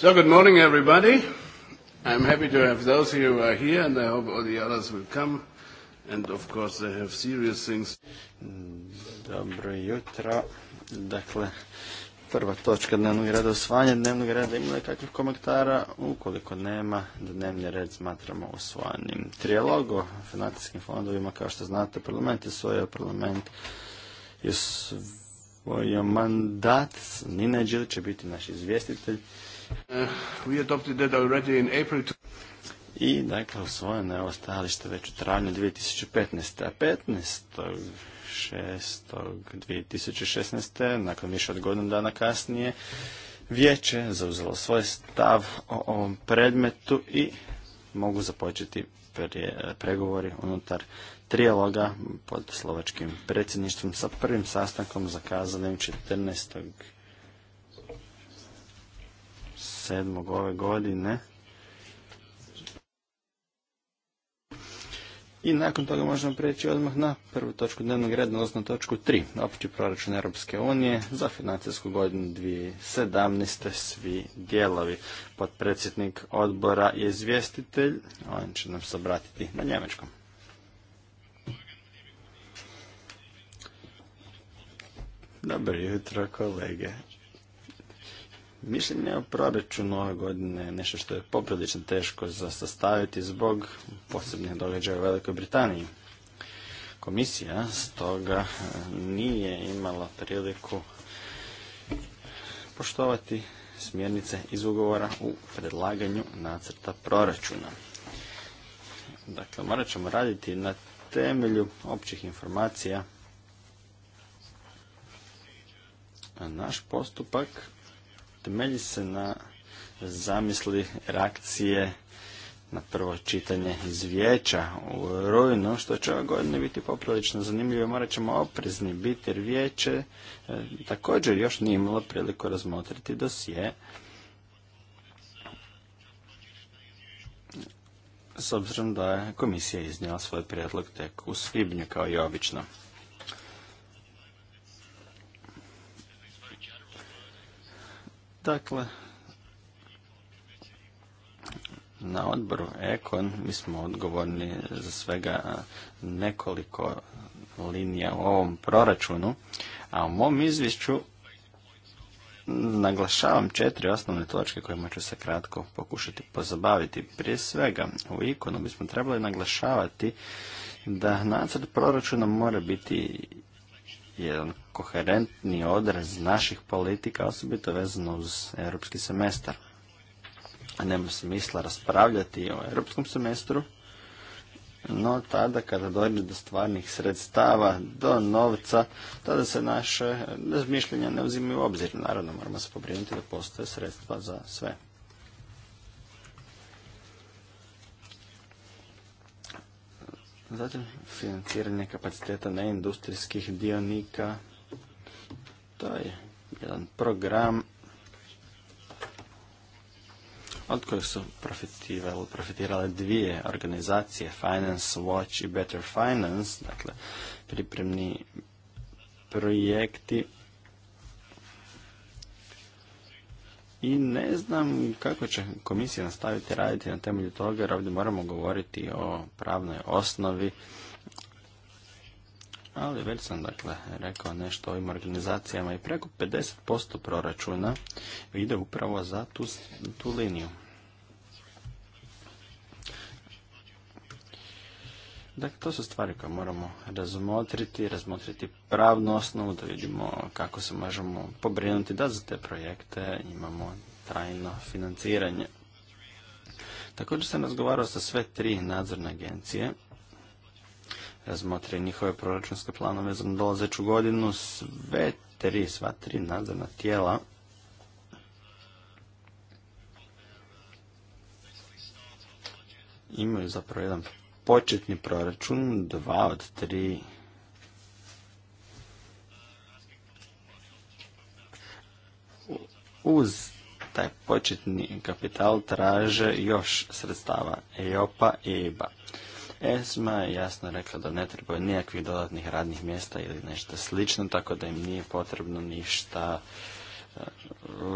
So good morning, everybody. I'm happy to have those of who are here, and I hope all the others will come. And of course, they have serious things. Dobro jutro. Dakle, prva točka dnevnog reda osvajanja dnevnog reda. Ima li kakvih komentara? Ukoliko nema, dnevni red smatramo osvajanjem. Trijalog o financijskim fondovima, kao što znate, parlament je svoj parlament je svoj mandat. Nina će biti naš izvjestitelj. Uh, I dakle usvojeno je ovo stajalište već u travnju 2015. A 15. 2016. nakon više od godinu dana kasnije, vijeće zauzelo svoj stav o ovom predmetu i mogu započeti pregovori unutar trijaloga pod slovačkim predsjedništvom sa prvim sastankom zakazanim 14. 7. ove godine. I nakon toga možemo preći odmah na prvu točku dnevnog reda, odnosno točku 3. Opći proračun Europske unije za financijsku godinu 2017. Svi dijelovi. Podpredsjednik odbora je izvjestitelj, on će nam se obratiti na njemečkom. Dobro jutro, kolege. Mišljenje o proračunu ove godine je nešto što je poprilično teško za sastaviti zbog posebnih događaja u Velikoj Britaniji. Komisija stoga e, nije imala priliku poštovati smjernice iz ugovora u predlaganju nacrta proračuna. Dakle, morat ćemo raditi na temelju općih informacija. Naš postupak temelji se na zamisli reakcije na prvo čitanje izvijeća u rujnu, što će ove godine biti poprilično zanimljivo morat ćemo oprezni biti jer vijeće e, također još nije imalo priliku razmotriti dosije. S obzirom da je komisija iznijela svoj prijedlog tek u svibnju kao i obično. Dakle, na odboru Ekon mi smo odgovorni za svega nekoliko linija u ovom proračunu, a u mom izvješću naglašavam četiri osnovne točke kojima ću se kratko pokušati pozabaviti. Prije svega, u ikonu bismo trebali naglašavati da nacrt proračuna mora biti jedan koherentni odraz naših politika, osobito vezano uz europski semestar. Nema smisla raspravljati o europskom semestru, no tada kada dođe do stvarnih sredstava, do novca, tada se naše razmišljenja ne uzimaju u obzir. Naravno, moramo se pobrinuti da postoje sredstva za sve. Zatim, financiranje kapaciteta neindustrijskih dionika, to je jedan program od kojeg su profitirale, dvije organizacije, Finance Watch i Better Finance, dakle pripremni projekti. I ne znam kako će komisija nastaviti raditi na temelju toga, jer ovdje moramo govoriti o pravnoj osnovi ali već sam dakle rekao nešto o ovim organizacijama i preko 50% proračuna ide upravo za tu, tu liniju. Dakle, to su stvari koje moramo razmotriti, razmotriti pravnu osnovu, da vidimo kako se možemo pobrinuti da za te projekte imamo trajno financiranje. Također sam razgovarao sa sve tri nadzorne agencije Razmotre njihove proračunske planove za dolazeću godinu. Sve tri, sva tri nadzorna tijela imaju zapravo jedan početni proračun, dva od tri uz taj početni kapital traže još sredstava EOPA i EBA. ESMA je jasno rekla da ne trebaju nijakvih dodatnih radnih mjesta ili nešto slično, tako da im nije potrebno ništa eh,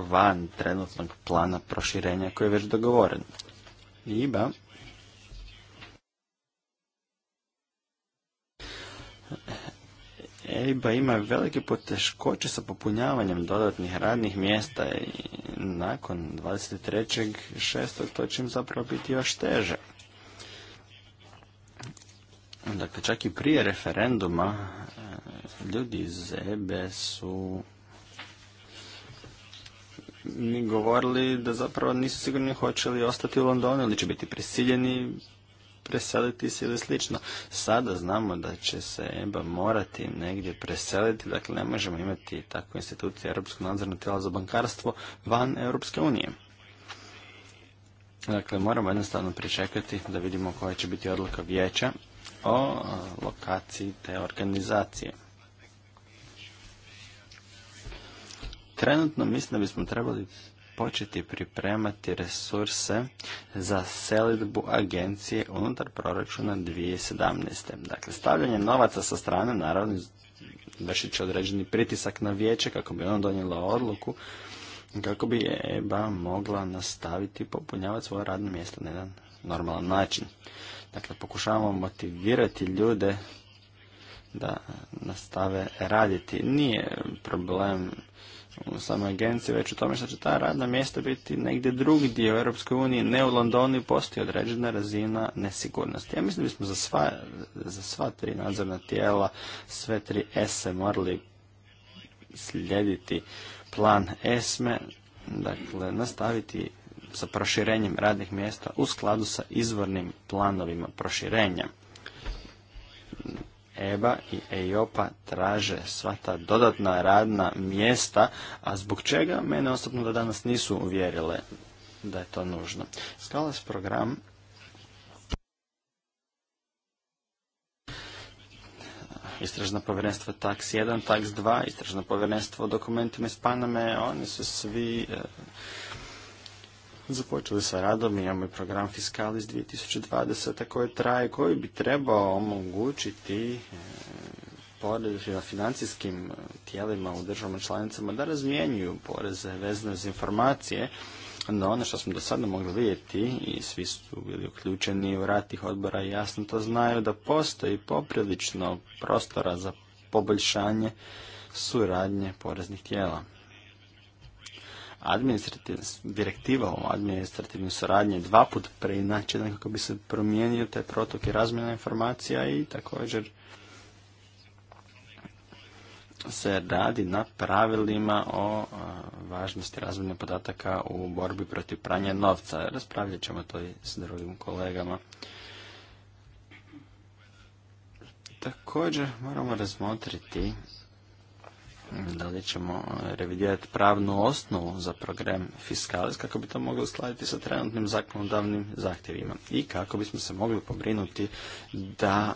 van trenutnog plana proširenja koji je već dogovoren. IBA EIBA ima velike poteškoće sa popunjavanjem dodatnih radnih mjesta i nakon 23.6. to će im zapravo biti još teže. Dakle, čak i prije referenduma e, ljudi iz EBE su mi govorili da zapravo nisu sigurni hoće li ostati u Londonu ili će biti prisiljeni preseliti se ili slično. Sada znamo da će se EBA morati negdje preseliti, dakle ne možemo imati takvu instituciju Europskog nadzornog tijela za bankarstvo van Europske unije. Dakle, moramo jednostavno pričekati da vidimo koja će biti odluka vijeća o lokaciji te organizacije. Trenutno mislim da bismo trebali početi pripremati resurse za selitbu agencije unutar proračuna 2017. Dakle, stavljanje novaca sa strane naravno vršit će određeni pritisak na vijeće kako bi ono donijelo odluku kako bi EBA mogla nastaviti popunjavati svoje radno mjesto na jedan normalan način. Dakle, pokušavamo motivirati ljude da nastave raditi. Nije problem u samoj agenciji, već u tome što će ta radna mjesta biti negdje drugdje u Europskoj uniji, ne u Londonu postoji određena razina nesigurnosti. Ja mislim da bismo za sva, za sva tri nadzorna tijela, sve tri ese morali slijediti plan ESME, e, dakle nastaviti sa proširenjem radnih mjesta u skladu sa izvornim planovima proširenja. EBA i EIOPA traže sva ta dodatna radna mjesta, a zbog čega mene osobno da danas nisu uvjerile da je to nužno. Skalas program istražno povjerenstvo TAX 1, TAX 2, istražno povjerenstvo o dokumentima iz Paname, oni su svi e, započeli sa radom, imamo i program Fiskalis 2020. koji traje, koji bi trebao omogućiti e, financijskim e, tijelima u državama članicama da razmijenjuju poreze vezne za informacije, no ono što smo do sada mogli vidjeti i svi su bili uključeni u rad tih odbora i jasno to znaju da postoji poprilično prostora za poboljšanje suradnje poreznih tijela direktiva o administrativnoj suradnji dva put preinačena kako bi se promijenio taj protok i razmjena informacija i također se radi na pravilima o važnosti razmjene podataka u borbi protiv pranja novca. Raspravljat ćemo to i s drugim kolegama. Također moramo razmotriti da li ćemo revidirati pravnu osnovu za program fiskalis kako bi to mogli uskladiti sa trenutnim zakonodavnim zahtjevima i kako bismo se mogli pobrinuti da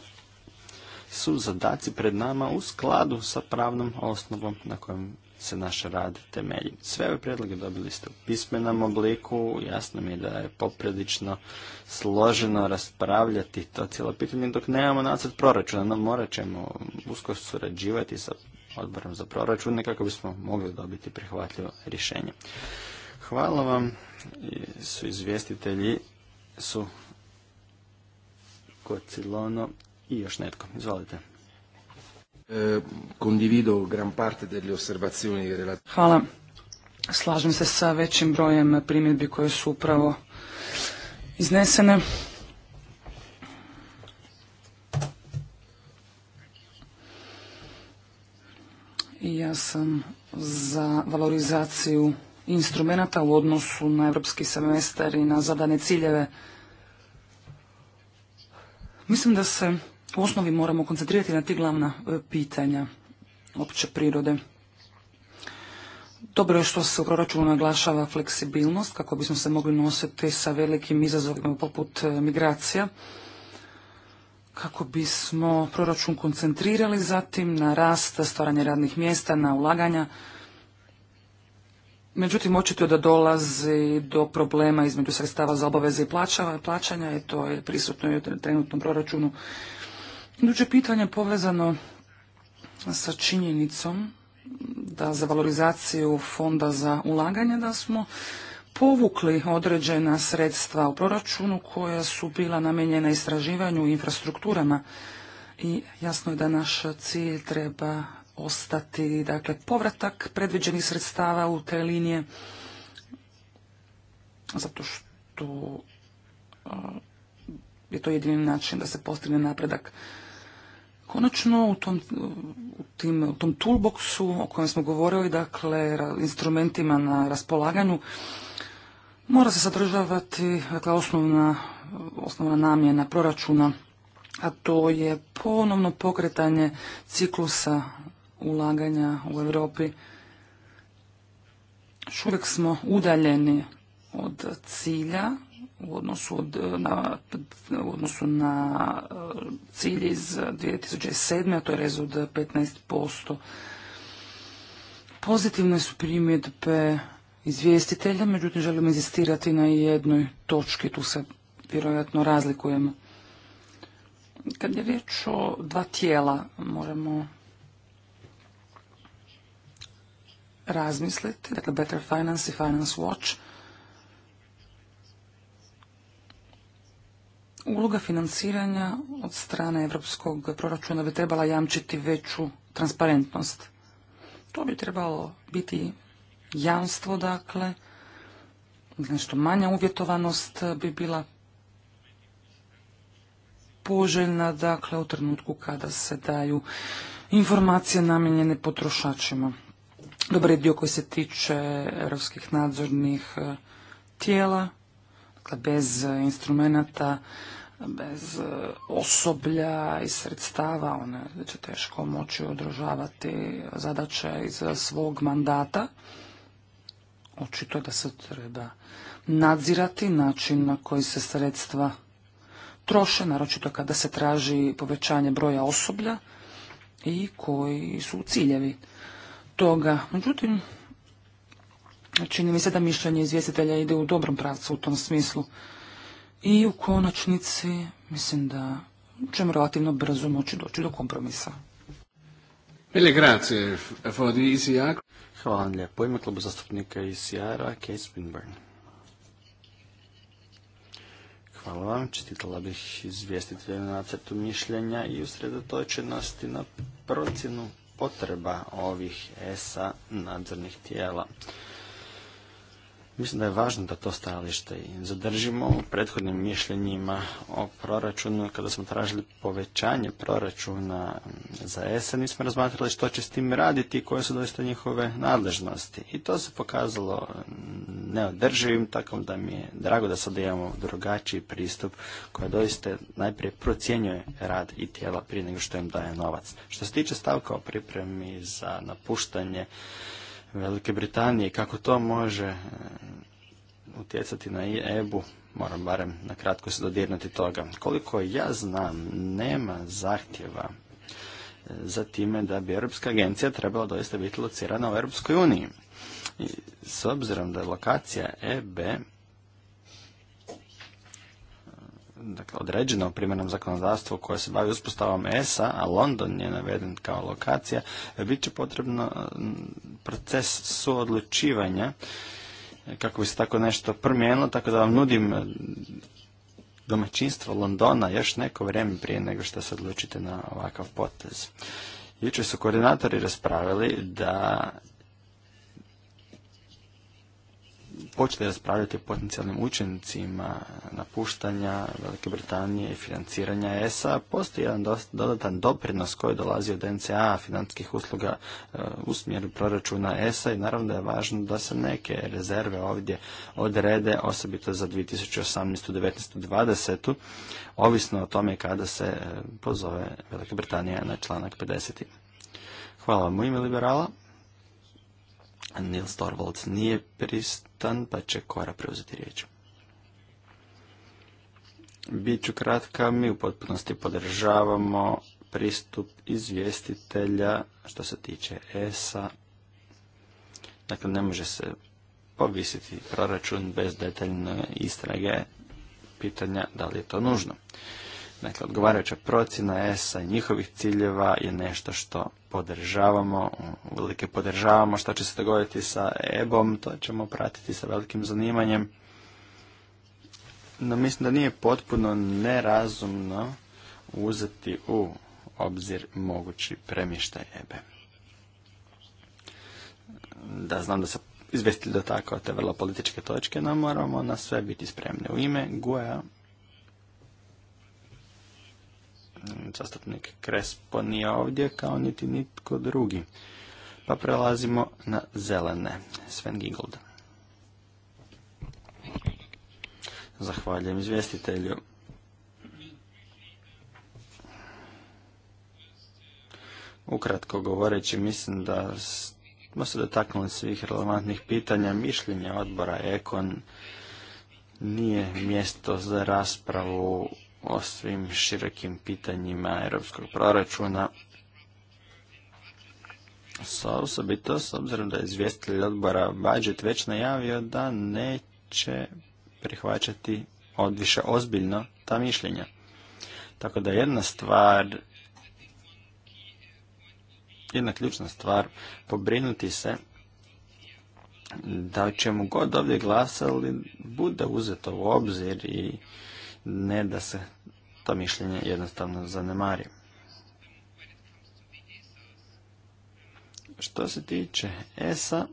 su zadaci pred nama u skladu sa pravnom osnovom na kojem se naš rad temelji. Sve ove predloge dobili ste u pismenom obliku, jasno mi je da je poprilično složeno raspravljati to cijelo pitanje dok nemamo nacrt proračuna, no morat ćemo usko surađivati sa odborom za proračun nekako bismo mogli dobiti prihvatljivo rješenje. Hvala vam, su izvjestitelji, su Kocilono i još netko. Izvolite. E, Hvala. Slažem se sa većim brojem primjedbi koje su upravo iznesene. Ja sam za valorizaciju instrumenata u odnosu na europski semestar i na zadane ciljeve. Mislim da se u osnovi moramo koncentrirati na ti glavna e, pitanja opće prirode. Dobro je što se u proračunu naglašava fleksibilnost kako bismo se mogli nositi sa velikim izazovima poput e, migracija kako bismo proračun koncentrirali zatim na rast, stvaranje radnih mjesta, na ulaganja. Međutim, očito da dolazi do problema između sredstava za obaveze i plaćanja i to je prisutno i u trenutnom proračunu. Iduće pitanje povezano sa činjenicom da za valorizaciju fonda za ulaganje da smo povukli određena sredstva u proračunu koja su bila namijenjena istraživanju i infrastrukturama i jasno je da naš cilj treba ostati dakle povratak predviđenih sredstava u te linije zato što uh, je to jedini način da se postigne napredak. Konačno u tom, u tim, u tom toolboxu o kojem smo govorili, dakle instrumentima na raspolaganju, Mora se sadržavati dakle, osnovna, osnovna namjena proračuna, a to je ponovno pokretanje ciklusa ulaganja u Europi. uvijek smo udaljeni od cilja u odnosu, na, u odnosu na e, cilj iz 2007. a to je rezultat od 15%. Pozitivne su primjedbe izvjestitelja, međutim želimo inzistirati na jednoj točki, tu se vjerojatno razlikujemo. Kad je riječ o dva tijela, moramo razmisliti, dakle Better Finance i Finance Watch, Uloga financiranja od strane europskog proračuna bi trebala jamčiti veću transparentnost. To bi trebalo biti jamstvo, dakle, nešto manja uvjetovanost bi bila poželjna, dakle, u trenutku kada se daju informacije namijenjene potrošačima. Dobar je dio koji se tiče europskih nadzornih e, tijela, dakle, bez instrumenta, bez e, osoblja i sredstava, one će teško moći održavati zadaće iz svog mandata. Očito da se treba nadzirati način na koji se sredstva troše, naročito kada se traži povećanje broja osoblja i koji su ciljevi toga. Međutim, čini mi se da mišljenje izvjestitelja ide u dobrom pravcu u tom smislu. I u konačnici mislim da ćemo relativno brzo moći doći do kompromisa. grazie Hvala vam lijepo. Ime klubu zastupnika iz Sijara, Case Winburn. Hvala vam. čestitala bih izvjestitelja na nacrtu mišljenja i usredotočenosti na procjenu potreba ovih ESA nadzornih tijela. Mislim da je važno da to stajalište i zadržimo u prethodnim mišljenjima o proračunu. Kada smo tražili povećanje proračuna za ESA, nismo razmatrali što će s tim raditi i koje su doista njihove nadležnosti. I to se pokazalo neodrživim, tako da mi je drago da sad imamo drugačiji pristup koja doista najprije procjenjuje rad i tijela prije nego što im daje novac. Što se tiče stavka o pripremi za napuštanje, Velike Britanije. Kako to može e, utjecati na EBU? Moram barem na kratko se dodirnuti toga. Koliko ja znam, nema zahtjeva e, za time da bi Europska agencija trebala doista biti locirana u Europskoj uniji. I s obzirom da je lokacija EB dakle, određeno primjenom zakonodavstvu koje se bavi uspostavom ESA, a London je naveden kao lokacija, bit će potrebno proces suodlučivanja kako bi se tako nešto promijenilo, tako da vam nudim domaćinstvo Londona još neko vrijeme prije nego što se odlučite na ovakav potez. Jučer su koordinatori raspravili da počeli raspravljati o potencijalnim učenicima napuštanja Velike Britanije i financiranja ESA, postoji jedan dodatan doprinos koji dolazi od NCA financijskih usluga e, u smjeru proračuna ESA i naravno da je važno da se neke rezerve ovdje odrede, osobito za 2018. 19. 20. ovisno o tome kada se e, pozove Velika Britanija na članak 50. Hvala vam u ime liberala. Nils Torvalds nije pristan, pa će Kora preuzeti riječ. Biću kratka, mi u potpunosti podržavamo pristup izvjestitelja što se tiče ESA. Dakle, ne može se povisiti proračun bez detaljne istrage pitanja da li je to nužno. Dakle, odgovarajuća procjena ESA i njihovih ciljeva je nešto što podržavamo, uvelike podržavamo što će se dogoditi sa EBOM, to ćemo pratiti sa velikim zanimanjem. No mislim da nije potpuno nerazumno uzeti u obzir mogući premještaj EBE. Da, znam da se izvestili do tako te vrlo političke točke, no moramo na sve biti spremni. U ime Guja Mm, Zastupnik Krespo nije ovdje kao niti nitko drugi. Pa prelazimo na zelene. Sven Giggold. Zahvaljujem izvjestitelju. Ukratko govoreći, mislim da smo se dotaknuli svih relevantnih pitanja. Mišljenje odbora Ekon nije mjesto za raspravu o svim širokim pitanjima europskog proračuna, sa osobito s obzirom da je izvjestitelj odbora Budget već najavio da neće prihvaćati odviše ozbiljno ta mišljenja. Tako da jedna stvar, jedna ključna stvar, pobrinuti se da čemu god ovdje glasali bude uzeto u obzir i ne da se to mišljenje jednostavno zanemari. Što se tiče ESA,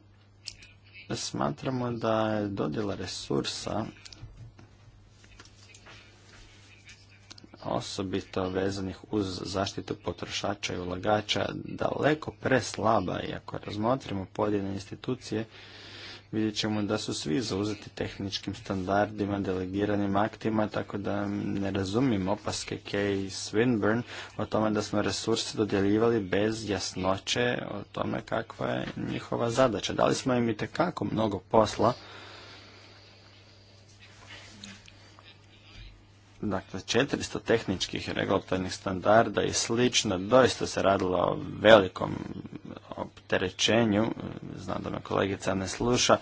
smatramo da je dodjela resursa osobito vezanih uz zaštitu potrošača i ulagača daleko preslaba i ako razmotrimo pojedine institucije vidjet ćemo da su svi zauzeti tehničkim standardima, delegiranim aktima, tako da ne razumijem opaske Kay i Swinburne o tome da smo resurse dodjeljivali bez jasnoće o tome kakva je njihova zadaća. Dali smo im i tekako mnogo posla, Dakle, 400 tehničkih regulatornih standarda i slično, doista se radilo o velikom opterećenju, znam da me kolegica ne sluša,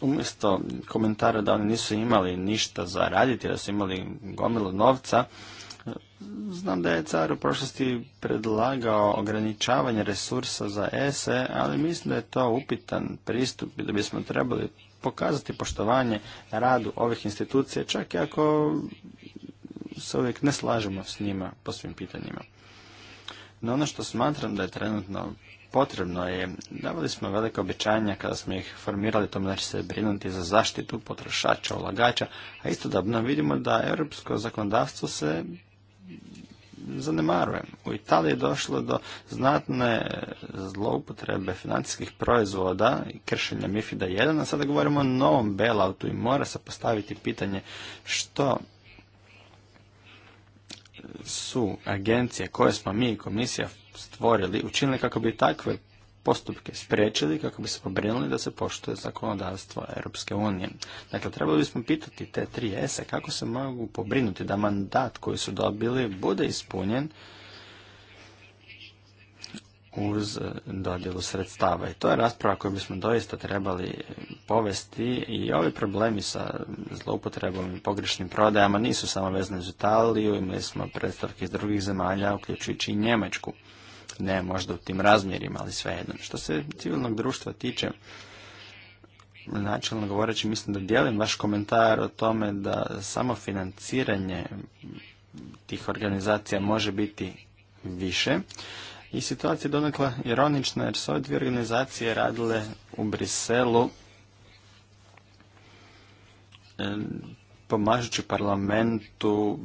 umjesto komentara da oni nisu imali ništa za raditi, da su imali gomilu novca, znam da je car u prošlosti predlagao ograničavanje resursa za ESE, ali mislim da je to upitan pristup i da bismo trebali pokazati poštovanje radu ovih institucija, čak i ako se uvijek ne slažemo s njima po svim pitanjima. No ono što smatram da je trenutno potrebno je, davali smo velike obećanja kada smo ih formirali, tome da će se brinuti za zaštitu potrošača, ulagača, a istodobno vidimo da europsko zakonodavstvo se Zanemarujem, U Italiji je došlo do znatne zloupotrebe financijskih proizvoda i kršenja MIFID-a 1, a sada govorimo o novom bailoutu i mora se postaviti pitanje što su agencije koje smo mi i komisija stvorili učinili kako bi takve postupke spriječili kako bi se pobrinuli da se poštuje zakonodavstvo Europske unije. Dakle, trebali bismo pitati te tri ese kako se mogu pobrinuti da mandat koji su dobili bude ispunjen uz dodjelu sredstava. I to je rasprava koju bismo doista trebali povesti i ovi problemi sa zloupotrebom i pogrešnim prodajama nisu samo vezani uz Italiju, imali smo predstavke iz drugih zemalja, uključujući i Njemačku ne možda u tim razmjerima, ali svejedno. Što se civilnog društva tiče, načelno govoreći, mislim da dijelim vaš komentar o tome da samo financiranje tih organizacija može biti više. I situacija je donekla ironična jer su ove dvije organizacije radile u Briselu pomažući parlamentu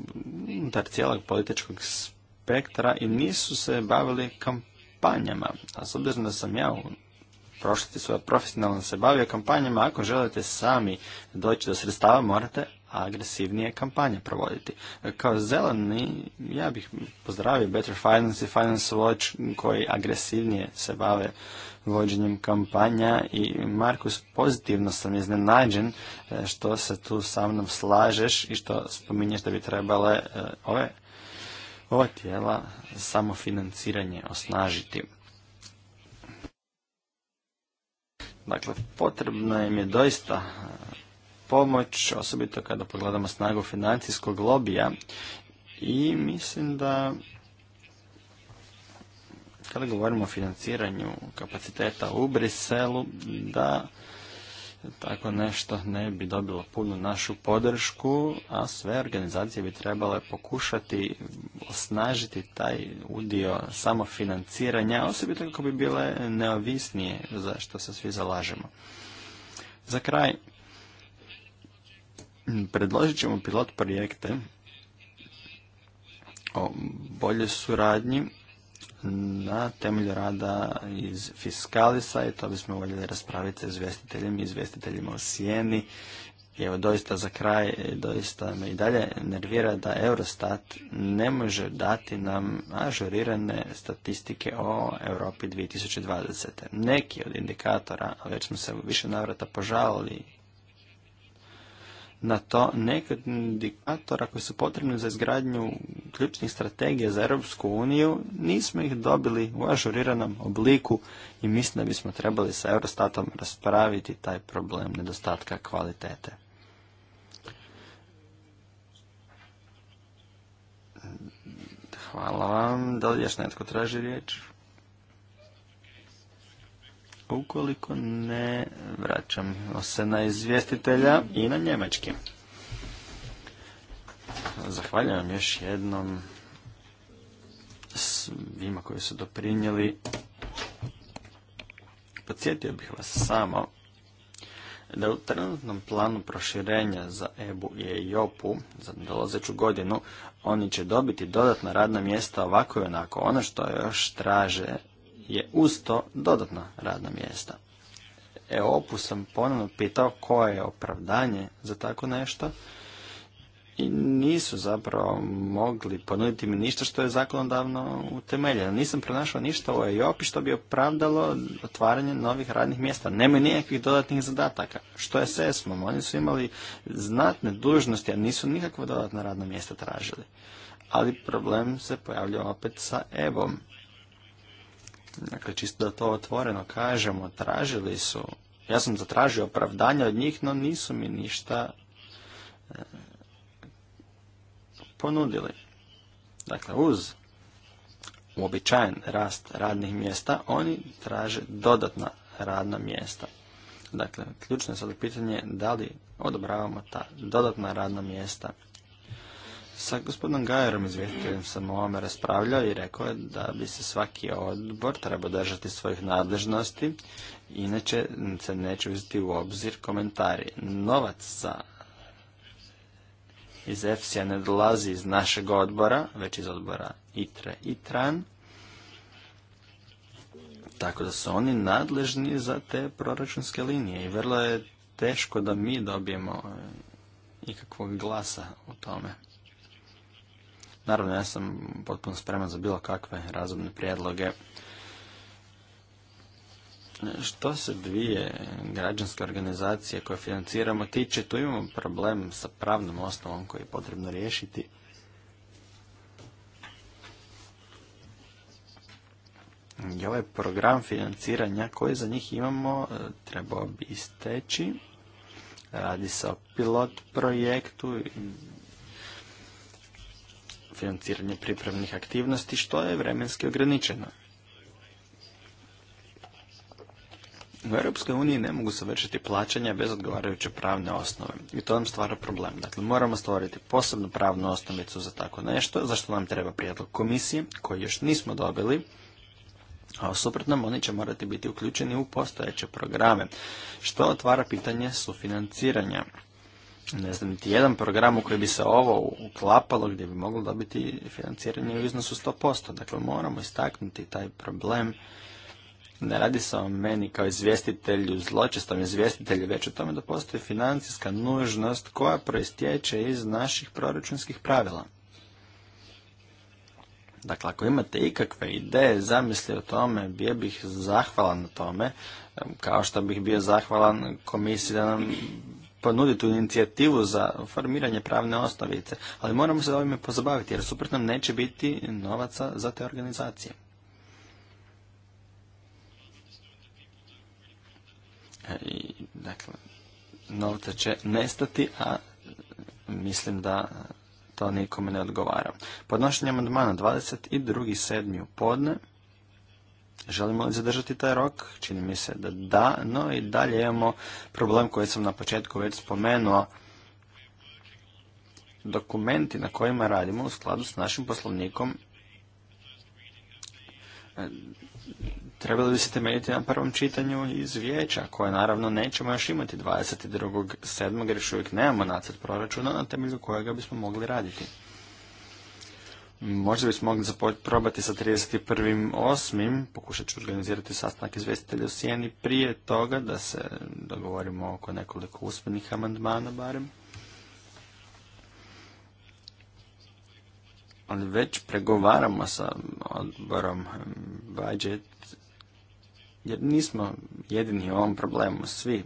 unutar cijelog političkog spravo spektra i nisu se bavili kampanjama. A s obzirom da sam ja u prošlosti svoja profesionalno se bavio kampanjama, ako želite sami doći do sredstava, morate agresivnije kampanje provoditi. Kao zeleni, ja bih pozdravio Better Finance i Finance Watch koji agresivnije se bave vođenjem kampanja i Markus, pozitivno sam iznenađen e, što se tu sa mnom slažeš i što spominješ da bi trebale e, ove ova tijela financiranje osnažiti. Dakle, potrebna im je doista e, pomoć, osobito kada pogledamo snagu financijskog lobija i mislim da kada govorimo o financiranju kapaciteta u Briselu, da tako nešto ne bi dobilo punu našu podršku, a sve organizacije bi trebale pokušati osnažiti taj udio samofinanciranja, osobito kako bi bile neovisnije za što se svi zalažemo. Za kraj, predložit ćemo pilot projekte o boljoj suradnji na temelju rada iz Fiskalisa i to bismo voljeli raspraviti sa izvjestiteljima i izvjestiteljima o Sijeni. I evo doista za kraj, e, doista me i dalje nervira da Eurostat ne može dati nam ažurirane statistike o Europi 2020. Neki od indikatora, već smo se u više navrata požalili na to neke indikatora koji su potrebni za izgradnju ključnih strategija za Europsku uniju, nismo ih dobili u ažuriranom obliku i mislim da bismo trebali sa Eurostatom raspraviti taj problem nedostatka kvalitete. Hvala vam. Da li još netko traži riječ? Ukoliko ne, vraćam se na izvjestitelja i na njemački. Zahvaljujem još jednom svima koji su doprinijeli. Podsjetio bih vas samo da u trenutnom planu proširenja za EBU i EIOPU za dolazeću godinu oni će dobiti dodatna radna mjesta ovako i onako. Ono što još traže je uz to dodatna radna mjesta. Evo u sam ponovno pitao koje je opravdanje za tako nešto i nisu zapravo mogli ponuditi mi ništa što je zakonodavno utemeljeno. Nisam pronašao ništa u EOP-i što bi opravdalo otvaranje novih radnih mjesta. Nema nikakvih dodatnih zadataka. Što je s ESM-om? Oni su imali znatne dužnosti, a nisu nikakva dodatna radna mjesta tražili. Ali problem se pojavlja opet sa EBOM. Dakle, čisto da to otvoreno kažemo, tražili su, ja sam zatražio opravdanje od njih, no nisu mi ništa e, ponudili. Dakle, uz uobičajen rast radnih mjesta, oni traže dodatna radna mjesta. Dakle, ključno je sad pitanje da li odobravamo ta dodatna radna mjesta sa gospodinom Gajerom izvjestiteljem sam o ovome raspravljao i rekao je da bi se svaki odbor trebao držati svojih nadležnosti, inače se neće uzeti u obzir komentari. Novac sa iz EFSI-a ne dolazi iz našeg odbora, već iz odbora ITRE i TRAN, tako da su oni nadležni za te proračunske linije i vrlo je teško da mi dobijemo eh, ikakvog glasa u tome. Naravno, ja sam potpuno spreman za bilo kakve razumne prijedloge. Što se dvije građanske organizacije koje financiramo tiče, tu imamo problem sa pravnom osnovom koji je potrebno riješiti. I ovaj program financiranja koji za njih imamo e, trebao bi isteći. Radi se o pilot projektu financiranje pripremnih aktivnosti što je vremenski ograničeno. U Europskoj uniji ne mogu se plaćanja bez odgovarajuće pravne osnove i to nam stvara problem. Dakle, moramo stvoriti posebnu pravnu osnovicu za tako nešto, zašto nam treba prijedlog komisije koji još nismo dobili, a suprotnom oni će morati biti uključeni u postojeće programe, što otvara pitanje sufinanciranja ne znam, niti jedan program u koji bi se ovo uklapalo gdje bi moglo dobiti financiranje u iznosu 100%. Dakle, moramo istaknuti taj problem. Ne radi se o meni kao izvjestitelju, zločestom izvjestitelju, već o tome da postoji financijska nužnost koja proistječe iz naših proračunskih pravila. Dakle, ako imate ikakve ideje, zamisli o tome, bio bih zahvalan na tome, kao što bih bio zahvalan komisiji da nam ponuditi tu inicijativu za formiranje pravne osnovice, ali moramo se ovime pozabaviti jer suprotno neće biti novaca za te organizacije. E, I, dakle, novca će nestati, a mislim da to nikome ne odgovara. Podnošenje amandmana 22.7. u podne. Želimo li zadržati taj rok? Čini mi se da da, no i dalje imamo problem koji sam na početku već spomenuo. Dokumenti na kojima radimo u skladu s našim poslovnikom e, trebali bi se temeljiti na prvom čitanju iz vijeća, koje naravno nećemo još imati 22.7. jer još uvijek nemamo nacrt proračuna na temelju kojega bismo mogli raditi. Možda bismo mogli probati sa 31.8. Pokušat ću organizirati sastanak izvjestitelja u Sijeni prije toga da se dogovorimo oko nekoliko usmenih amandmana barem. Ali već pregovaramo sa odborom budget jer nismo jedini u ovom problemu. Svi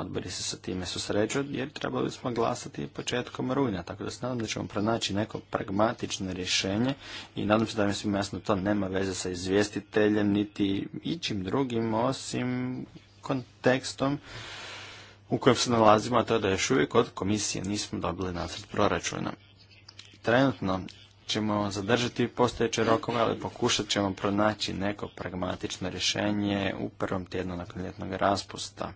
Odbori se sa time susreću jer trebali smo glasati početkom rujna, tako da se nadam da ćemo pronaći neko pragmatično rješenje i nadam se da mi svima jasno to nema veze sa izvjestiteljem niti ičim drugim osim kontekstom u kojem se nalazimo, a to je da još uvijek od komisije nismo dobili nacrt proračuna. Trenutno ćemo zadržati postojeće rokove, ali pokušat ćemo pronaći neko pragmatično rješenje u prvom tjednu nakon ljetnog raspusta.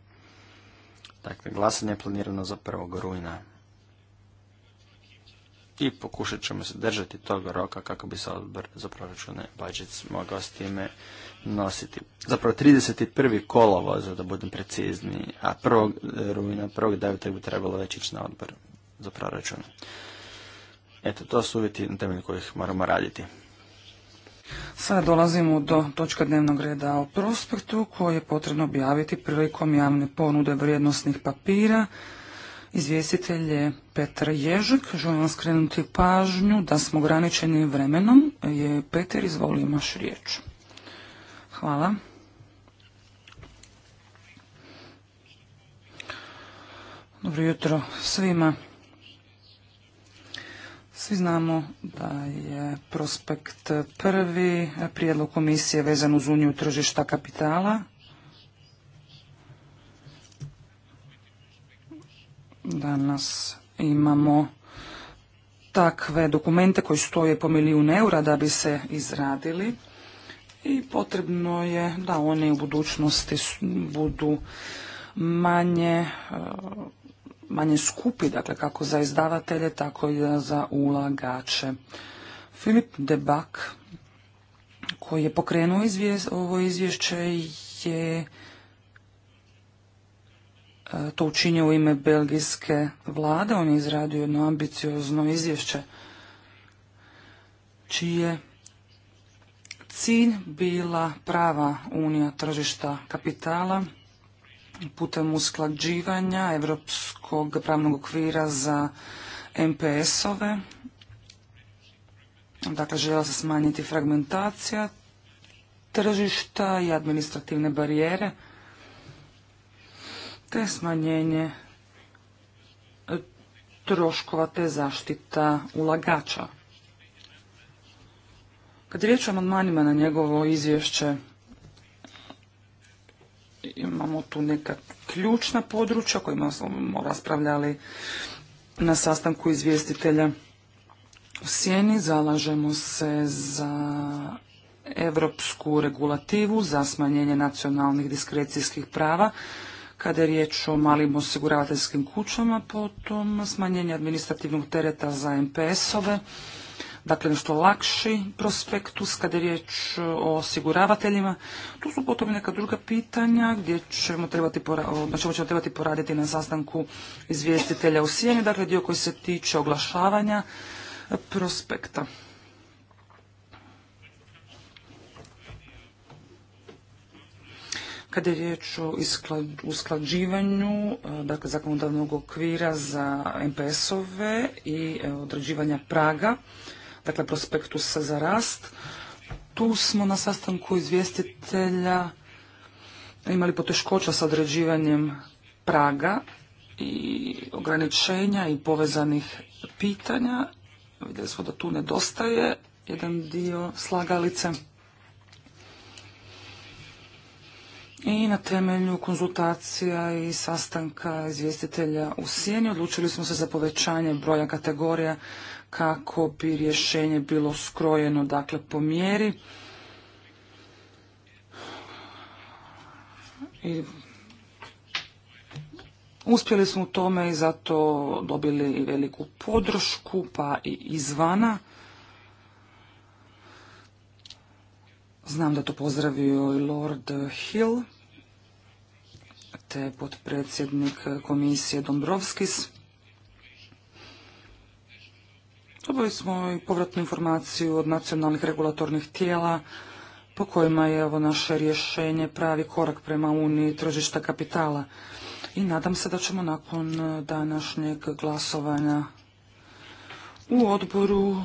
Dakle, glasanje je planirano za 1. rujna. I pokušat ćemo se držati toga roka kako bi se odbor za proračune budžet mogao s time nositi. Zapravo 31. kolovo, za da budem precizni, a 1. rujna, 1. bi trebalo već ići na odbor za proračun Eto, to su uvjeti na temelju kojih moramo raditi. Sada dolazimo do točka dnevnog reda o prospektu koji je potrebno objaviti prilikom javne ponude vrijednosnih papira. Izvjestitelj je Petar Ježek. Želim vam skrenuti pažnju da smo ograničeni vremenom. Je Peter, izvoli, imaš riječ. Hvala. Dobro jutro svima. Svi znamo da je prospekt prvi prijedlog komisije vezan uz uniju tržišta kapitala. Danas imamo takve dokumente koji stoje po milijun eura da bi se izradili i potrebno je da oni u budućnosti budu manje manje skupi, dakle kako za izdavatelje, tako i za ulagače. Filip Debak, koji je pokrenuo ovo izvješće, je e, to učinio u ime belgijske vlade. On je izradio jedno ambiciozno izvješće, čije cilj bila prava unija tržišta kapitala, putem usklađivanja Europskog pravnog okvira za MPS-ove. Dakle, željela se smanjiti fragmentacija tržišta i administrativne barijere, te smanjenje e, troškova te zaštita ulagača. Kad je riječ o amandmanima na njegovo izvješće, Imamo tu neka ključna područja o kojima smo raspravljali na sastanku izvjestitelja u Sjeni. Zalažemo se za europsku regulativu za smanjenje nacionalnih diskrecijskih prava kada je riječ o malim osiguravateljskim kućama, potom smanjenje administrativnog tereta za MPS-ove, dakle nešto lakši prospektus kada je riječ o osiguravateljima. Tu su potom neka druga pitanja gdje ćemo trebati, pora na ćemo trebati poraditi na sastanku izvjestitelja u Sijeni, dakle dio koji se tiče oglašavanja e, prospekta. Kada je riječ o usklađivanju e, dakle, zakonodavnog okvira za MPS-ove i e, određivanja praga, dakle prospektusa za rast. Tu smo na sastanku izvjestitelja imali poteškoća sa određivanjem praga i ograničenja i povezanih pitanja. Vidjeli smo da tu nedostaje jedan dio slagalice. I na temelju konzultacija i sastanka izvjestitelja u Sjeni odlučili smo se za povećanje broja kategorija kako bi rješenje bilo skrojeno dakle po mjeri i uspjeli smo u tome i zato dobili veliku podršku pa i izvana znam da to pozdravio i Lord Hill te potpredsjednik komisije Dombrovskis Dobili smo i povratnu informaciju od nacionalnih regulatornih tijela po kojima je ovo naše rješenje pravi korak prema Uniji tržišta kapitala. I nadam se da ćemo nakon današnjeg glasovanja u odboru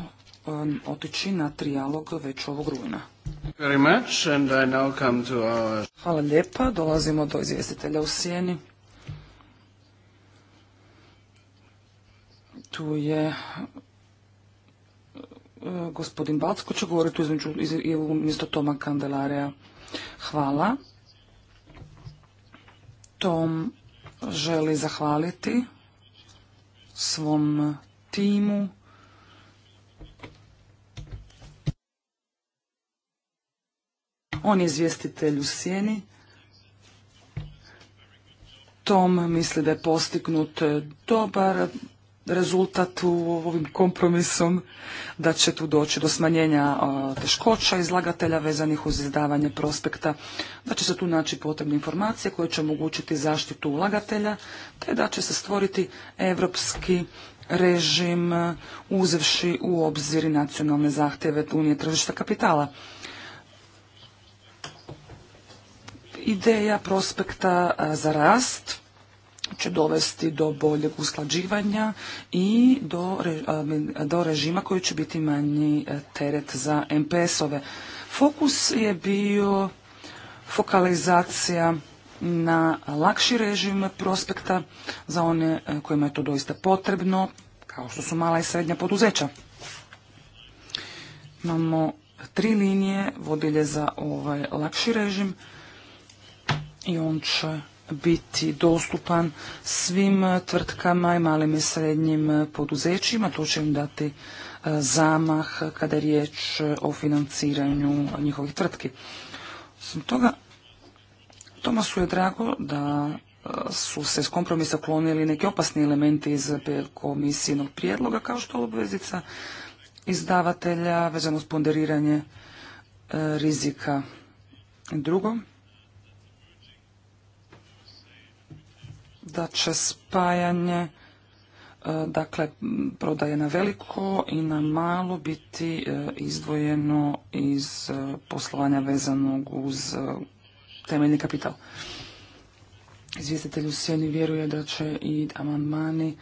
otići na trijalog već ovog rujna. Hvala lijepa, dolazimo do izvjestitelja u sjeni. Tu je gospodin Backo će govoriti između, i umjesto Toma Kandelareja. Hvala. Tom želi zahvaliti svom timu. On je izvjestitelj u sjeni. Tom misli da je postignut dobar rezultat u ovim kompromisom da će tu doći do smanjenja teškoća izlagatelja vezanih uz izdavanje prospekta, da će se tu naći potrebne informacije koje će omogućiti zaštitu ulagatelja, te da će se stvoriti europski režim uzevši u obzir nacionalne zahtjeve Unije tržišta kapitala. Ideja prospekta za rast će dovesti do boljeg usklađivanja i do, do režima koji će biti manji e, teret za MPS-ove. Fokus je bio fokalizacija na lakši režim prospekta za one e, kojima je to doista potrebno, kao što su mala i srednja poduzeća. Imamo tri linije vodilje za ovaj lakši režim i on će biti dostupan svim e, tvrtkama i malim i srednjim e, poduzećima. To će im dati e, zamah kada je riječ o financiranju njihovih tvrtki. Osim toga, Tomasu je drago da su se s kompromisa klonili neki opasni elementi iz komisijinog prijedloga, kao što obveznica izdavatelja vezano s ponderiranje rizika. Drugo, da će spajanje e, dakle prodaje na veliko i na malo biti e, izdvojeno iz e, poslovanja vezanog uz temeljni kapital. Izvjestitelj u sjeni vjeruje da će i amandmani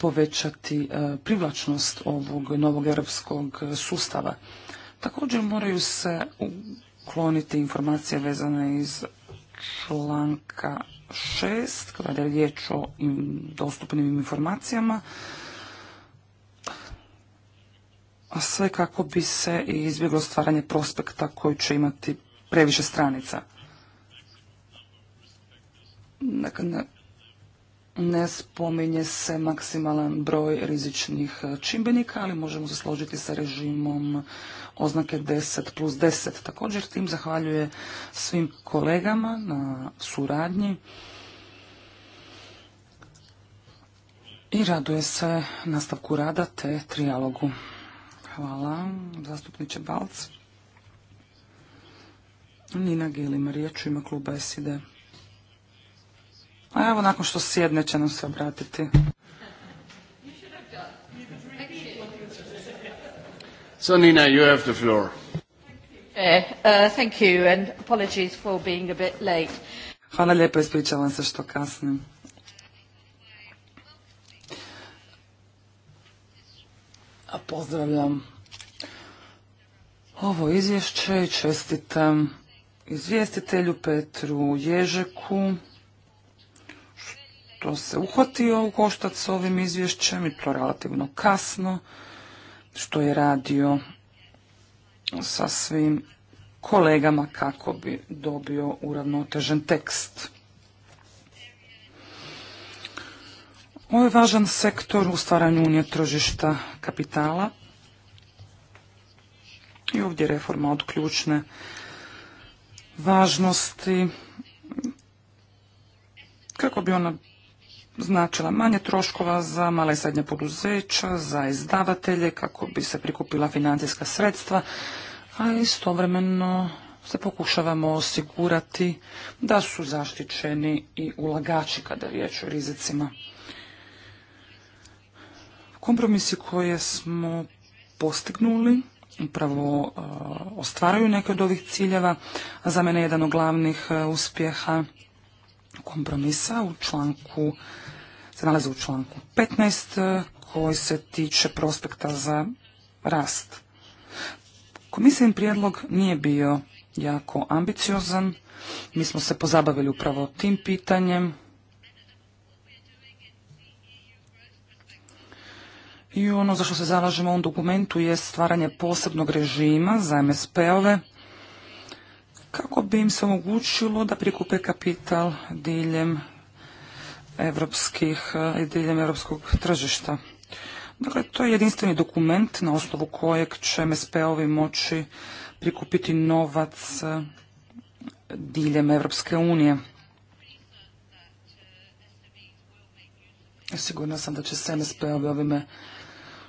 povećati privlačnost ovog novog europskog sustava. Također moraju se ukloniti informacije vezane iz članka 6, kada je riječ o dostupnim informacijama, a sve kako bi se izbjeglo stvaranje prospekta koji će imati previše stranica. Dakle, ne spominje se maksimalan broj rizičnih e, čimbenika, ali možemo se složiti sa režimom oznake 10 plus 10. Također tim zahvaljuje svim kolegama na suradnji i raduje se nastavku rada te trijalogu. Hvala, zastupniče Balc. Nina Gelima, riječ u ime kluba SID. A evo nakon što sjedne će nam se obratiti. So Nina, you have the floor. Eh, eh, thank you and apologies for being a bit late. Hvala lijepo, ispričavam se što kasnim. A pozdravljam ovo izvješće i čestitam izvjestitelju Petru Ježeku što se uhvatio u koštac s ovim izvješćem i to relativno kasno, što je radio sa svim kolegama kako bi dobio uravnotežen tekst. Ovo je važan sektor u stvaranju unije tržišta kapitala i ovdje reforma od ključne važnosti kako bi ona značila manje troškova za mala i srednja poduzeća, za izdavatelje kako bi se prikupila financijska sredstva, a istovremeno se pokušavamo osigurati da su zaštićeni i ulagači kada je riječ o rizicima. Kompromisi koje smo postignuli upravo e, ostvaraju neke od ovih ciljeva. Za mene je jedan od glavnih e, uspjeha kompromisa u članku, se nalazi u članku 15 e, koji se tiče prospekta za rast. Komisijin prijedlog nije bio jako ambiciozan. Mi smo se pozabavili upravo tim pitanjem. I ono za što se zalažemo u ovom dokumentu je stvaranje posebnog režima za MSP-ove kako bi im se omogućilo da prikupe kapital diljem evropskih i eh, diljem europskog tržišta. Dakle, to je jedinstveni dokument na osnovu kojeg će MSP-ovi moći prikupiti novac eh, diljem Evropske unije. Sigurna sam da će se MSP-ovi ovime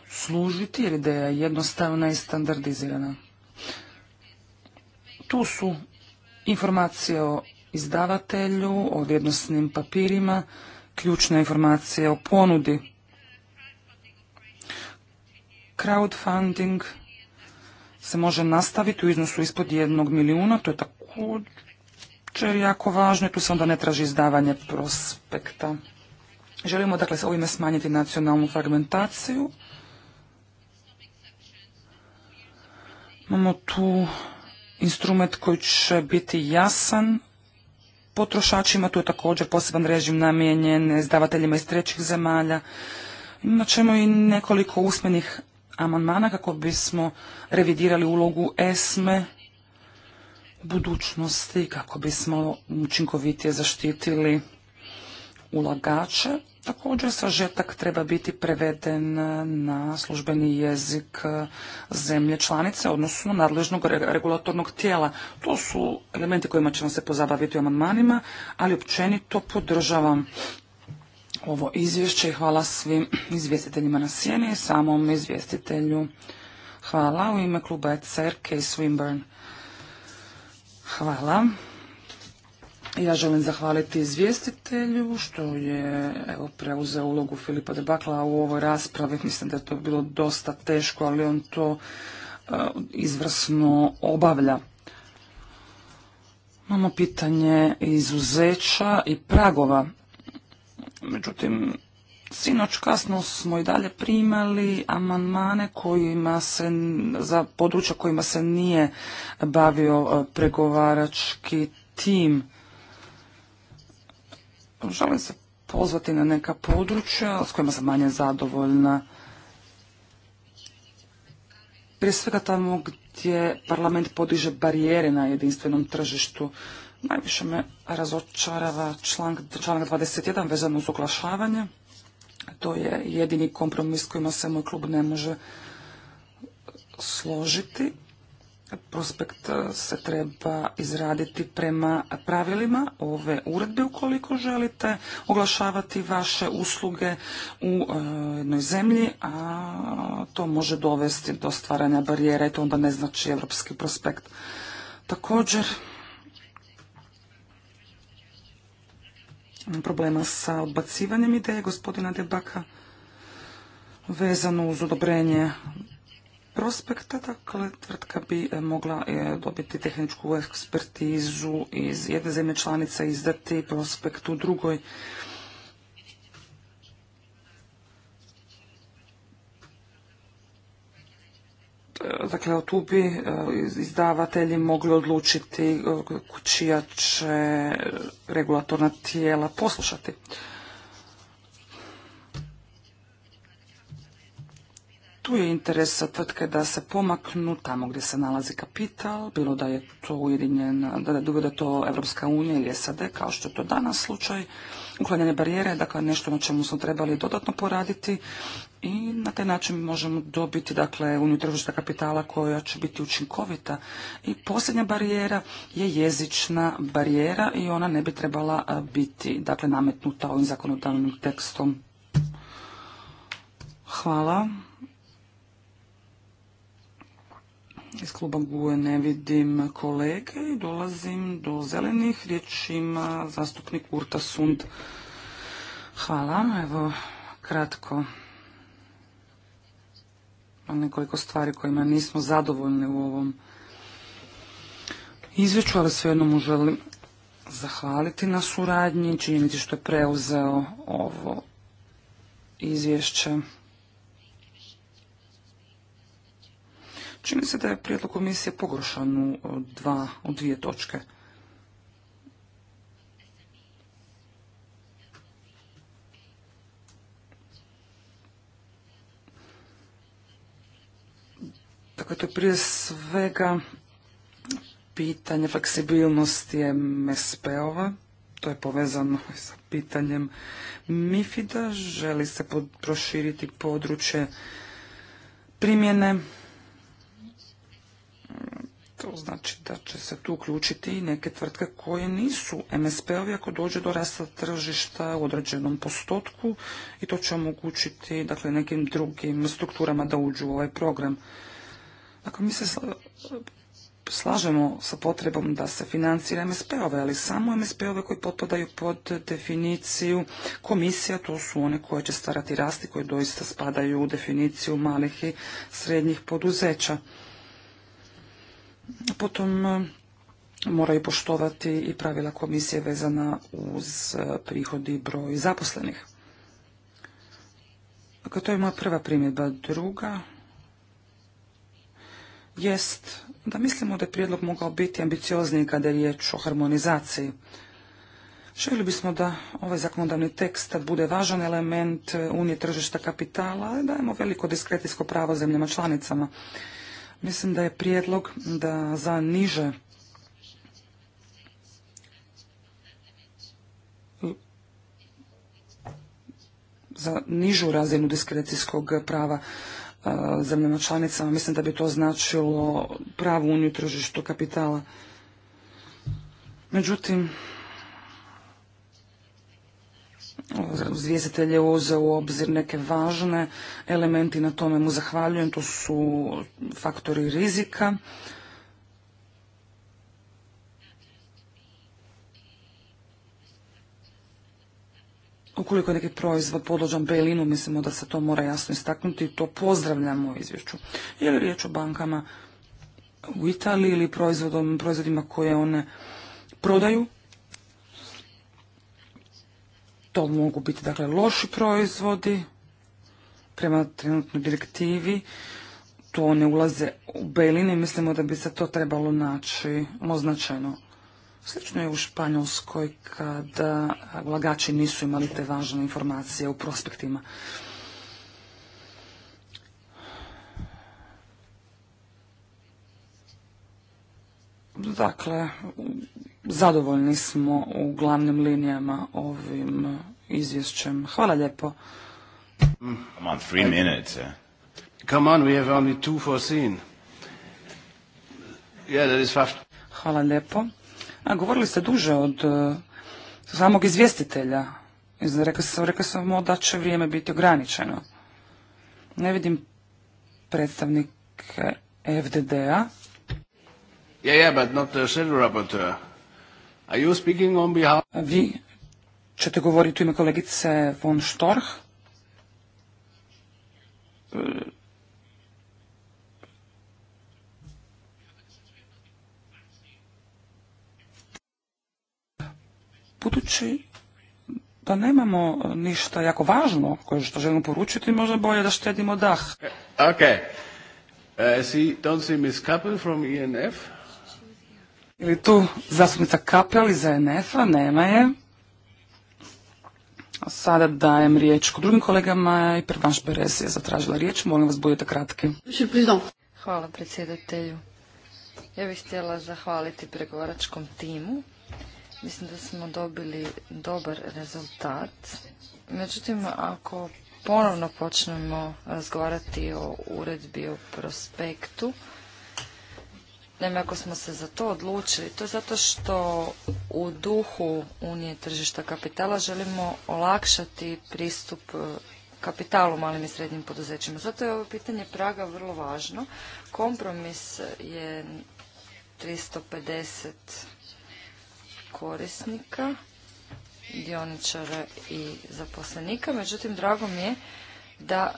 služiti jer ideja je jednostavna i standardizirana. Tu su informacije o izdavatelju, o vrijednosnim papirima, ključne informacije o ponudi. Crowdfunding se može nastaviti u iznosu ispod jednog milijuna, to je također jako važno i tu se onda ne traži izdavanje prospekta. Želimo dakle s ovime smanjiti nacionalnu fragmentaciju. Imamo tu instrument koji će biti jasan potrošačima, tu je također poseban režim namijenjen izdavateljima iz trećih zemalja. na čemu i nekoliko usmenih amandmana kako bismo revidirali ulogu ESME u budućnosti, kako bismo učinkovitije zaštitili ulagače. Također sažetak treba biti preveden na službeni jezik zemlje članice, odnosno nadležnog regulatornog tijela. To su elementi kojima ćemo se pozabaviti u amandmanima, ali općenito podržavam ovo izvješće i hvala svim izvjestiteljima na sjeni i samom izvjestitelju. Hvala u ime kluba ECR Kay Swinburne. Hvala. Ja želim zahvaliti izvjestitelju što je evo, preuzeo ulogu Filipa Debakla u ovoj raspravi. Mislim da je to bilo dosta teško, ali on to e, izvrsno obavlja. Imamo pitanje izuzeća i pragova. Međutim, sinoć kasno smo i dalje primali amandmane kojima se, za područja kojima se nije bavio e, pregovarački tim želim se pozvati na neka područja s kojima sam manje zadovoljna. Prije svega tamo gdje parlament podiže barijere na jedinstvenom tržištu. Najviše me razočarava članak, 21 vezano uz oglašavanje. To je jedini kompromis kojima se moj klub ne može složiti prospekt se treba izraditi prema pravilima ove uredbe ukoliko želite oglašavati vaše usluge u e, jednoj zemlji, a to može dovesti do stvaranja barijera i to onda ne znači evropski prospekt. Također, problema sa odbacivanjem ideje gospodina Debaka vezano uz odobrenje prospekta, dakle tvrtka bi e, mogla e, dobiti tehničku ekspertizu iz jedne zemlje članice, izdati prospekt u drugoj. E, dakle, tu bi izdavatelji mogli odlučiti čija će regulatorna tijela poslušati. Tu je interes tvrtke da se pomaknu tamo gdje se nalazi kapital, bilo da je to ujedinjen, da je da to Evropska unija ili SAD, kao što je to danas slučaj. Uklanjanje barijere, dakle nešto na čemu smo trebali dodatno poraditi i na taj način možemo dobiti dakle uniju tržišta kapitala koja će biti učinkovita. I posljednja barijera je jezična barijera i ona ne bi trebala biti dakle nametnuta ovim zakonodavnim tekstom. Hvala. Iz kluba GUE ne vidim kolege i dolazim do zelenih. Riječ ima zastupnik Urta Sund. Hvala. Evo, kratko nekoliko stvari kojima nismo zadovoljni u ovom izvješću, ali svejedno mu želim zahvaliti na suradnji, činjenici što je preuzeo ovo izvješće. Čini se da je prijedlog komisije pogrošan u, dva, u dvije točke. Dakle, to je prije svega pitanje fleksibilnosti MSP-ova. To je povezano sa pitanjem MIFID-a. Želi se proširiti područje primjene to znači da će se tu uključiti i neke tvrtke koje nisu MSP-ovi ako dođe do rasta tržišta u određenom postotku i to će omogućiti dakle, nekim drugim strukturama da uđu u ovaj program. Dakle, mi se slažemo sa potrebom da se financira MSP-ove, ali samo MSP-ove koji potpadaju pod definiciju komisija, to su one koje će starati rasti, koje doista spadaju u definiciju malih i srednjih poduzeća. Potom e, moraju poštovati i pravila komisije vezana uz e, prihodi broj zaposlenih. Dakle, to je moja prva primjedba. Druga jest da mislimo da je prijedlog mogao biti ambiciozniji kada je riječ o harmonizaciji. Željeli bismo da ovaj zakonodavni tekst bude važan element unije tržišta kapitala, dajemo veliko diskretijsko pravo zemljama članicama. Mislim da je prijedlog da za niže za nižu razinu diskrecijskog prava zemljama članicama. Mislim da bi to značilo pravu uniju tržištu kapitala. Međutim, izvjestitelje je u obzir neke važne elementi, na tome mu zahvaljujem, to su faktori rizika. Ukoliko je neki proizvod podložan Belinu, mislimo da se to mora jasno istaknuti i to pozdravljamo u izvješću. Je li riječ o bankama u Italiji ili proizvodima koje one prodaju? to mogu biti dakle loši proizvodi prema trenutnoj direktivi to ne ulaze u beline i mislimo da bi se to trebalo naći označeno. Slično je u Španjolskoj kada ulagači nisu imali te važne informacije u prospektima. Dakle, zadovoljni smo u glavnim linijama ovim izvješćem. Hvala lijepo. Come on, eh? we have only two Hvala lijepo. A, govorili ste duže od eh, samog izvjestitelja. Rekao sam, mu da će vrijeme biti ograničeno. Ne vidim predstavnik FDD-a. Yeah, yeah, but not the vi ćete govoriti u ime kolegice von Storch. Budući da nemamo e, ništa jako važno koje što želimo poručiti, možda bolje da štedimo dah. Ok, Uh, see, don't see Miss Kappel from ENF. Ili tu zastupnica Kapel za NF-a, nema je. sada dajem riječ kod drugim kolegama i Pervanš Beres je zatražila riječ. Molim vas, budite kratki. Hvala predsjedatelju. Ja bih htjela zahvaliti pregovaračkom timu. Mislim da smo dobili dobar rezultat. Međutim, ako ponovno počnemo razgovarati o uredbi o prospektu, Naime, ako smo se za to odlučili, to je zato što u duhu Unije tržišta kapitala želimo olakšati pristup e, kapitalu malim i srednjim poduzećima. Zato je ovo pitanje praga vrlo važno. Kompromis je 350 korisnika, dioničara i zaposlenika. Međutim, drago mi je da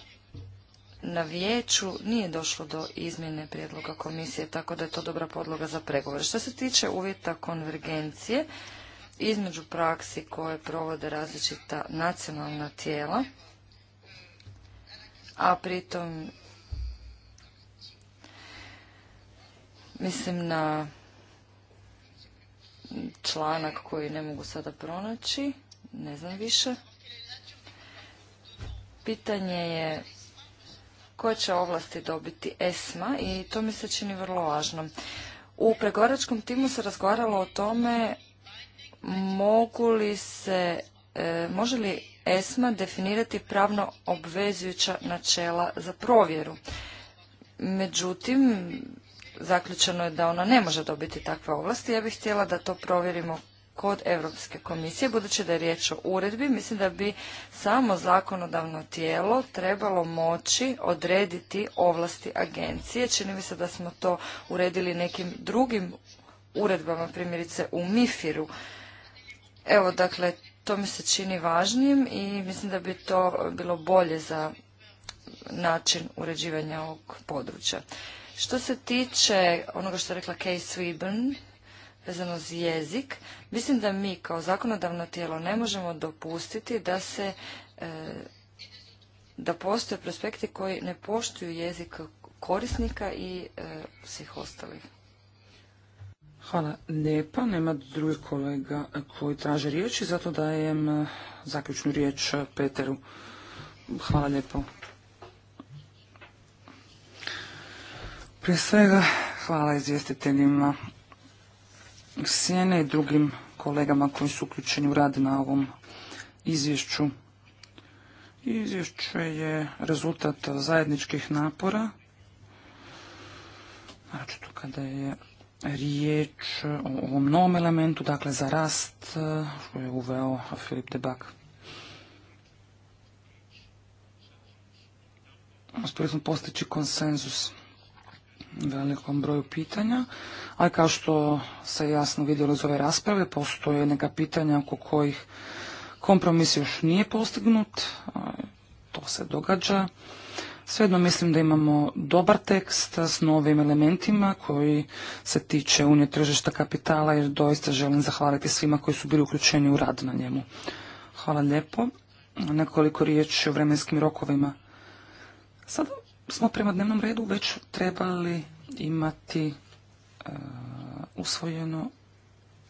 na vijeću nije došlo do izmjene prijedloga komisije, tako da je to dobra podloga za pregovore. Što se tiče uvjeta konvergencije između praksi koje provode različita nacionalna tijela, a pritom mislim na članak koji ne mogu sada pronaći, ne znam više. Pitanje je koje će ovlasti dobiti ESMA i to mi se čini vrlo važno. U pregovaračkom timu se razgovaralo o tome mogu li se, e, može li ESMA definirati pravno obvezujuća načela za provjeru. Međutim, zaključeno je da ona ne može dobiti takve ovlasti. Ja bih htjela da to provjerimo kod Europske komisije. Budući da je riječ o uredbi, mislim da bi samo zakonodavno tijelo trebalo moći odrediti ovlasti agencije. Čini mi se da smo to uredili nekim drugim uredbama, primjerice u MIFIR-u. Evo, dakle, to mi se čini važnijim i mislim da bi to bilo bolje za način uređivanja ovog područja. Što se tiče onoga što je rekla Kay Sweeburn, vezano uz jezik, mislim da mi kao zakonodavno tijelo ne možemo dopustiti da se e, da postoje prospekti koji ne poštuju jezik korisnika i e, svih ostalih. Hvala lijepa. Nema drugih kolega koji traže riječ i zato dajem e, zaključnu riječ Peteru. Hvala lijepo. Prije svega hvala izvjestiteljima Sjene i drugim kolegama koji su uključeni u rad na ovom izvješću. Izvješće je rezultat zajedničkih napora, to kada je riječ o ovom novom elementu, dakle za rast, što je uveo Filip Debak. Uspjeli smo postići konsenzus velikom broju pitanja, ali kao što se jasno vidjelo iz ove rasprave, postoje neka pitanja oko kojih kompromis još nije postignut, to se događa. Svejedno mislim da imamo dobar tekst s novim elementima koji se tiče unije tržišta kapitala jer doista želim zahvaliti svima koji su bili uključeni u rad na njemu. Hvala lijepo. Nekoliko riječi o vremenskim rokovima. Sada smo prema dnevnom redu već trebali imati e, usvojeno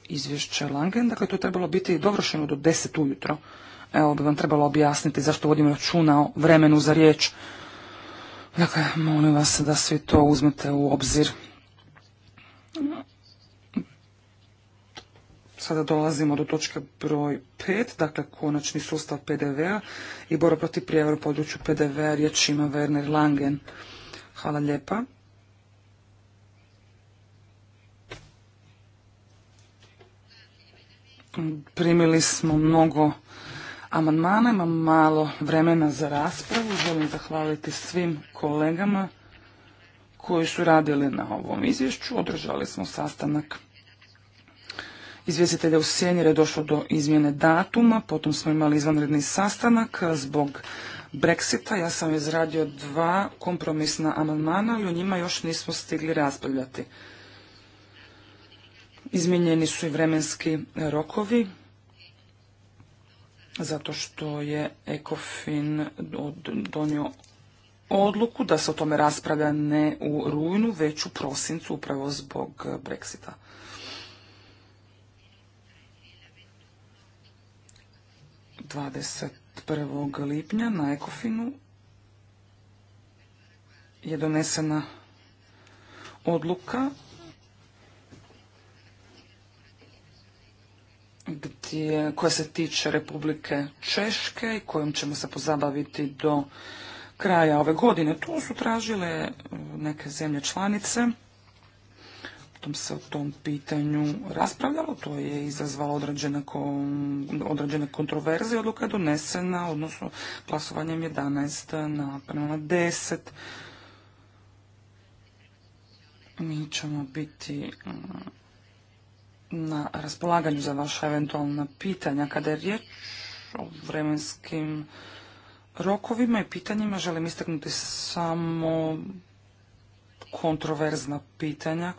izvješće Langen, dakle to je trebalo biti dovršeno do deset ujutro. Evo bi vam trebalo objasniti zašto vodim računa o vremenu za riječ. Dakle, molim vas da svi to uzmete u obzir. Sada dolazimo do točke broj 5, dakle konačni sustav PDV-a i borba protiv prijevara u području PDV-a, riječ ima Werner Langen. Hvala lijepa. Primili smo mnogo amandmana, imam malo vremena za raspravu. Želim zahvaliti svim kolegama koji su radili na ovom izvješću. Održali smo sastanak izvjestitelja u jer je došlo do izmjene datuma, potom smo imali izvanredni sastanak e, zbog Brexita. Ja sam izradio dva kompromisna amandmana i o njima još nismo stigli raspravljati. Izmijenjeni su i vremenski rokovi, zato što je ECOFIN donio odluku da se o tome raspravlja ne u rujnu, već u prosincu, upravo zbog Brexita. 21. lipnja na Ekofinu je donesena odluka koja se tiče Republike Češke i kojom ćemo se pozabaviti do kraja ove godine. Tu su tražile neke zemlje članice se o tom pitanju raspravljalo, to je izazvalo određene, kon, određene odluka je donesena, odnosno glasovanjem 11 na, 10. Mi ćemo biti mm, na raspolaganju za vaša eventualna pitanja. Kada je riječ o vremenskim rokovima i pitanjima, želim istaknuti samo kontroverzna pitanja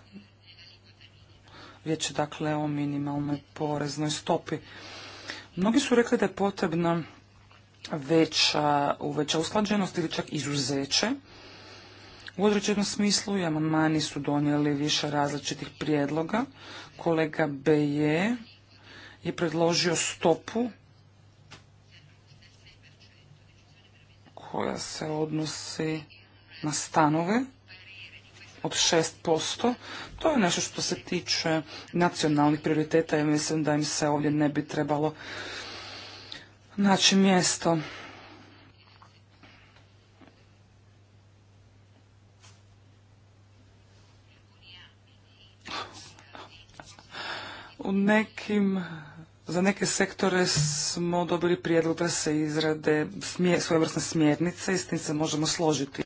Riječ je dakle o minimalnoj poreznoj stopi. Mnogi su rekli da je potrebna veća, usklađenost ili čak izuzeće. U određenom smislu i amandmani su donijeli više različitih prijedloga. Kolega BJ je predložio stopu koja se odnosi na stanove od 6%. To je nešto što se tiče nacionalnih prioriteta i mislim da im se ovdje ne bi trebalo naći mjesto. U nekim za neke sektore smo dobili prijedlog da se izrade svojevrsne smjernice i s tim se možemo složiti.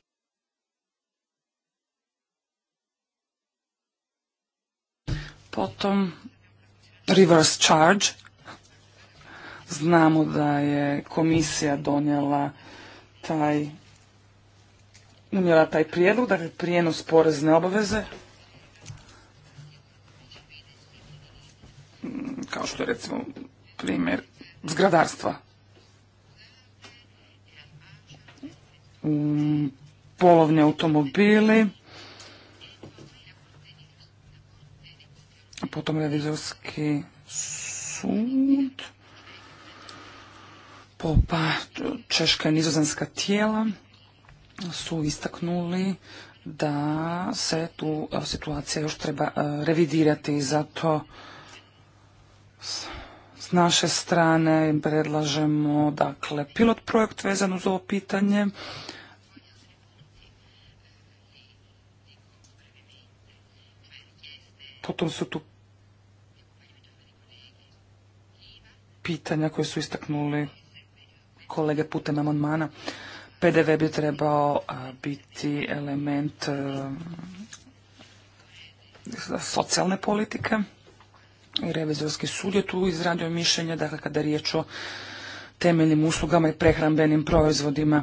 Potom reverse charge. Znamo da je komisija donijela taj unijela taj prijedlog, dakle prijenos porezne obaveze. Kao što je recimo primjer zgradarstva. u polovni automobili potom revizorski sud, popa češka i nizozemska tijela su istaknuli da se tu situacija još treba e, revidirati i zato s naše strane predlažemo dakle pilot projekt vezan uz ovo pitanje potom su tu pitanja koje su istaknuli kolege putem amandmana. PDV bi trebao biti element e, socijalne politike i revizorski sud je tu izradio mišljenje, dakle kada je riječ o temeljnim uslugama i prehrambenim proizvodima.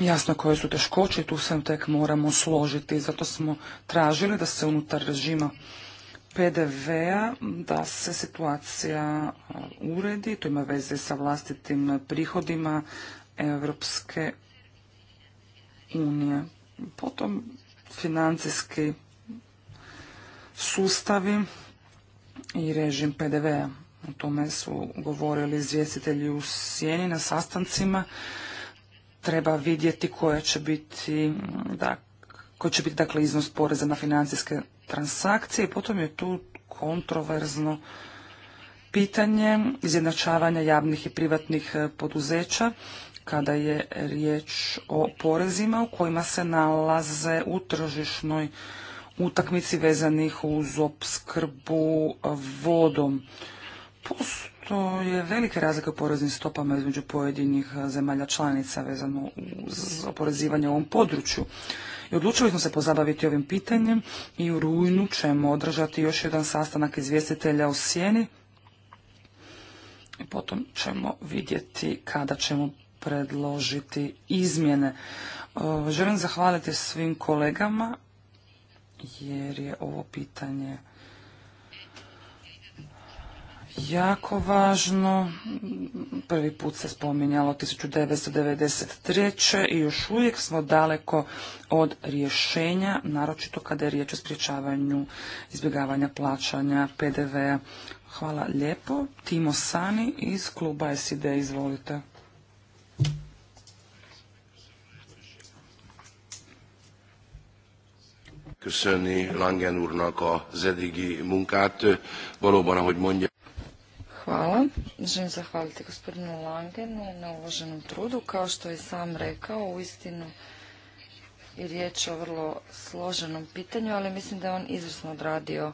Jasno koje su teškoće i tu se tek moramo složiti. Zato smo tražili da se unutar režima PDV-a da se situacija uredi, to ima veze sa vlastitim prihodima Evropske unije. Potom financijski sustavi i režim PDV-a. O tome su govorili izvjestitelji u sjeni na sastancima. Treba vidjeti koja će biti, da, koji će biti dakle iznos poreza na financijske transakcije i potom je tu kontroverzno pitanje izjednačavanja javnih i privatnih e, poduzeća kada je riječ o porezima u kojima se nalaze u tržišnoj utakmici vezanih uz opskrbu vodom to je velika razlika u poreznim stopama između pojedinih zemalja članica vezano uz oporezivanje u ovom području. I odlučili smo se pozabaviti ovim pitanjem i u rujnu ćemo održati još jedan sastanak izvjestitelja u Sjeni. I potom ćemo vidjeti kada ćemo predložiti izmjene. E, želim zahvaliti svim kolegama jer je ovo pitanje jako važno. Prvi put se spominjalo 1993. i još uvijek smo daleko od rješenja, naročito kada je riječ o spriječavanju izbjegavanja plaćanja PDV-a. Hvala lijepo. Timo Sani iz kluba SID, izvolite. köszönni Langen úrnak az eddigi munkát. Valóban, ahogy mondja, Hvala. Želim zahvaliti gospodinu Langenu na uloženom trudu. Kao što je sam rekao, uistinu je riječ o vrlo složenom pitanju, ali mislim da je on izvrsno odradio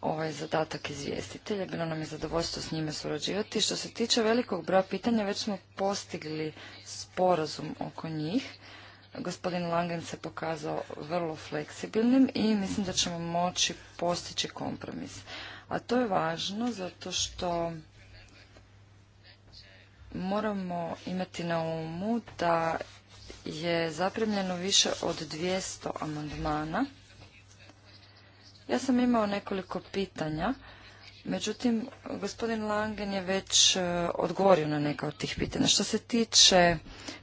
ovaj zadatak izvjestitelja. Bilo nam je zadovoljstvo s njime surađivati. Što se tiče velikog broja pitanja, već smo postigli sporazum oko njih. Gospodin Langen se pokazao vrlo fleksibilnim i mislim da ćemo moći postići kompromis. A to je važno zato što moramo imati na umu da je zapremljeno više od 200 amandmana. Ja sam imao nekoliko pitanja, međutim, gospodin Langen je već e, odgovorio na neka od tih pitanja. Što se tiče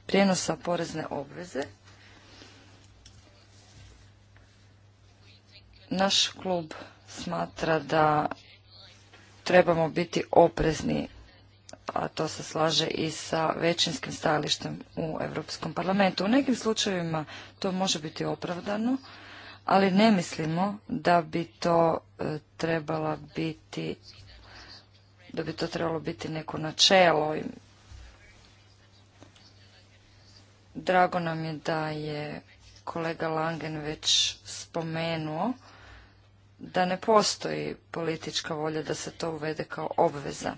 prijenosa porezne obveze, naš klub smatra da trebamo biti oprezni, a to se slaže i sa većinskim stajalištem u Europskom parlamentu. U nekim slučajevima to može biti opravdano, ali ne mislimo da bi to e, trebala biti da bi to trebalo biti neko načelo. Drago nam je da je kolega Langen već spomenuo da ne postoji politička volja da se to uvede kao obveza.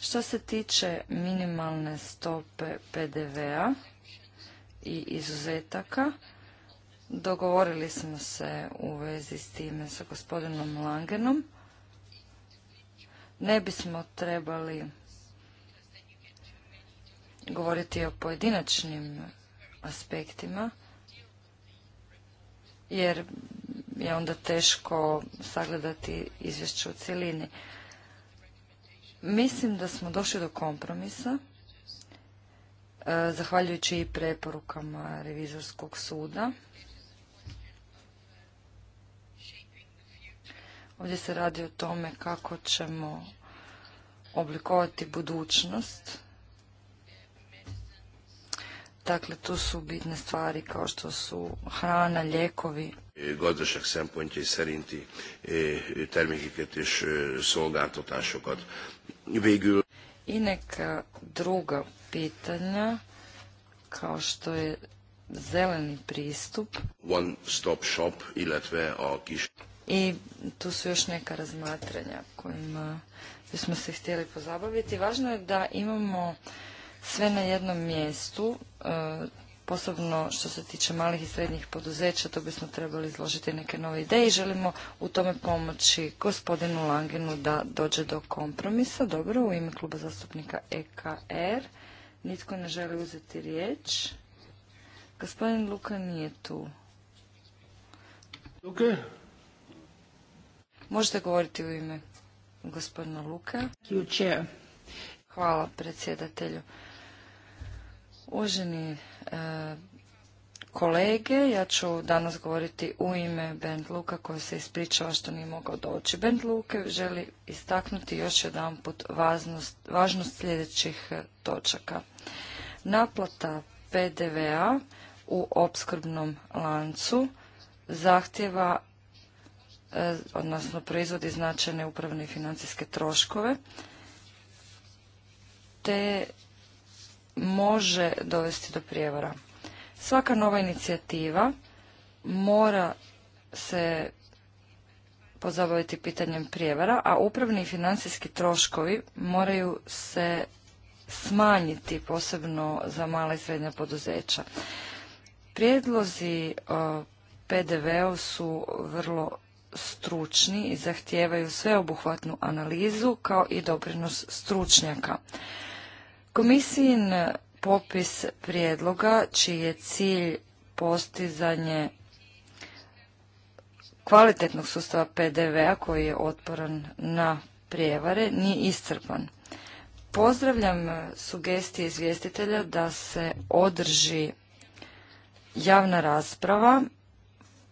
Što se tiče minimalne stope PDV-a i izuzetaka, dogovorili smo se u vezi s time sa gospodinom Langenom. Ne bismo trebali govoriti o pojedinačnim aspektima, jer je onda teško sagledati izvješće u cijelini. Mislim da smo došli do kompromisa, e, zahvaljujući i preporukama revizorskog suda. Ovdje se radi o tome kako ćemo oblikovati budućnost. Dakle, tu su bitne stvari kao što su hrana, lijekovi, gazdaság szempontjai szerinti termékeket és szolgáltatásokat. Végül... I neka druga pitanja, kao što je zeleni pristup. One stop shop, illetve a kis... I tu su još neka razmatranja kojima bismo se htjeli pozabaviti. Važno je da imamo sve na jednom mjestu, posebno što se tiče malih i srednjih poduzeća, to bismo trebali izložiti neke nove ideje i želimo u tome pomoći gospodinu Langenu da dođe do kompromisa. Dobro, u ime kluba zastupnika EKR. Er, nitko ne želi uzeti riječ. Gospodin Luka nije tu. Možete govoriti u ime gospodina Luka. Hvala predsjedatelju. Uvaženi kolege. Ja ću danas govoriti u ime Bent Luka koji se ispričava što nije mogao doći. Bend Luke želi istaknuti još jedan put važnost, važnost sljedećih e, točaka. Naplata PDV-a u opskrbnom lancu zahtjeva e, odnosno proizvodi značajne upravne i financijske troškove te može dovesti do prijevara. Svaka nova inicijativa mora se pozabaviti pitanjem prijevara, a upravni i financijski troškovi moraju se smanjiti, posebno za mala i srednja poduzeća. Prijedlozi PDV-u su vrlo stručni i zahtijevaju sveobuhvatnu analizu kao i doprinos stručnjaka. Komisijin popis prijedloga, čiji je cilj postizanje kvalitetnog sustava PDV-a koji je otporan na prijevare, nije iscrpan. Pozdravljam sugestije izvjestitelja da se održi javna rasprava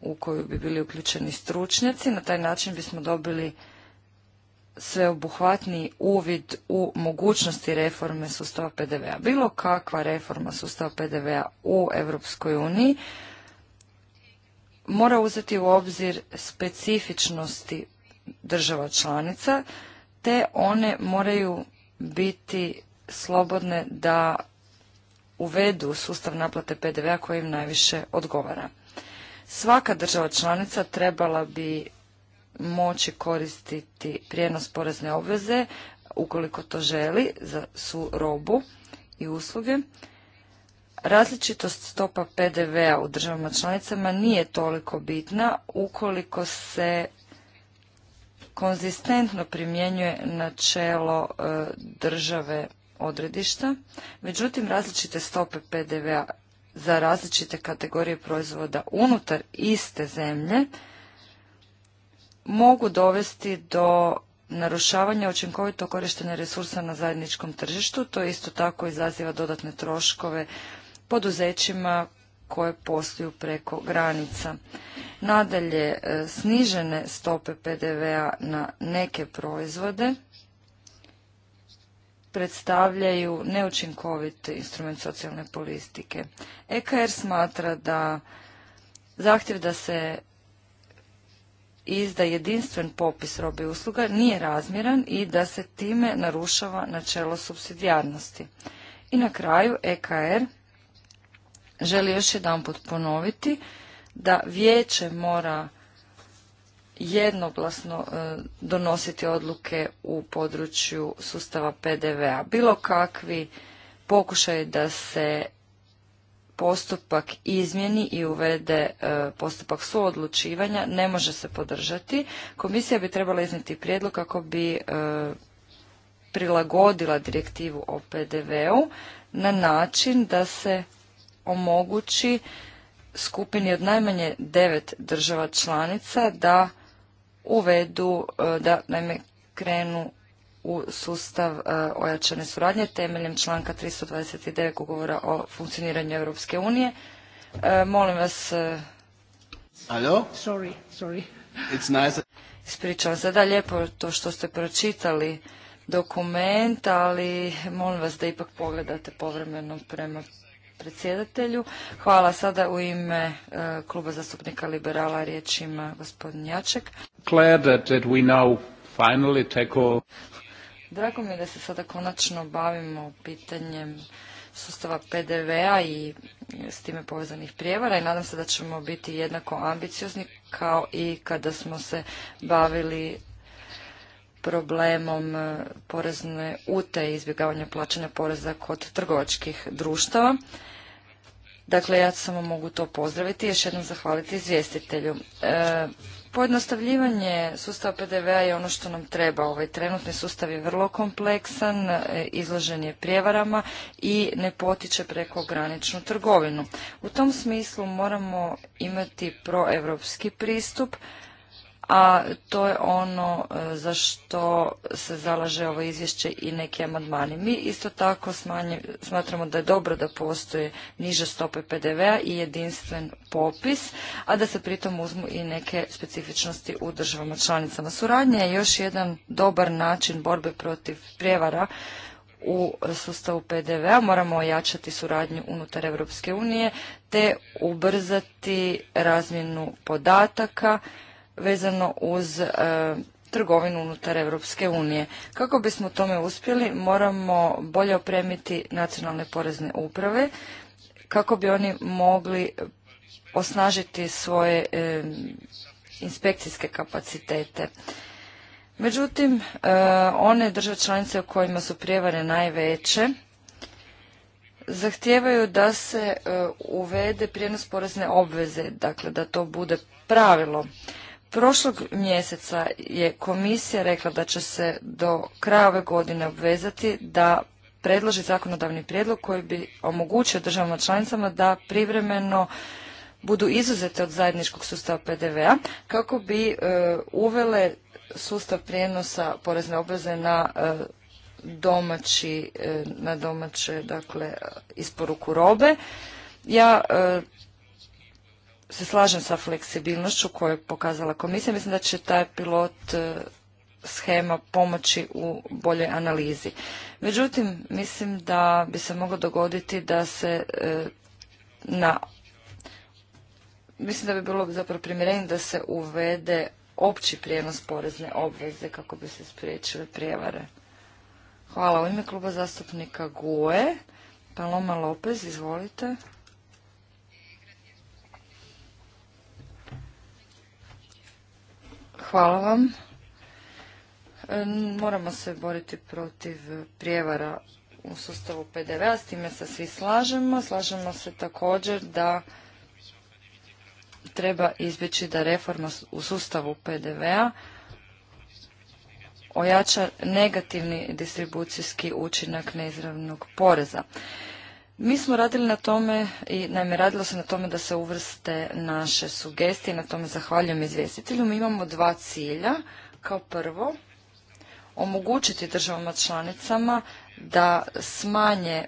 u koju bi bili uključeni stručnjaci. Na taj način bismo dobili sveobuhvatniji uvid u mogućnosti reforme sustava PDV-a. Bilo kakva reforma sustava PDV-a u Europskoj uniji mora uzeti u obzir specifičnosti država članica, te one moraju biti slobodne da uvedu sustav naplate PDV-a koji im najviše odgovara. Svaka država članica trebala bi moći koristiti prijenos porezne obveze ukoliko to želi za su robu i usluge. Različitost stopa PDV-a u državama članicama nije toliko bitna ukoliko se konzistentno primjenjuje načelo e, države odredišta. Međutim, različite stope PDV-a za različite kategorije proizvoda unutar iste zemlje mogu dovesti do narušavanja učinkovitog korištenja resursa na zajedničkom tržištu. To isto tako izaziva dodatne troškove poduzećima koje posluju preko granica. Nadalje, e, snižene stope PDV-a na neke proizvode predstavljaju neučinkovit instrument socijalne politike. EKR er smatra da zahtjev da se izda jedinstven popis robe i usluga nije razmjeran i da se time narušava načelo subsidijarnosti. I na kraju EKR er želi još jedanput ponoviti da vijeće mora jednoglasno e, donositi odluke u području sustava PDV-a. Bilo kakvi pokušaj da se postupak izmjeni i uvede e, postupak suodlučivanja ne može se podržati. Komisija bi trebala iznijeti prijedlog kako bi e, prilagodila direktivu o PDV-u na način da se omogući skupini od najmanje devet država članica da uvedu, e, da naime krenu u sustav e, ojačane suradnje temeljem članka 329 ugovora o funkcioniranju Europske unije. E, molim vas... E, Alo? Sorry, sorry. It's nice. Ispričavam se, da lijepo to što ste pročitali dokument, ali molim vas da ipak pogledate povremeno prema predsjedatelju. Hvala sada u ime kluba zastupnika liberala riječ ima gospodin Jaček. Drago mi je da se sada konačno bavimo pitanjem sustava PDV-a i s time povezanih prijevara i nadam se da ćemo biti jednako ambiciozni kao i kada smo se bavili problemom e, porezne ute i izbjegavanja plaćanja poreza kod trgovačkih društava. Dakle, ja samo mogu to pozdraviti i još jednom zahvaliti izvjestitelju. E, Pojednostavljivanje sustava PDV-a je ono što nam treba. Ovaj trenutni sustav je vrlo kompleksan, e, izložen je prijevarama i ne potiče prekograničnu trgovinu. U tom smislu moramo imati proevropski pristup, a to je ono e, za što se zalaže ovo izvješće i neki amandmani. Mi isto tako smatramo da je dobro da postoje niže stope PDV-a i jedinstven popis, a da se pritom uzmu i neke specifičnosti u državama članicama. Suradnja je još jedan dobar način borbe protiv prijevara u sustavu PDV-a. Moramo ojačati suradnju unutar Europske unije te ubrzati razmjenu podataka vezano uz e, trgovinu unutar Europske unije. Kako bismo tome uspjeli, moramo bolje opremiti nacionalne porezne uprave kako bi oni mogli osnažiti svoje e, inspekcijske kapacitete. Međutim, e, one države članice u kojima su prijevare najveće zahtijevaju da se uvede prijenos porezne obveze, dakle da to bude pravilo. Prošlog mjeseca je komisija rekla da će se do kraja ove godine obvezati da predloži zakonodavni prijedlog koji bi omogućio državama članicama da privremeno budu izuzete od zajedničkog sustava PDV-a kako bi e, uvele sustav prijenosa porezne obveze na e, domaći, e, na domaće dakle e, isporuku robe. Ja se slažem sa fleksibilnošću koju je pokazala komisija. Mislim da će taj pilot e, schema pomoći u boljoj analizi. Međutim, mislim da bi se moglo dogoditi da se e, na mislim da bi bilo zapravo primjerenije da se uvede opći prijenos porezne obveze kako bi se spriječile prijevare. Hvala. U ime kluba zastupnika GUE, Paloma Lopez, izvolite. Hvala vam. E, moramo se boriti protiv prijevara u sustavu PDV-a, s time se svi slažemo. Slažemo se također da treba izbjeći da reforma u sustavu PDV-a ojača negativni distribucijski učinak neizravnog poreza. Mi smo radili na tome i naime radilo se na tome da se uvrste naše sugestije, na tome zahvaljujem izvjestitelju. Mi imamo dva cilja. Kao prvo, omogućiti državama članicama da smanje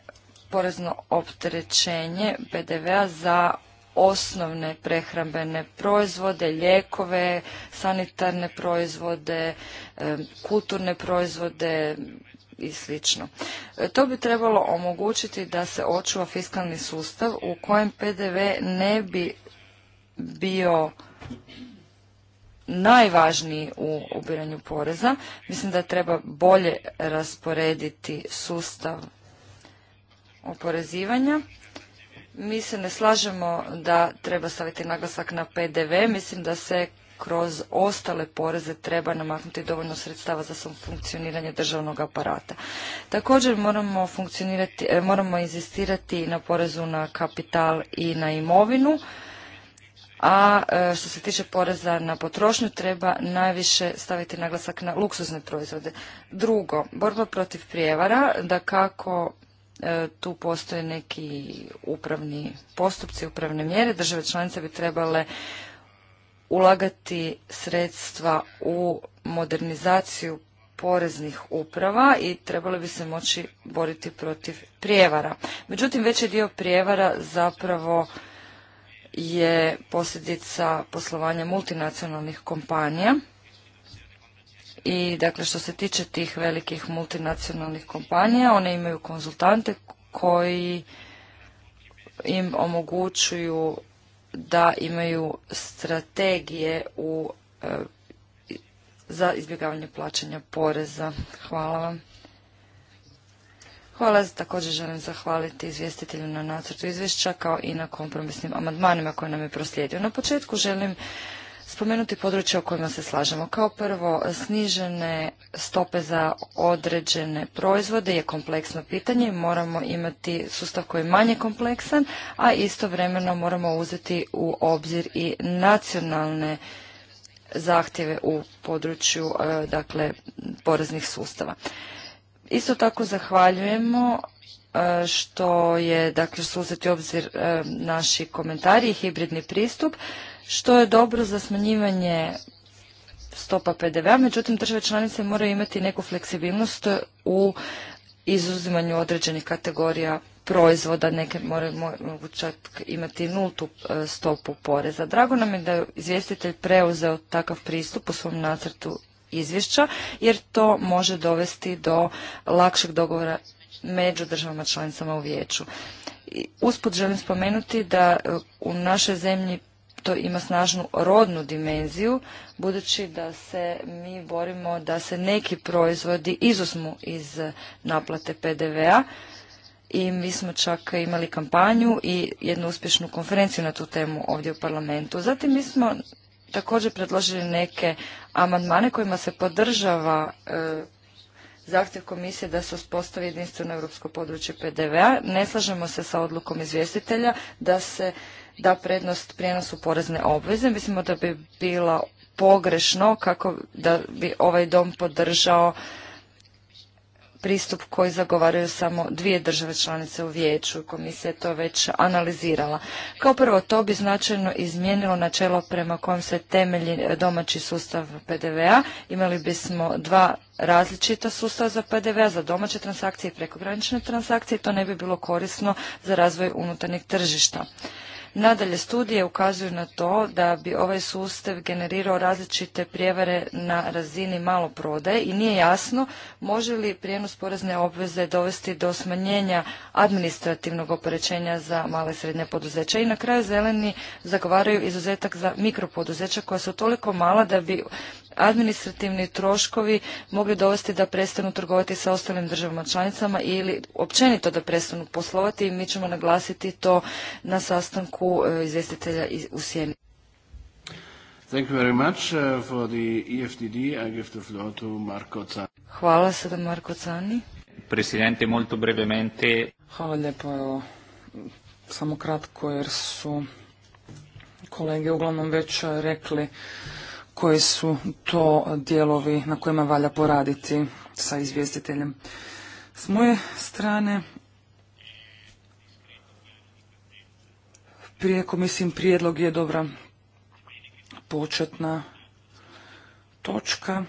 porezno opterećenje PDV-a za osnovne prehrambene proizvode, lijekove, sanitarne proizvode, kulturne proizvode, i slično. E, to bi trebalo omogućiti da se očuva fiskalni sustav u kojem PDV ne bi bio najvažniji u ubiranju poreza. Mislim da treba bolje rasporediti sustav oporezivanja. Mi se ne slažemo da treba staviti naglasak na PDV. Mislim da se kroz ostale poreze treba namaknuti dovoljno sredstava za funkcioniranje državnog aparata. Također moramo funkcionirati, e, moramo inzistirati na porezu na kapital i na imovinu, a e, što se tiče poreza na potrošnju treba najviše staviti naglasak na luksuzne proizvode. Drugo, borba protiv prijevara, da kako e, tu postoje neki upravni postupci, upravne mjere. Države članice bi trebale ulagati sredstva u modernizaciju poreznih uprava i trebali bi se moći boriti protiv prijevara. Međutim, veći dio prijevara zapravo je posljedica poslovanja multinacionalnih kompanija. I dakle što se tiče tih velikih multinacionalnih kompanija, one imaju konzultante koji im omogućuju da imaju strategije u, e, za izbjegavanje plaćanja poreza. Hvala vam. Hvala, također želim zahvaliti izvjestitelju na nacrtu izvješća kao i na kompromisnim amandmanima koje nam je proslijedio. Na početku želim spomenuti područja o kojima se slažemo. Kao prvo, snižene stope za određene proizvode je kompleksno pitanje. Moramo imati sustav koji je manje kompleksan, a istovremeno moramo uzeti u obzir i nacionalne zahtjeve u području e, dakle, poreznih sustava. Isto tako zahvaljujemo e, što je dakle su uzeti u obzir e, naši komentari i hibridni pristup što je dobro za smanjivanje stopa PDV-a, međutim države članice moraju imati neku fleksibilnost u izuzimanju određenih kategorija proizvoda, neke moraju čak imati nultu e, stopu poreza. Drago nam je da je izvjestitelj preuzeo takav pristup u svom nacrtu izvješća, jer to može dovesti do lakšeg dogovora među državama članicama u vijeću. Usput želim spomenuti da e, u našoj zemlji to ima snažnu rodnu dimenziju, budući da se mi borimo da se neki proizvodi izuzmu iz naplate PDV-a i mi smo čak imali kampanju i jednu uspješnu konferenciju na tu temu ovdje u parlamentu. Zatim mi smo također predložili neke amandmane kojima se podržava e, zahtjev komisije da se uspostavi jedinstveno europsko područje PDV-a. Ne slažemo se sa odlukom izvjestitelja da se da prednost prijenosu porezne obveze. Mislimo da bi bila pogrešno kako da bi ovaj dom podržao pristup koji zagovaraju samo dvije države članice u vijeću. Komisija je to već analizirala. Kao prvo, to bi značajno izmijenilo načelo prema kojem se temelji domaći sustav PDV-a. Imali bismo dva različita sustava za pdv za domaće transakcije i prekogranične transakcije. To ne bi bilo korisno za razvoj unutarnjeg tržišta. Nadalje, studije ukazuju na to da bi ovaj sustav generirao različite prijevare na razini maloprodaje i nije jasno može li prijenos porezne obveze dovesti do smanjenja administrativnog opterećenja za male i srednje poduzeća. I na kraju zeleni zagovaraju izuzetak za mikropoduzeća koja su toliko mala da bi administrativni troškovi mogli dovesti da prestanu trgovati sa ostalim državama članicama ili općenito da prestanu poslovati i mi ćemo naglasiti to na sastanku e, izvjestitelja u Sjeni. Uh, e I Hvala sada Marko Cani. Presidente, molto brevemente. Hvala lijepo, samo kratko jer su kolege uglavnom već rekli koji su to dijelovi na kojima valja poraditi sa izvjestiteljem. S moje strane prijeko mislim prijedlog je dobra početna točka.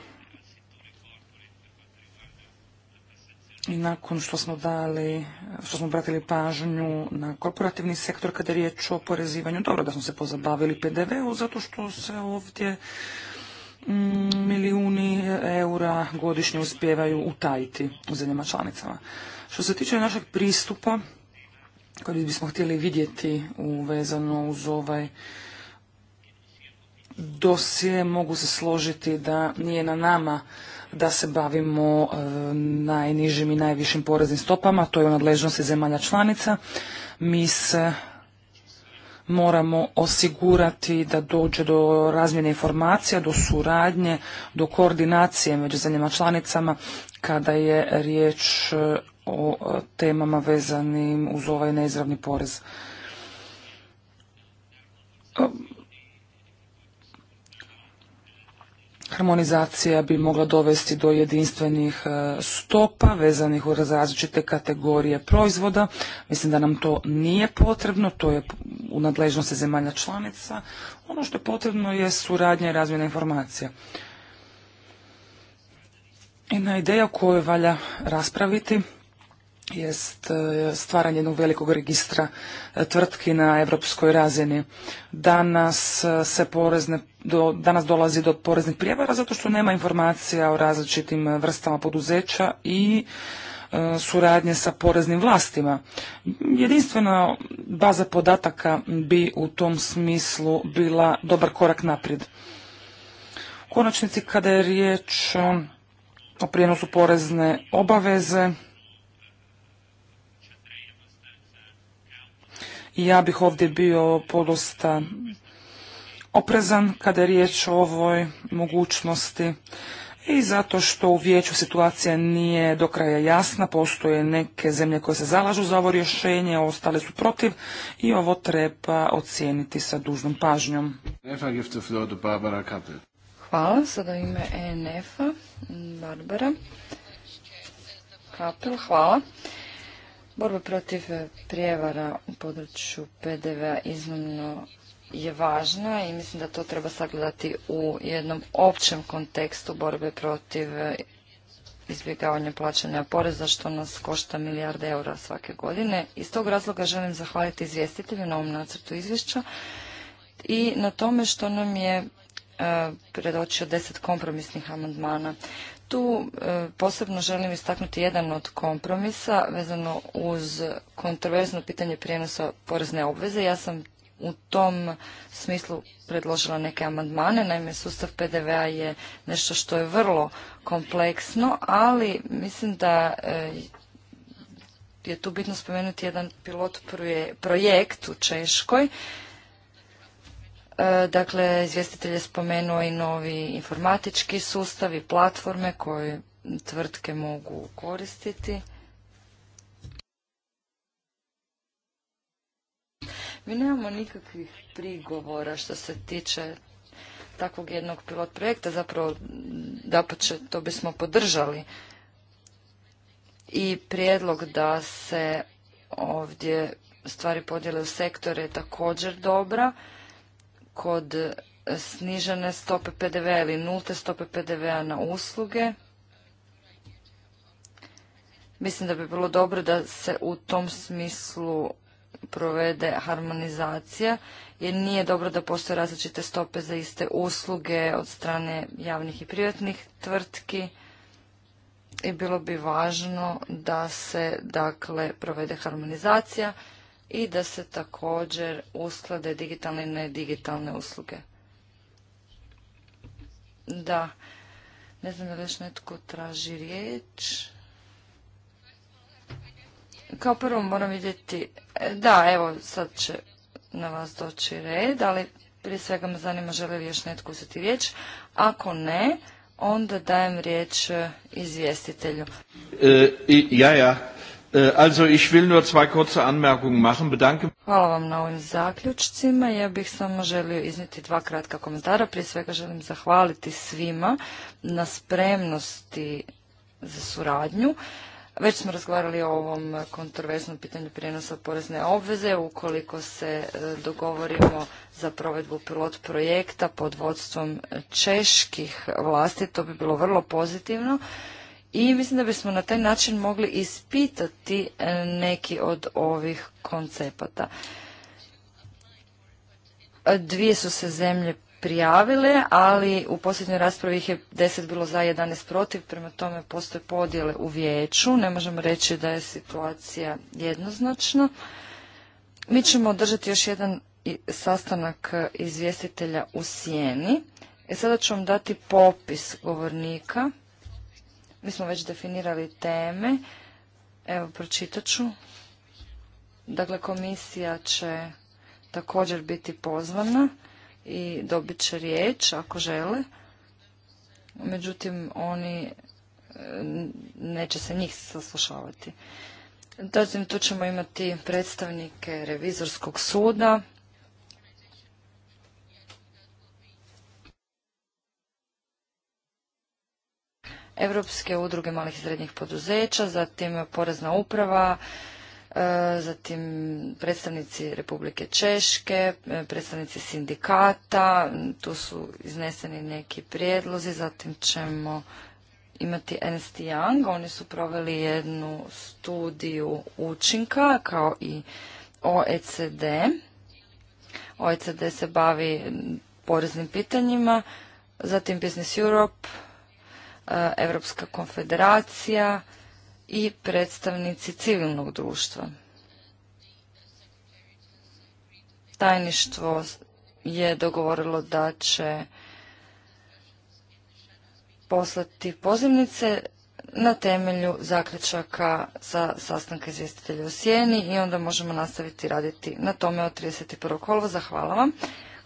nakon što smo dali, što smo obratili pažnju na korporativni sektor kada je riječ o porezivanju, dobro da smo se pozabavili PDV-u zato što se ovdje mm, milijuni eura godišnje uspijevaju utajiti u zemljama članicama. Što se tiče našeg pristupa koji bismo htjeli vidjeti uvezano uz ovaj dosije, mogu se složiti da nije na nama da se bavimo e, najnižim i najvišim poreznim stopama, to je u nadležnosti zemalja članica. Mi se moramo osigurati da dođe do razmjene informacija, do suradnje, do koordinacije među zemljama članicama kada je riječ e, o e, temama vezanim uz ovaj neizravni porez. Harmonizacija bi mogla dovesti do jedinstvenih e, stopa vezanih u različite kategorije proizvoda. Mislim da nam to nije potrebno, to je u nadležnosti zemalja članica. Ono što je potrebno je suradnja i razmjena informacija. Jedna ideja o kojoj valja raspraviti jest e, stvaranje jednog velikog registra e, tvrtki na europskoj razini. Danas e, se porezne, danas dolazi do poreznih prijevara zato što nema informacija o različitim vrstama poduzeća i suradnje sa poreznim vlastima. Jedinstvena baza podataka bi u tom smislu bila dobar korak naprijed. U konačnici kada je riječ o prijenosu porezne obaveze, Ja bih ovdje bio podosta oprezan kada je riječ o ovoj mogućnosti i zato što u vijeću situacija nije do kraja jasna, postoje neke zemlje koje se zalažu za ovo rješenje, ostale su protiv i ovo treba ocijeniti sa dužnom pažnjom. Hvala, sada ime ENF-a, Barbara hvala. Borba protiv e, prijevara u području PDV-a iznimno je važna i mislim da to treba sagledati u jednom općem kontekstu borbe protiv e, izbjegavanja plaćanja poreza što nas košta milijarde eura svake godine. Iz tog razloga želim zahvaliti izvjestitelju na ovom nacrtu izvješća i na tome što nam je e, predočio deset kompromisnih amandmana. Tu e, posebno želim istaknuti jedan od kompromisa vezano uz kontroverzno pitanje prijenosa porezne obveze. Ja sam u tom smislu predložila neke amandmane. Naime, sustav PDV-a je nešto što je vrlo kompleksno, ali mislim da e, je tu bitno spomenuti jedan pilot projekt u Češkoj E, dakle, izvjestitelj je spomenuo i novi informatički sustav i platforme koje tvrtke mogu koristiti. Mi nemamo nikakvih prigovora što se tiče takvog jednog pilot projekta, zapravo da to bismo podržali. I prijedlog da se ovdje stvari podijele u sektore je također dobra kod e, snižene stope PDV-a ili nulte stope PDV-a na usluge. Mislim da bi bilo dobro da se u tom smislu provede harmonizacija, jer nije dobro da postoje različite stope za iste usluge od strane javnih i privatnih tvrtki i bilo bi važno da se dakle provede harmonizacija i da se također usklade digitalne i nedigitalne usluge. Da, ne znam da li još netko traži riječ. Kao prvo moram vidjeti, e, da evo sad će na vas doći red, ali prije svega me zanima želi li još netko uzeti riječ. Ako ne, onda dajem riječ izvjestitelju. E, ja, ja, Äh, also Hvala vam na ovim zaključcima. Ja bih samo želio iznijeti dva kratka komentara. Prije svega želim zahvaliti svima na spremnosti za suradnju. Već smo razgovarali o ovom kontroverznom pitanju prijenosa porezne obveze. Ukoliko se e, dogovorimo za provedbu pilot projekta pod vodstvom čeških vlasti, to bi bilo vrlo pozitivno i mislim da bismo na taj način mogli ispitati e, neki od ovih koncepata. E, dvije su se zemlje prijavile, ali u posljednjoj raspravi ih je 10 bilo za, 11 protiv, prema tome postoje podjele u vijeću, ne možemo reći da je situacija jednoznačna. Mi ćemo održati još jedan sastanak e, izvjestitelja u Sijeni. sada ću vam dati popis govornika. Mi smo već definirali teme. Evo, pročitat ću. Dakle, komisija će također biti pozvana i dobit će riječ ako žele. Međutim, oni e, neće se njih saslušavati. Zatim tu ćemo imati predstavnike revizorskog suda, Europske udruge malih i srednjih poduzeća, zatim Porezna uprava, e, zatim predstavnici Republike Češke, e, predstavnici sindikata, tu su izneseni neki prijedlozi, zatim ćemo imati Ernst Young, oni su proveli jednu studiju učinka kao i OECD. OECD se bavi poreznim pitanjima, zatim Business Europe, Europska konfederacija i predstavnici civilnog društva. Tajništvo je dogovorilo da će poslati pozivnice na temelju zaključaka sa sastanka izvjestitelja u Sjeni i onda možemo nastaviti raditi na tome od 31. kolova Zahvala vam.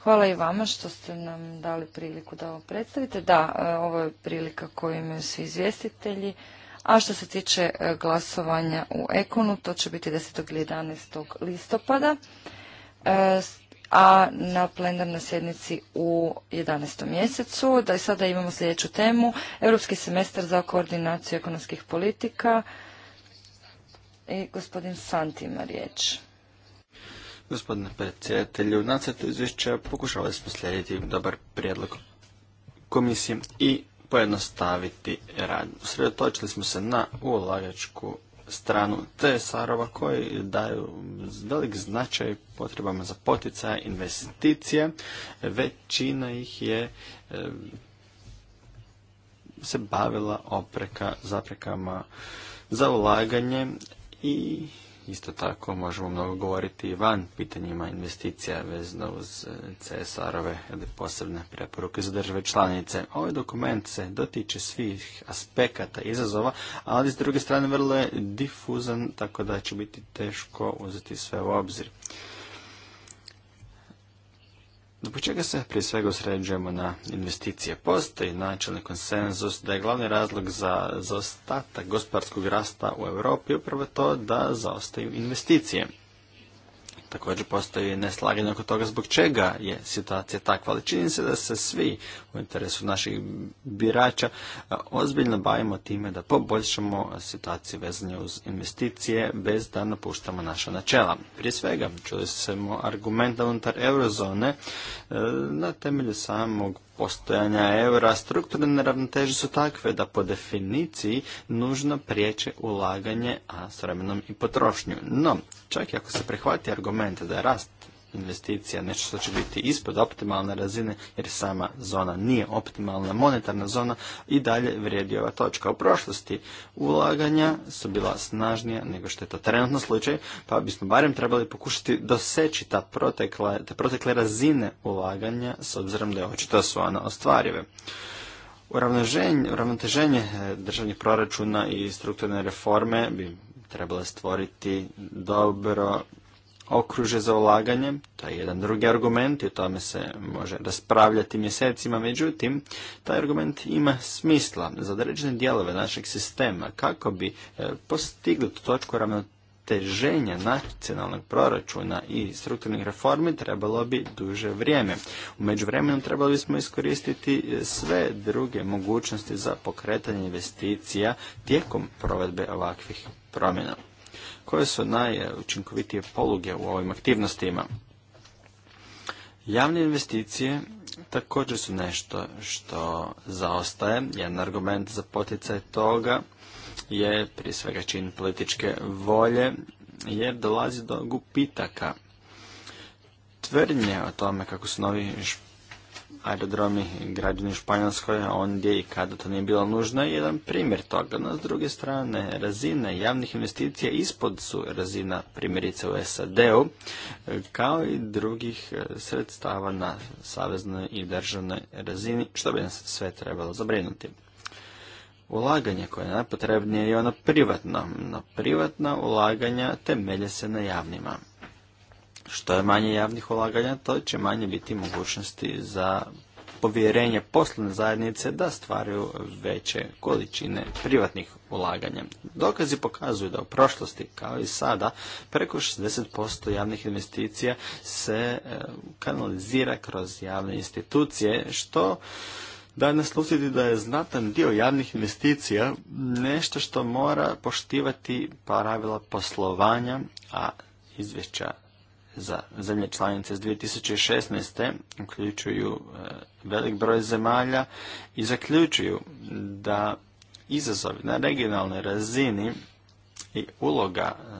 Hvala i vama što ste nam dali priliku da ovo predstavite. Da, e, ovo je prilika koju imaju svi izvjestitelji. A što se tiče e, glasovanja u Ekonu, to će biti 10. ili 11. listopada, e, a na plenarnoj sjednici u 11. mjesecu. Da i sada imamo sljedeću temu, Europski semestar za koordinaciju ekonomskih politika. I gospodin Santi ima riječ. Gospodine predsjedatelju, u nacrtu izvješća pokušavali smo slijediti dobar prijedlog komisije i pojednostaviti rad. Sredotočili smo se na ulagačku stranu TSR-ova koji daju velik značaj potrebama za poticaje investicije. Većina ih je eh, se bavila opreka, zaprekama za ulaganje i isto tako možemo mnogo govoriti i van pitanjima investicija vezano uz eh, CSR-ove ili posebne preporuke za države članice. Ovaj dokument se dotiče svih aspekata izazova, ali s druge strane vrlo je difuzan, tako da će biti teško uzeti sve u obzir. Zbog čega se prije svega usređujemo na investicije? Postoji načelni konsenzus da je glavni razlog za zaostatak gospodarskog rasta u Europi upravo to da zaostaju investicije. Također postoji neslaganje oko toga zbog čega je situacija takva, ali čini se da se svi u interesu naših birača ozbiljno bavimo time da poboljšamo situaciju vezanje uz investicije bez da napuštamo naša načela. Prije svega, čuli smo argument unutar eurozone e, na temelju samog postojanja eura, strukturne neravnoteže su takve da po definiciji nužno priječe ulaganje, a s vremenom i potrošnju. No, čak i ako se prihvati argument da je rast investicija nešto što će biti ispod optimalne razine jer sama zona nije optimalna monetarna zona i dalje vrijedi ova točka. U prošlosti ulaganja su bila snažnija nego što je to trenutno slučaj pa bismo barem trebali pokušati doseći ta protekla, te protekle razine ulaganja s obzirom da je očito su ona ostvarive. Uravnoteženje e, državnih proračuna i strukturne reforme bi trebale stvoriti dobro okruže za ulaganje, to je jedan drugi argument i o tome se može raspravljati mjesecima, međutim, taj argument ima smisla za određene dijelove našeg sistema kako bi e, postigli tu točku ravnoteženja nacionalnog proračuna i strukturnih reformi trebalo bi duže vrijeme. U međuvremenu trebali bismo iskoristiti e, sve druge mogućnosti za pokretanje investicija tijekom provedbe ovakvih promjena koje su najučinkovitije poluge u ovim aktivnostima. Javne investicije također su nešto što zaostaje. Jedan argument za poticaj toga je prije svega čin političke volje jer dolazi do gupitaka. Tvrdnje o tome kako su novi aerodromi građani u Španjolskoj ondje i kada to nije bilo nužno je jedan primjer toga. No, s druge strane, razine javnih investicija ispod su razina primjerice u SAD-u, kao i drugih e, sredstava na saveznoj i državnoj razini, što bi nas sve trebalo zabrinuti. Ulaganje koje je najpotrebnije je ono privatno, no privatna ulaganja temelje se na javnima. Što je manje javnih ulaganja, to će manje biti mogućnosti za povjerenje poslovne zajednice da stvaraju veće količine privatnih ulaganja. Dokazi pokazuju da u prošlosti, kao i sada, preko 60% javnih investicija se e, kanalizira kroz javne institucije, što daje naslutiti da je znatan dio javnih investicija nešto što mora poštivati pravila poslovanja, a izvješća za zemlje članice s 2016. uključuju e, velik broj zemalja i zaključuju da izazovi na regionalnoj razini i uloga e,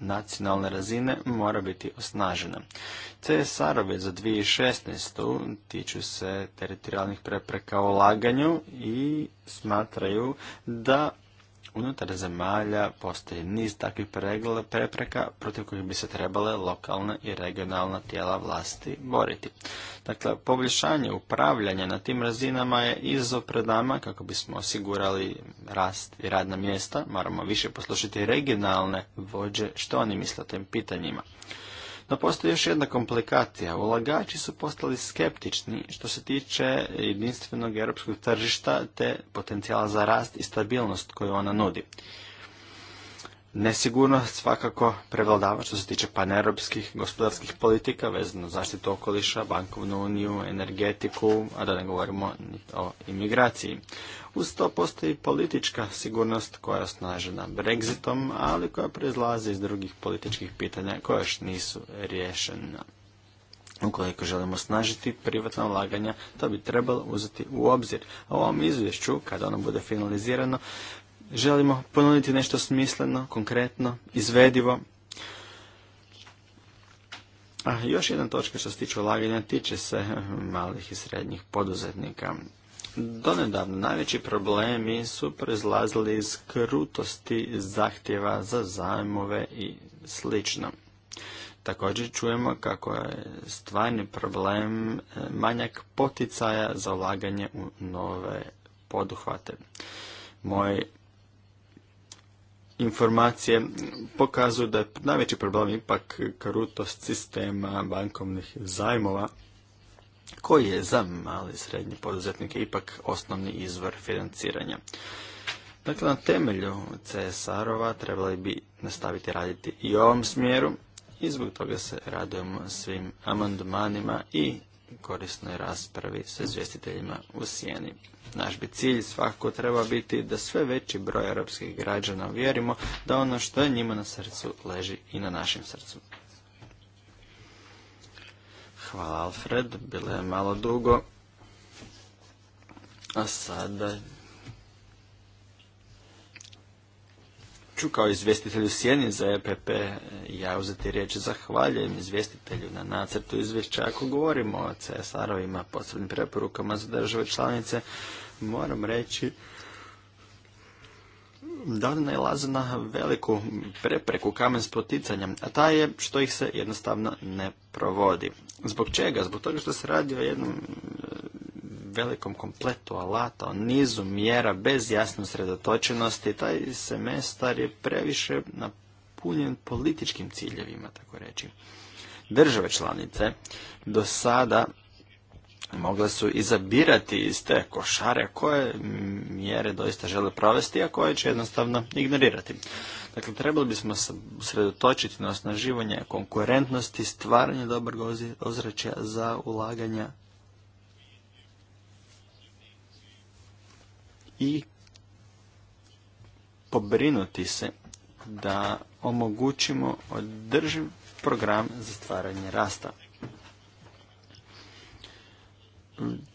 nacionalne razine mora biti osnažena. CSR-ove za 2016. tiču se teritorijalnih prepreka o laganju i smatraju da Unutar zemalja postoji niz takvih prepreka protiv kojih bi se trebale lokalna i regionalna tijela vlasti boriti. Dakle, poboljšanje upravljanja na tim razinama je izazov pred nama kako bismo osigurali rast i radna mjesta. Moramo više poslušati regionalne vođe što oni misle o tim pitanjima. No postoji još jedna komplikacija. Ulagači su postali skeptični što se tiče jedinstvenog europskog tržišta te potencijala za rast i stabilnost koju ona nudi. Nesigurnost svakako prevladava što se tiče paneuropskih gospodarskih politika vezano zaštitu okoliša, bankovnu uniju, energetiku, a da ne govorimo o imigraciji. Uz to postoji politička sigurnost koja je osnažena Brexitom, ali koja proizlazi iz drugih političkih pitanja koja još nisu riješena. Ukoliko želimo snažiti privatna ulaganja, to bi trebalo uzeti u obzir. u ovom izvješću, kada ono bude finalizirano, želimo ponuditi nešto smisleno, konkretno, izvedivo. A još jedna točka što se tiče ulaganja tiče se malih i srednjih poduzetnika. Donedavno najveći problemi su proizlazili iz krutosti zahtjeva za zajmove i slično. Također čujemo kako je stvarni problem e, manjak poticaja za ulaganje u nove poduhvate. Moje informacije pokazuju da je najveći problem ipak krutost sistema bankovnih zajmova koji je za mali i srednji poduzetnik ipak osnovni izvor financiranja. Dakle, na temelju CSR-ova trebali bi nastaviti raditi i u ovom smjeru i zbog toga se radujemo svim amandmanima i korisnoj raspravi sa izvjestiteljima u Sijeni. Naš bi cilj svakako treba biti da sve veći broj europskih građana vjerimo da ono što je njima na srcu leži i na našem srcu. Hvala Alfred, bilo je malo dugo. A sada ću kao izvjestitelju Sjeni za EPP eh, ja uzeti riječ zahvaljujem izvjestitelju na nacrtu izvješća. Ako govorimo o CSR-ovima, posebnim preporukama za države članice, moram reći da ne nalaze na veliku prepreku kamen spoticanja, a ta je što ih se jednostavno ne provodi. Zbog čega? Zbog toga što se radi o jednom e, velikom kompletu alata, o nizu mjera bez jasne sredotočenosti. Taj semestar je previše napunjen političkim ciljevima, tako reći. Države članice do sada mogle su izabirati iz te košare koje mjere doista žele provesti, a koje će jednostavno ignorirati. Dakle, trebali bismo se usredotočiti na osnaživanje konkurentnosti, stvaranje dobrog ozračja za ulaganja i pobrinuti se da omogućimo održiv program za stvaranje rasta.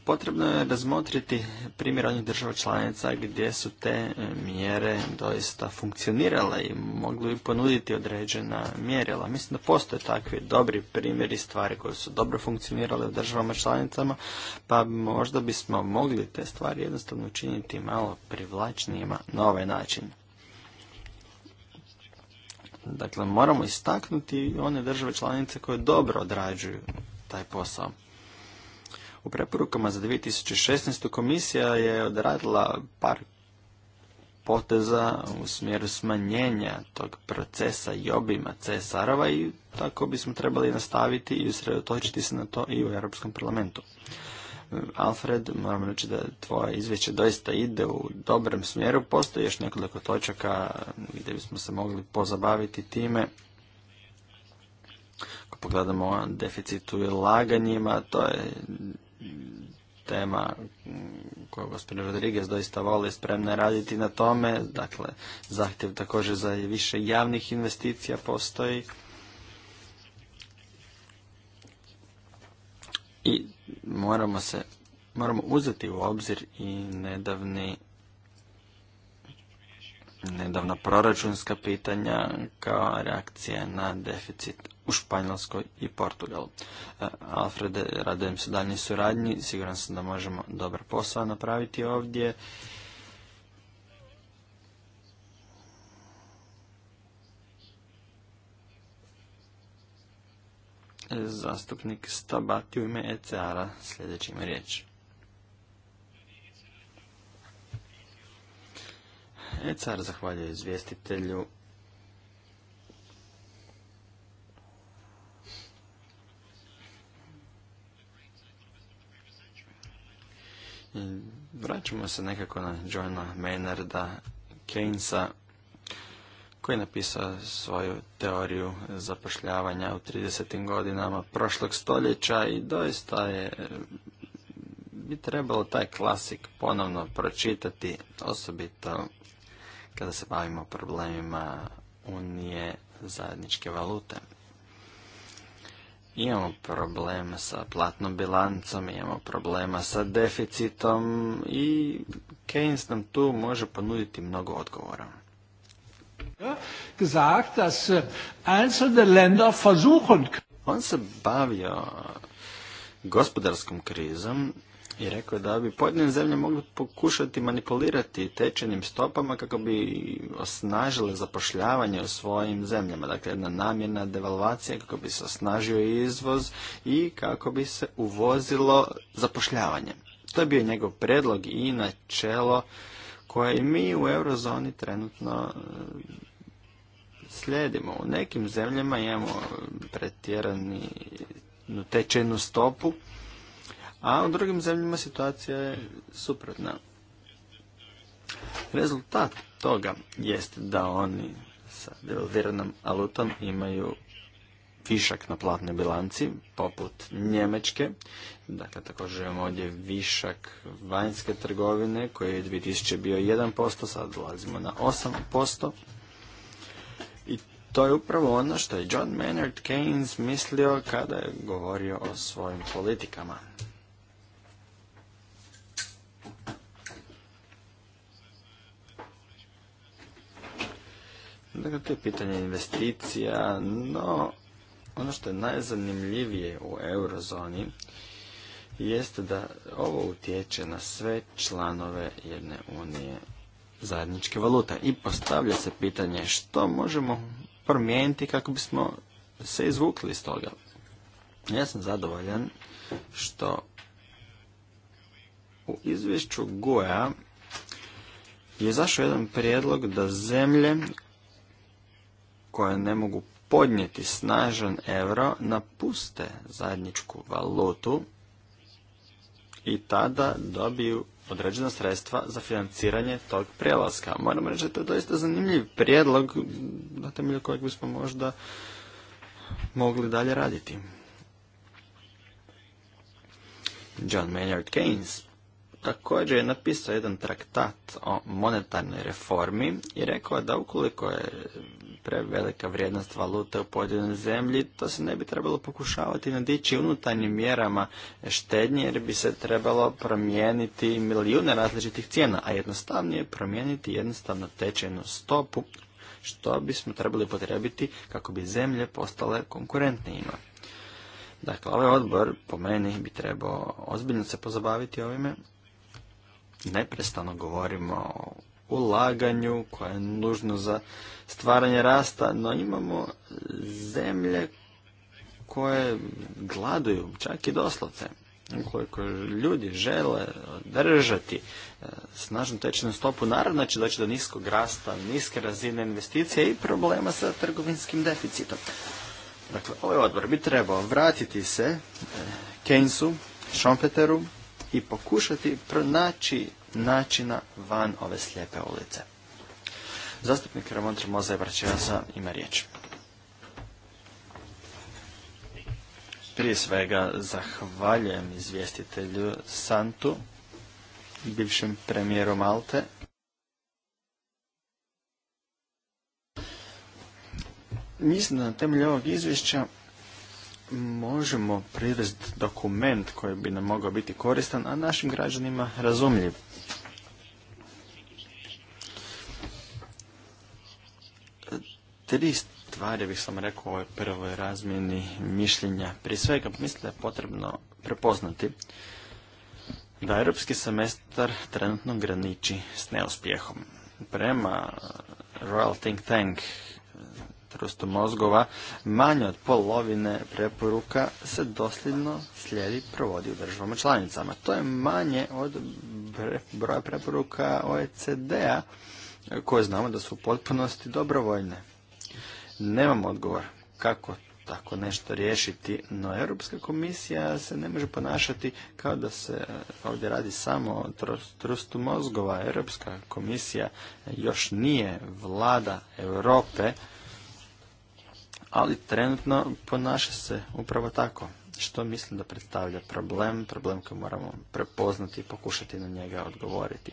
Potrebno je razmotriti primjer onih država članica gdje su te e, mjere doista funkcionirale i mogli bi ponuditi određena mjerila. Mislim da postoje takvi dobri primjeri stvari koje su dobro funkcionirale u državama članicama, pa možda bismo mogli te stvari jednostavno učiniti malo privlačnijima na ovaj način. Dakle, moramo istaknuti one države članice koje dobro odrađuju taj posao. U preporukama za 2016. komisija je odradila par poteza u smjeru smanjenja tog procesa i obima csr i tako bismo trebali nastaviti i usredotočiti se na to i u Europskom parlamentu. Alfred, moram reći da tvoje izvješće doista ide u dobrem smjeru. Postoji još nekoliko točaka gdje bismo se mogli pozabaviti time. Ako pogledamo deficit u laganjima, to je tema koju gospodin Rodriguez doista voli spremna raditi na tome. Dakle, zahtjev također za više javnih investicija postoji. I moramo se moramo uzeti u obzir i nedavni nedavna proračunska pitanja kao reakcija na deficit u Španjolskoj i Portugalu. E, Alfrede, radujem se daljnjoj suradnji, siguran sam da možemo dobar posao napraviti ovdje. Zastupnik Stabati u ime ECR-a sljedeći ima riječ. ECR zahvaljuje izvjestitelju vraćamo se nekako na Johna Maynarda Keynesa koji je napisao svoju teoriju zapošljavanja u 30. godinama prošlog stoljeća i doista je bi trebalo taj klasik ponovno pročitati, osobito kada se bavimo problemima unije zajedničke valute. Imamo problema sa platnom bilancom, imamo problema sa deficitom i Keynes nam tu može ponuditi mnogo odgovora. Äh, On se bavio gospodarskom krizom i rekao da bi pojedine zemlje mogli pokušati manipulirati tečajnim stopama kako bi osnažile zapošljavanje u svojim zemljama. Dakle, jedna namjena devalvacija kako bi se osnažio izvoz i kako bi se uvozilo zapošljavanje. To je bio njegov predlog i načelo koje mi u eurozoni trenutno e, slijedimo. U nekim zemljama imamo pretjerani tečajnu stopu a u drugim zemljima situacija je suprotna. Rezultat toga jest da oni sa devalviranom alutom imaju višak na platnoj bilanci, poput Njemečke. Dakle, također imamo ovdje višak vanjske trgovine, koji je 2000 bio 1%, sad dolazimo na 8%. I to je upravo ono što je John Maynard Keynes mislio kada je govorio o svojim politikama. Dakle, to je pitanje investicija, no ono što je najzanimljivije u eurozoni jeste da ovo utječe na sve članove jedne unije zajedničke valute i postavlja se pitanje što možemo promijeniti kako bismo se izvukli iz toga. Ja sam zadovoljan što u izvješću GUE-a je zašao jedan prijedlog da zemlje koje ne mogu podnijeti snažan euro napuste zajedničku valutu i tada dobiju određena sredstva za financiranje tog prelaska. Moram reći da to je doista zanimljiv prijedlog na temelju kojeg bismo možda mogli dalje raditi. John Maynard Keynes također je napisao jedan traktat o monetarnoj reformi i rekao da ukoliko je prevelika vrijednost valute u pojedinoj zemlji, to se ne bi trebalo pokušavati nadići unutarnjim mjerama štednje jer bi se trebalo promijeniti milijune različitih cijena, a jednostavnije promijeniti jednostavno tečajnu stopu što bismo trebali potrebiti kako bi zemlje postale konkurentnijima. Dakle, ovaj odbor po meni bi trebao ozbiljno se pozabaviti ovime neprestano govorimo o ulaganju koje je nužno za stvaranje rasta, no imamo zemlje koje gladuju, čak i doslovce. Ukoliko ljudi žele držati e, snažnu tečnu stopu, naravno će doći do niskog rasta, niske razine investicija i problema sa trgovinskim deficitom. Dakle, ovaj odbor bi trebao vratiti se e, Keynesu, Schumpeteru, i pokušati pronaći načina van ove slijepe ulice. Zastupnik Ramon Tremoza i za ima riječ. Prije svega zahvaljujem izvjestitelju Santu, bivšem premijeru Malte, mislim da na temelju ovog izvješća možemo privesti dokument koji bi nam mogao biti koristan, a našim građanima razumljiv. Tri stvari bih sam rekao u ovoj prvoj razmjeni mišljenja. Prije svega mislim da je potrebno prepoznati da europski semestar trenutno graniči s neuspjehom. Prema Royal Think Tank mozgova, manje od polovine preporuka se dosljedno slijedi provodi u državama članicama. To je manje od broja preporuka OECD-a koje znamo da su u potpunosti dobrovoljne. Nemam odgovor kako tako nešto riješiti, no Europska komisija se ne može ponašati kao da se ovdje radi samo o trustu mozgova. Europska komisija još nije vlada Europe ali trenutno ponaša se upravo tako, što mislim da predstavlja problem, problem koji moramo prepoznati i pokušati na njega odgovoriti.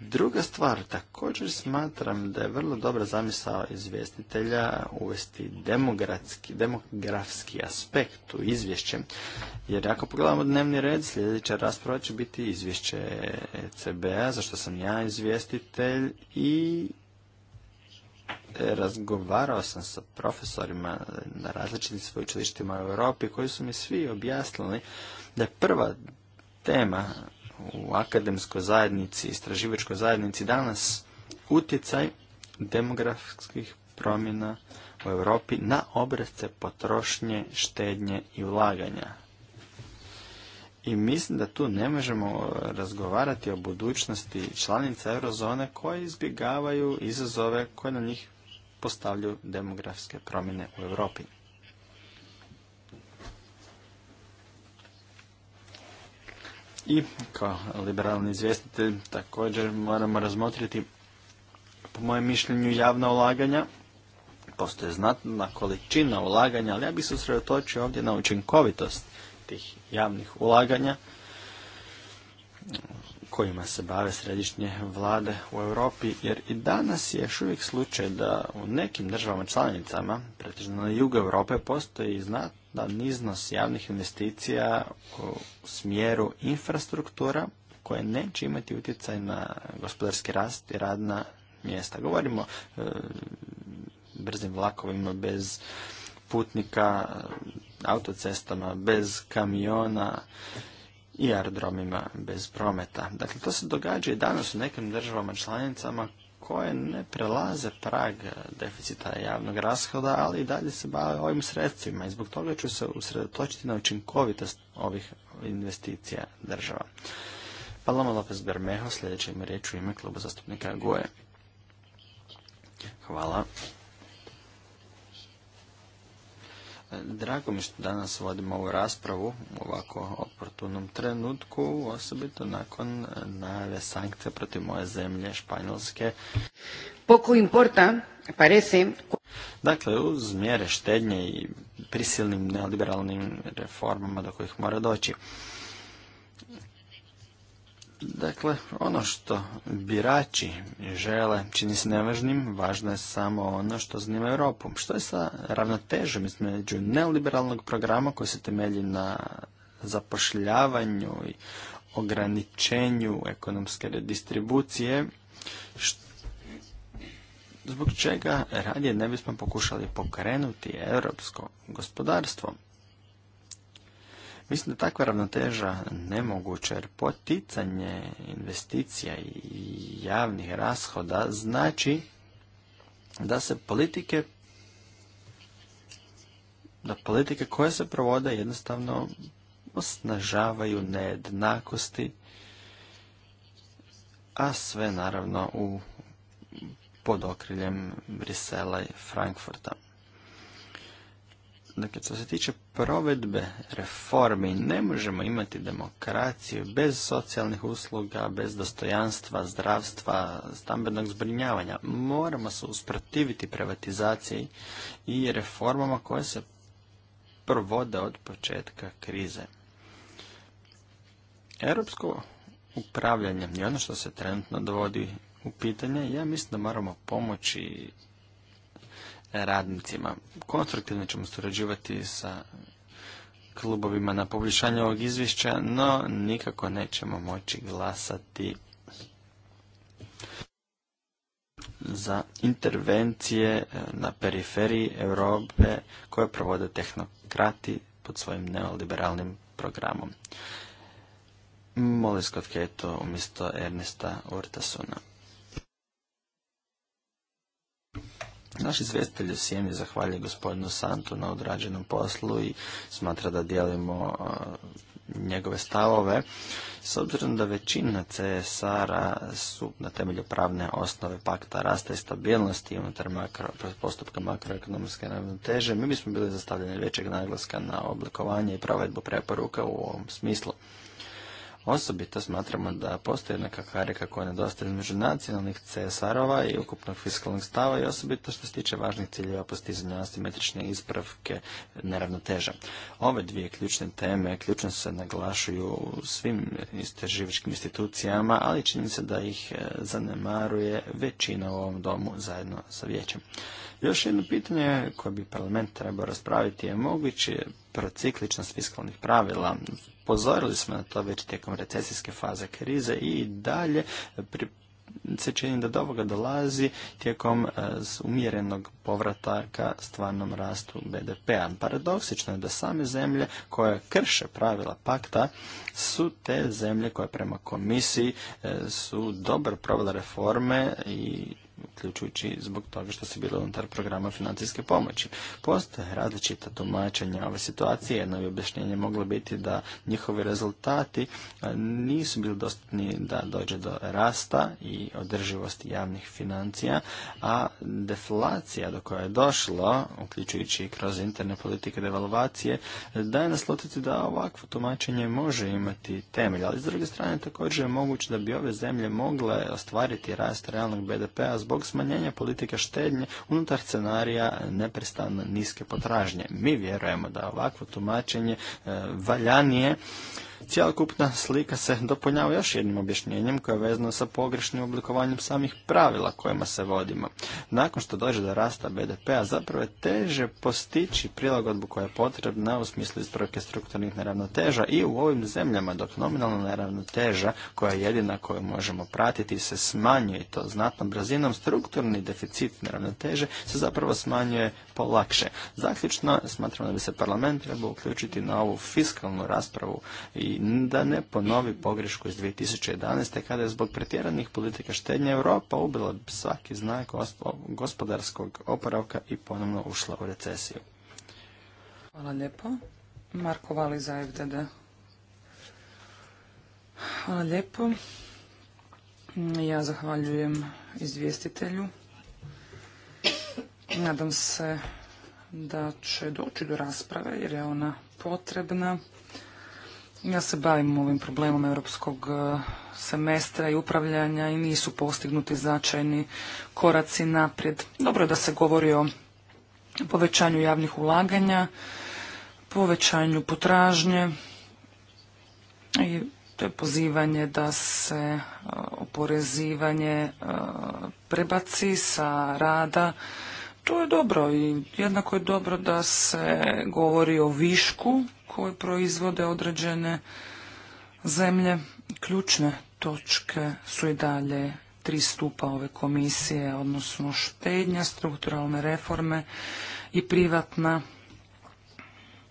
Druga stvar, također smatram da je vrlo dobra zamisao izvjestitelja uvesti demografski, demografski aspekt u izvješće, jer ako pogledamo dnevni red, sljedeća rasprava će biti izvješće CBA za što sam ja izvjestitelj i razgovarao sam sa profesorima na različitim sveučilištima u Europi koji su mi svi objasnili da je prva tema u akademskoj zajednici, i istraživačkoj zajednici danas utjecaj demografskih promjena u Europi na obrazce potrošnje, štednje i ulaganja. I mislim da tu ne možemo uh, razgovarati o budućnosti članica eurozone koje izbjegavaju izazove koje na njih postavljaju demografske promjene u Europi. I kao liberalni izvjestitelj također moramo razmotriti po mojem mišljenju javna ulaganja. Postoje znatna količina ulaganja, ali ja bih se usredotočio ovdje na učinkovitost tih javnih ulaganja kojima se bave središnje vlade u Europi, jer i danas je još uvijek slučaj da u nekim državama članicama, pretežno na jugu Europe, postoji znatan iznos javnih investicija u smjeru infrastruktura koje neće imati utjecaj na gospodarski rast i radna mjesta. Govorimo e, brzim vlakovima bez putnika, autocestama, bez kamiona i aerodromima bez prometa. Dakle, to se događa i danas u nekim državama članicama koje ne prelaze prag deficita javnog rashoda, ali i dalje se bave ovim sredstvima i zbog toga ću se usredotočiti na učinkovitost ovih investicija država. Paloma Lopez Bermeho, sljedeća ima riječ u ime kluba zastupnika goje Hvala. Drago mi što danas vodimo ovu raspravu u ovako oportunom trenutku, osobito nakon najave sankcija protiv moje zemlje, Španjolske. Poco importa, parece... Dakle, uz mjere štednje i prisilnim neoliberalnim reformama do kojih mora doći. Dakle, ono što birači žele čini se nevažnim, važno je samo ono što zanima Europu. Što je sa ravnotežom između neoliberalnog programa koji se temelji na zapošljavanju i ograničenju ekonomske redistribucije, zbog čega radije ne bismo pokušali pokrenuti europsko gospodarstvo. Mislim da takva ravnoteža nemoguća jer poticanje investicija i javnih rashoda znači da se politike da politike koje se provode jednostavno osnažavaju nejednakosti a sve naravno u pod okriljem Brisela i Frankfurta. Dakle, što se tiče provedbe reformi, ne možemo imati demokraciju bez socijalnih usluga, bez dostojanstva, zdravstva, stambenog zbrinjavanja. Moramo se usprotiviti privatizaciji i reformama koje se provode od početka krize. Europsko upravljanje i ono što se trenutno dovodi u pitanje, ja mislim da moramo pomoći radnicima. Konstruktivno ćemo surađivati sa klubovima na poboljšanje ovog izvješća, no nikako nećemo moći glasati za intervencije eh, na periferiji Europe koje provode tehnokrati pod svojim neoliberalnim programom. Molim je to umjesto Ernesta Urtasuna. Naš izvjestitelj u Sjemi zahvalja gospodinu Santu na odrađenom poslu i smatra da dijelimo e, njegove stavove. S obzirom da većina CSR-a su na temelju pravne osnove pakta rasta i stabilnosti unutar makro, postupka makroekonomske ravnoteže, mi bismo bili zastavljeni većeg naglaska na oblikovanje i provedbu preporuka u ovom smislu. Osobito smatramo da postoji neka karika koja nedostaje između nacionalnih CSR-ova i ukupnog fiskalnog stava i osobito što se tiče važnih ciljeva postizanja asimetrične ispravke neravnoteža. Ove dvije ključne teme ključno se naglašuju u svim istraživačkim institucijama, ali čini se da ih e, zanemaruje većina u ovom domu zajedno sa vijećem. Još jedno pitanje koje bi parlament trebao raspraviti je mogući procikličnost fiskalnih pravila. Pozorili smo na to već tijekom recesijske faze krize i dalje se čini da do ovoga dolazi tijekom e, umjerenog povrata ka stvarnom rastu BDP-a. Paradoksično je da same zemlje koje krše pravila pakta su te zemlje koje prema komisiji e, su dobro provele reforme i uključujući zbog toga što su bile unutar programa financijske pomoći. Postoje različita tumačenja ove situacije, jedno bi objašnjenje moglo biti da njihovi rezultati e, nisu bili dostatni da dođe do rasta i održivosti javnih financija, a deflacija do koje je došlo, uključujući i kroz interne politike devalvacije, daje naslutiti da ovakvo tumačenje može imati temelj, ali s druge strane također je moguće da bi ove zemlje mogle ostvariti rast realnog BDP-a zbog smanjenja politike štednje unutar scenarija neprestano niske potražnje. Mi vjerujemo da ovakvo tumačenje e, valjanije Cijelokupna slika se dopunjava još jednim objašnjenjem koje je vezano sa pogrešnim oblikovanjem samih pravila kojima se vodimo. Nakon što dođe do rasta BDP-a zapravo je teže postići prilagodbu koja je potrebna u smislu ispravke strukturnih neravnoteža i u ovim zemljama dok nominalna neravnoteža koja je jedina koju možemo pratiti se smanjuje to znatnom brzinom strukturni deficit neravnoteže se zapravo smanjuje polakše. Zaključno smatramo da bi se parlament trebao uključiti na ovu fiskalnu raspravu i da ne ponovi pogrešku iz 2011. kada je zbog pretjeranih politika štednje Europa ubila svaki znak gospodarskog oporavka i ponovno ušla u recesiju. Hvala lijepo. Marko Vali za FDD. Hvala lijepo. Ja zahvaljujem izvjestitelju. Nadam se da će doći do rasprave jer je ona potrebna. Ja se bavim ovim problemom europskog e, semestra i upravljanja i nisu postignuti značajni koraci naprijed. Dobro je da se govori o povećanju javnih ulaganja, povećanju potražnje i to je pozivanje da se e, oporezivanje e, prebaci sa rada. To je dobro i jednako je dobro da se govori o višku koje proizvode određene zemlje. Ključne točke su i dalje tri stupa ove komisije, odnosno štednja, strukturalne reforme i privatna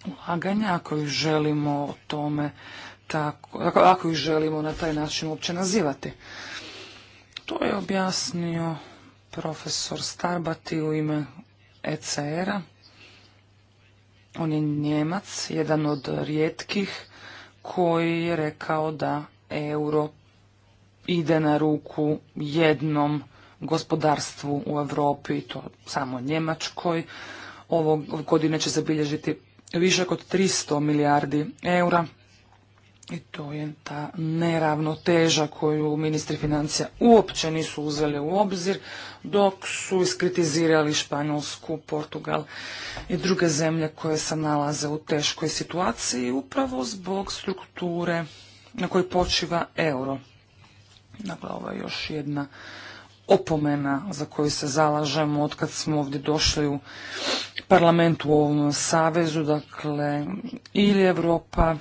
ulaganja, ako ih želimo o tome tako, ako ih želimo na taj način uopće nazivati. To je objasnio profesor Starbati u ime ECR-a. On je Njemac, jedan od rijetkih koji je rekao da euro ide na ruku jednom gospodarstvu u Europi, to samo Njemačkoj. Ovog godine će zabilježiti više od 300 milijardi eura. I to je ta neravnoteža koju ministri financija uopće nisu uzeli u obzir, dok su iskritizirali Španjolsku, Portugal i druge zemlje koje se nalaze u teškoj situaciji upravo zbog strukture na kojoj počiva euro. Dakle, ovo je još jedna opomena za koju se zalažemo od kad smo ovdje došli u parlament u ovom savezu, dakle ili Europa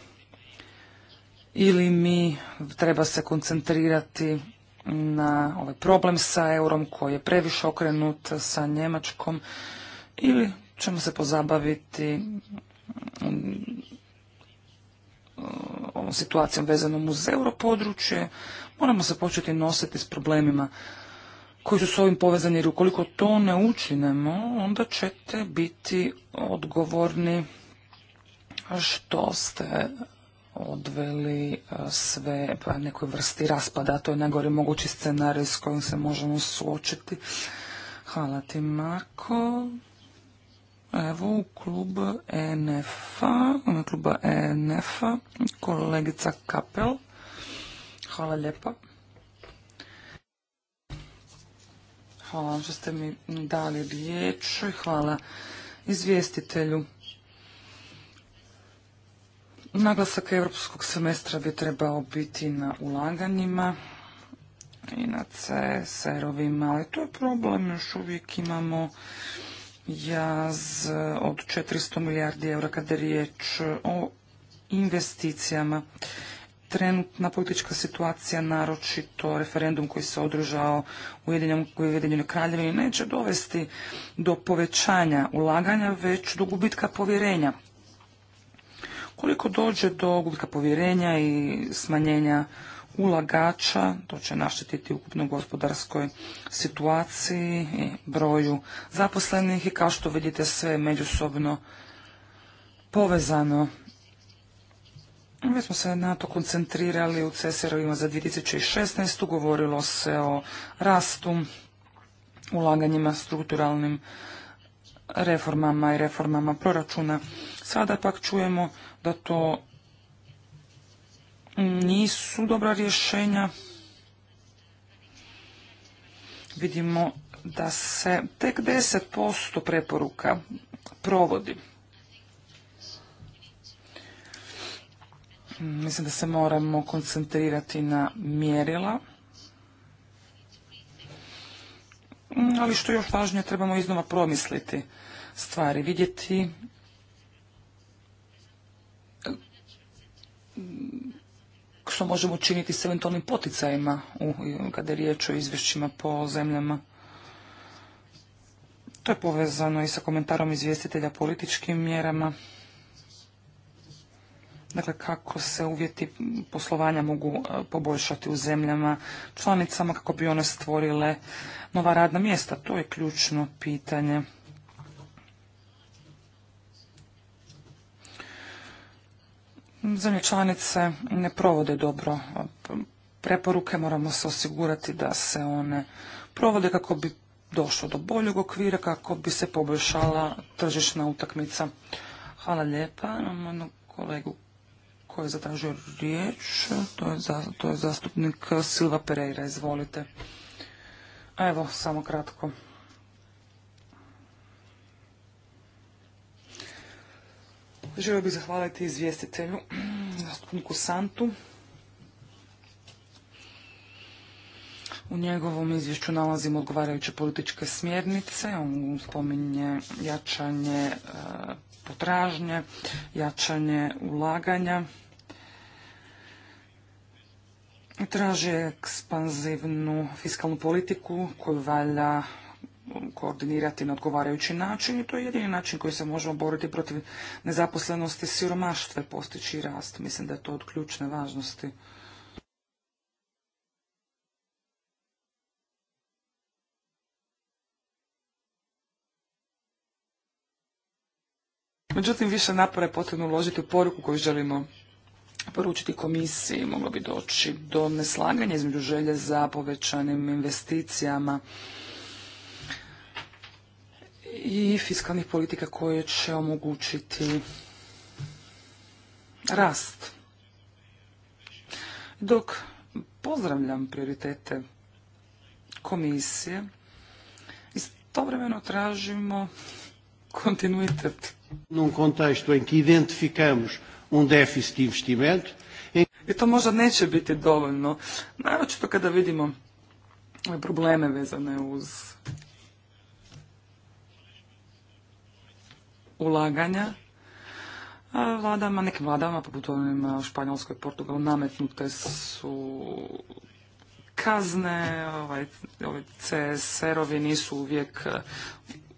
ili mi treba se koncentrirati na ovaj problem sa eurom koji je previše okrenut sa Njemačkom ili ćemo se pozabaviti mm, ovom situacijom vezanom uz europodručje. Moramo se početi nositi s problemima koji su s ovim povezani jer ukoliko to ne učinemo onda ćete biti odgovorni što ste odveli e, sve pa nekoj vrsti raspada. To je najgori mogući scenarij s kojim se možemo suočiti. Hvala ti, Marko. Evo u klub ENF-a, kluba kolegica Kapel. Hvala lijepa. Hvala vam što ste mi dali riječ i hvala izvjestitelju. Naglasak europskog semestra bi trebao biti na ulaganjima i na CSR-ovima, ali to je problem, još uvijek imamo jaz od 400 milijardi eura kada je riječ o investicijama. Trenutna politička situacija, naročito referendum koji se održao u Ujedinjenoj kraljevini, neće dovesti do povećanja ulaganja, već do gubitka povjerenja koliko dođe do gubitka povjerenja i smanjenja ulagača, to će naštetiti ukupno gospodarskoj situaciji i broju zaposlenih i kao što vidite sve je međusobno povezano. Mi smo se na to koncentrirali u CSR-ovima za 2016. Govorilo se o rastu, ulaganjima, strukturalnim reformama i reformama proračuna. Sada pak čujemo da to nisu dobra rješenja. Vidimo da se tek 10% preporuka provodi. Mislim da se moramo koncentrirati na mjerila. Ali što još važnije, trebamo iznova promisliti stvari, vidjeti što možemo učiniti s eventualnim poticajima u, kada je riječ o izvješćima po zemljama. To je povezano i sa komentarom izvjestitelja političkim mjerama. Dakle, kako se uvjeti poslovanja mogu e, poboljšati u zemljama članicama kako bi one stvorile nova radna mjesta. To je ključno pitanje. Zemlje članice ne provode dobro preporuke, moramo se osigurati da se one provode kako bi došlo do boljeg okvira, kako bi se poboljšala tržišna utakmica. Hvala lijepa. Imamo kolegu koji je zatražio riječ. To je, zastupnik Silva Pereira. Izvolite. evo, samo kratko. Želio bih zahvaliti izvjestitelju, zastupniku Santu. U njegovom izvješću nalazimo odgovarajuće političke smjernice, on spominje jačanje e, potražnje, jačanje ulaganja, traže ekspanzivnu fiskalnu politiku koju valja koordinirati na odgovarajući način i to je jedini način koji se možemo boriti protiv nezaposlenosti siromaštva i postići rast. Mislim da je to od ključne važnosti. Međutim, više napora je potrebno uložiti u poruku koju želimo poručiti komisiji. Moglo bi doći do neslaganja između želje za povećanim investicijama i fiskalnih politika koje će omogućiti rast. Dok pozdravljam prioritete komisije, istovremeno tražimo kontinuitet. Num contexto em que identificamos um déficit de I to možda neće biti dovoljno, naročito kada vidimo probleme vezane uz ulaganja, vladama, nekim vladama, poput onima Španjolskoj i Portugalu, nametnute su kazne, ovaj, ovaj CSR-ovi nisu uvijek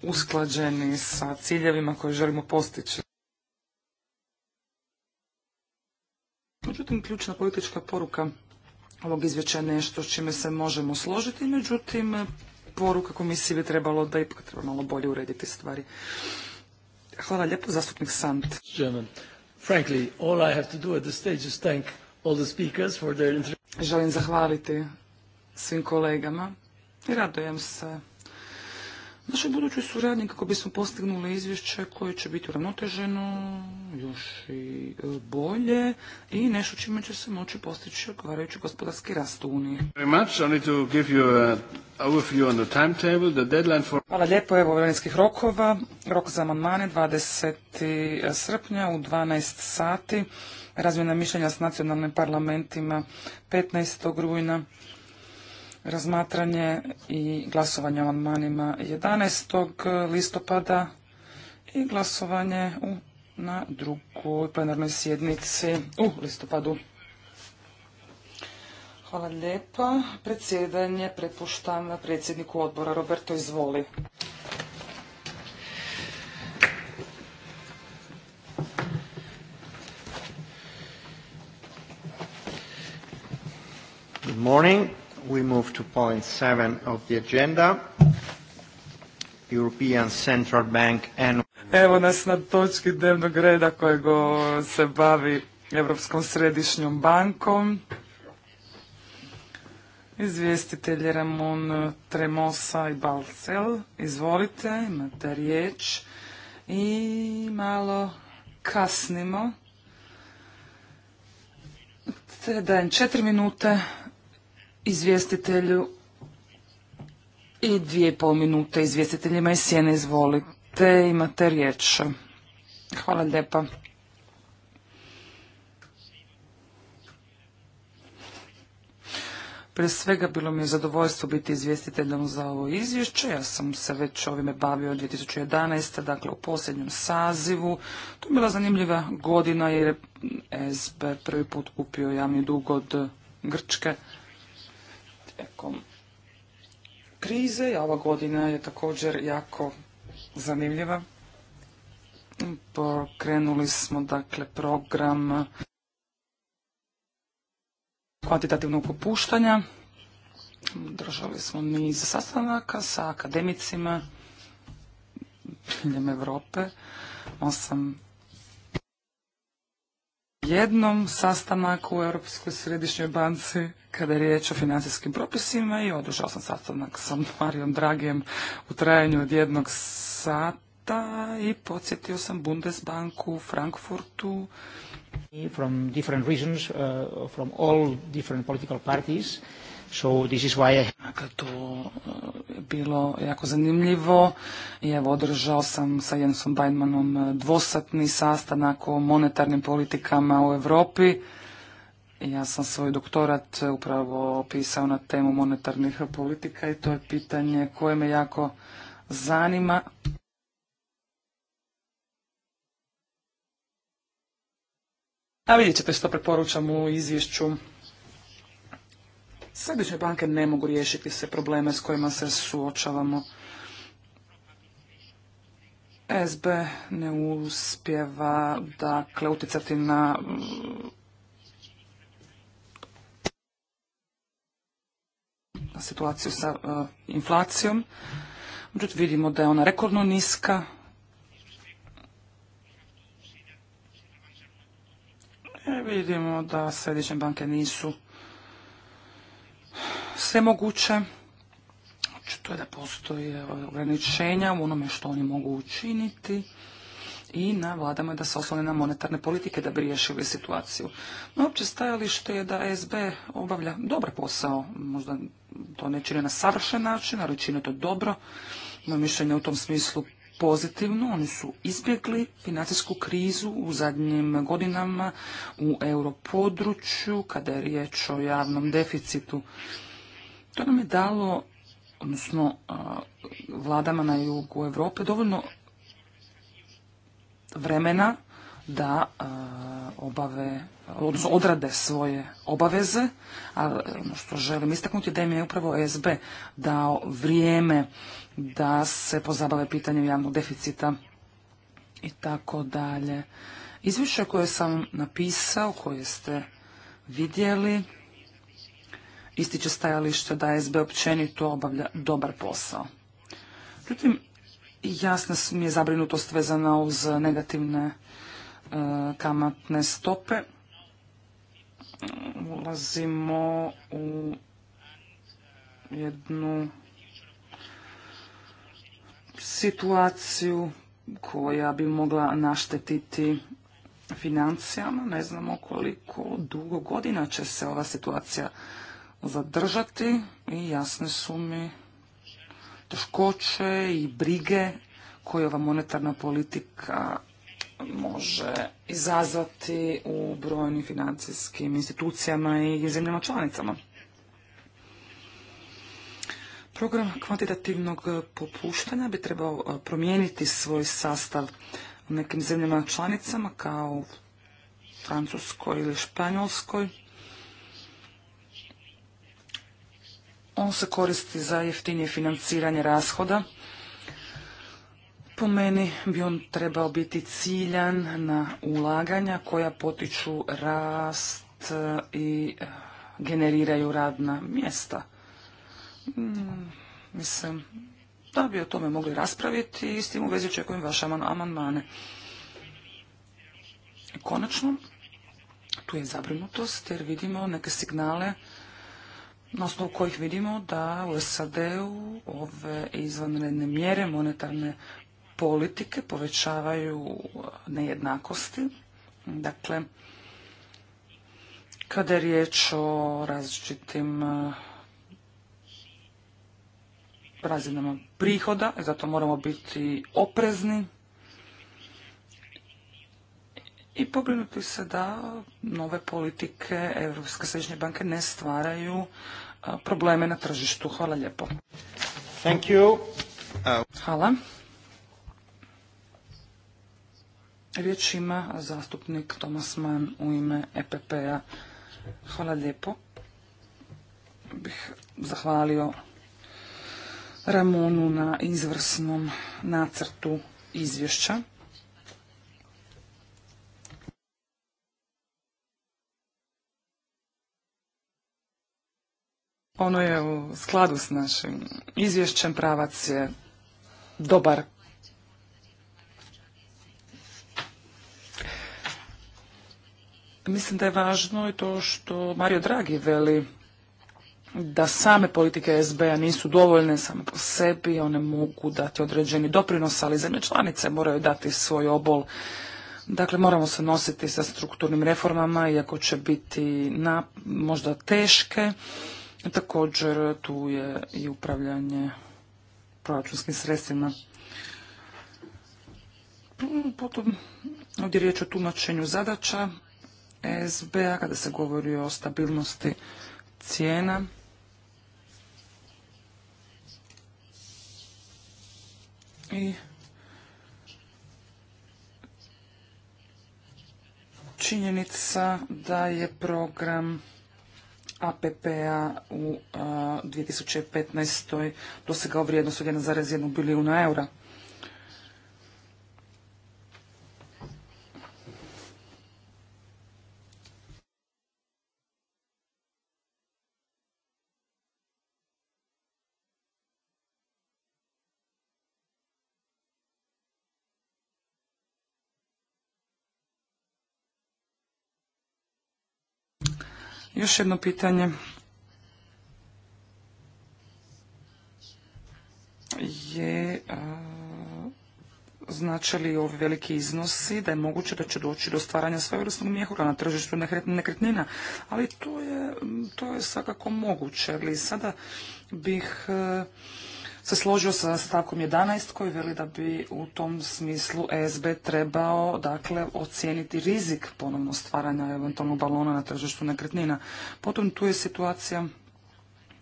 usklađeni sa ciljevima koje želimo postići. Međutim, ključna politička poruka ovog izvješća je nešto s čime se možemo složiti, međutim, poruka komisije bi trebalo da ipak treba malo bolje urediti stvari. Hvala lijepo, zastupnik Sant. Frankly, all I have to do at this stage is thank all the speakers for their Želim zahvaliti svim kolegama i radujem se našoj znači, budućoj suradnji kako bismo postignuli izvješće koje će biti uravnoteženo, još i e, bolje i nešto čime će se moći postići odgovarajući gospodarski rast u Uniji. Hvala lijepo, evo vremenskih rokova. Rok za amandmane 20. srpnja u 12 sati. Razmjena mišljenja s nacionalnim parlamentima 15. rujna razmatranje i glasovanje o amandmanima 11. listopada i glasovanje u, na drugoj plenarnoj sjednici u listopadu. Hvala lijepa. Predsjedanje prepuštam predsjedniku odbora. Roberto, izvoli. Good morning we move to point seven of the agenda. European Central Bank and... Evo nas na točki dnevnog reda kojeg se bavi Europskom središnjom bankom. Izvjestitelj Ramon Tremosa i Balcel. Izvolite, imate riječ. I malo kasnimo. dajem četiri minute izvjestitelju i dvije i pol minute izvjestiteljima i sjene izvolite, imate riječ. Hvala lijepa. Prije svega bilo mi je zadovoljstvo biti izvjestiteljom za ovo izvješće. Ja sam se već ovime bavio od 2011. dakle u posljednjem sazivu. To je bila zanimljiva godina jer je SB prvi put kupio javni dug od Grčke krize, ova godina je također jako zanimljiva. Pokrenuli smo dakle program kvantitativnog popuštanja. Držali smo niz sastanaka sa akademicima diljem Europe. sam jednom sastanak u Europskoj središnjoj banci kada je riječ o financijskim propisima i održao sam sastanak sa Marijom Dragijem u trajanju od jednog sata i podsjetio sam Bundesbanku u Frankfurtu from different uh, from all different political parties. So this is why Dakle, to uh, je bilo jako zanimljivo i evo održao sam sa Jensom Bajmanom uh, dvosatni sastanak o monetarnim politikama u Europi. Ja sam svoj doktorat upravo pisao na temu monetarnih politika i to je pitanje koje me jako zanima. A vidjet ćete što preporučam u izvješću. Središnje banke ne mogu riješiti sve probleme s kojima se suočavamo. SB ne uspjeva dakle utjecati na situaciju sa e, inflacijom. Međutim, vidimo da je ona rekordno niska. E, vidimo da središnje banke nisu sve moguće. Očito je da postoje ograničenja u onome što oni mogu učiniti i na vladama da se oslone na monetarne politike da bi riješili situaciju. No, opće stajalište je da SB obavlja dobar posao, možda to ne čine na savršen način, ali čine to dobro. Moje mišljenje u tom smislu pozitivno, oni su izbjegli financijsku krizu u zadnjim godinama u europodručju, kada je riječ o javnom deficitu. To nam je dalo odnosno vladama na jugu Europe dovoljno vremena da e, obave, odnosno odrade svoje obaveze, a ono što želim istaknuti da im je upravo SB dao vrijeme da se pozabave pitanjem javnog deficita i tako dalje. Izvješće koje sam napisao, koje ste vidjeli, ističe stajalište da SB općenito obavlja dobar posao. Međutim, Jasna mi je zabrinutost vezana uz negativne e, kamatne stope. Ulazimo u jednu situaciju koja bi mogla naštetiti financijama. Ne znamo koliko dugo godina će se ova situacija zadržati i jasne su mi teškoće i brige koje ova monetarna politika može izazvati u brojnim financijskim institucijama i zemljama članicama. Program kvantitativnog popuštanja bi trebao e, promijeniti svoj sastav u nekim zemljama članicama kao Francuskoj ili Španjolskoj. On se koristi za jeftinije financiranje rashoda. Po meni bi on trebao biti ciljan na ulaganja koja potiču rast e, i e, generiraju radna mjesta. Mm, mislim, da bi o tome mogli raspraviti i s tim u vezi očekujem vaše amandmane. Konačno, tu je zabrinutost jer vidimo neke signale na osnovu kojih vidimo da u SAD-u ove izvanredne mjere monetarne politike povećavaju nejednakosti. Dakle, kada je riječ o različitim e, razinama prihoda, zato moramo biti oprezni i pobrinuti se da nove politike Europske središnje banke ne stvaraju probleme na tržištu. Hvala lijepo. Thank you. Uh, Hvala. Riječ ima zastupnik Tomas Mann u ime EPP-a. Hvala lijepo. Bih zahvalio Ramonu na izvrsnom nacrtu izvješća. Ono je u skladu s našim izvješćem, pravac je dobar. Mislim da je važno i to što Mario Draghi veli da same politike sb nisu dovoljne same po sebi, one mogu dati određeni doprinos, ali zemlje članice moraju dati svoj obol. Dakle, moramo se nositi sa strukturnim reformama, iako će biti na, možda teške. Također tu je i upravljanje proračunskim sredstvima. Potom ovdje je riječ o tumačenju zadaća SBA kada se govori o stabilnosti cijena. I činjenica da je program APP-a u 2015. dosegao vrijednost od 1,1 bilijuna eura. Još jedno pitanje. Je znači li ovi veliki iznosi da je moguće da će doći do stvaranja svojevrsnog mjehura na tržištu nekretnina, ali to je, to je svakako moguće. Ali sada bih se složio sa stavkom 11 koji veli da bi u tom smislu ESB trebao dakle ocijeniti rizik ponovno stvaranja eventualnog balona na tržištu nekretnina. Potom tu je situacija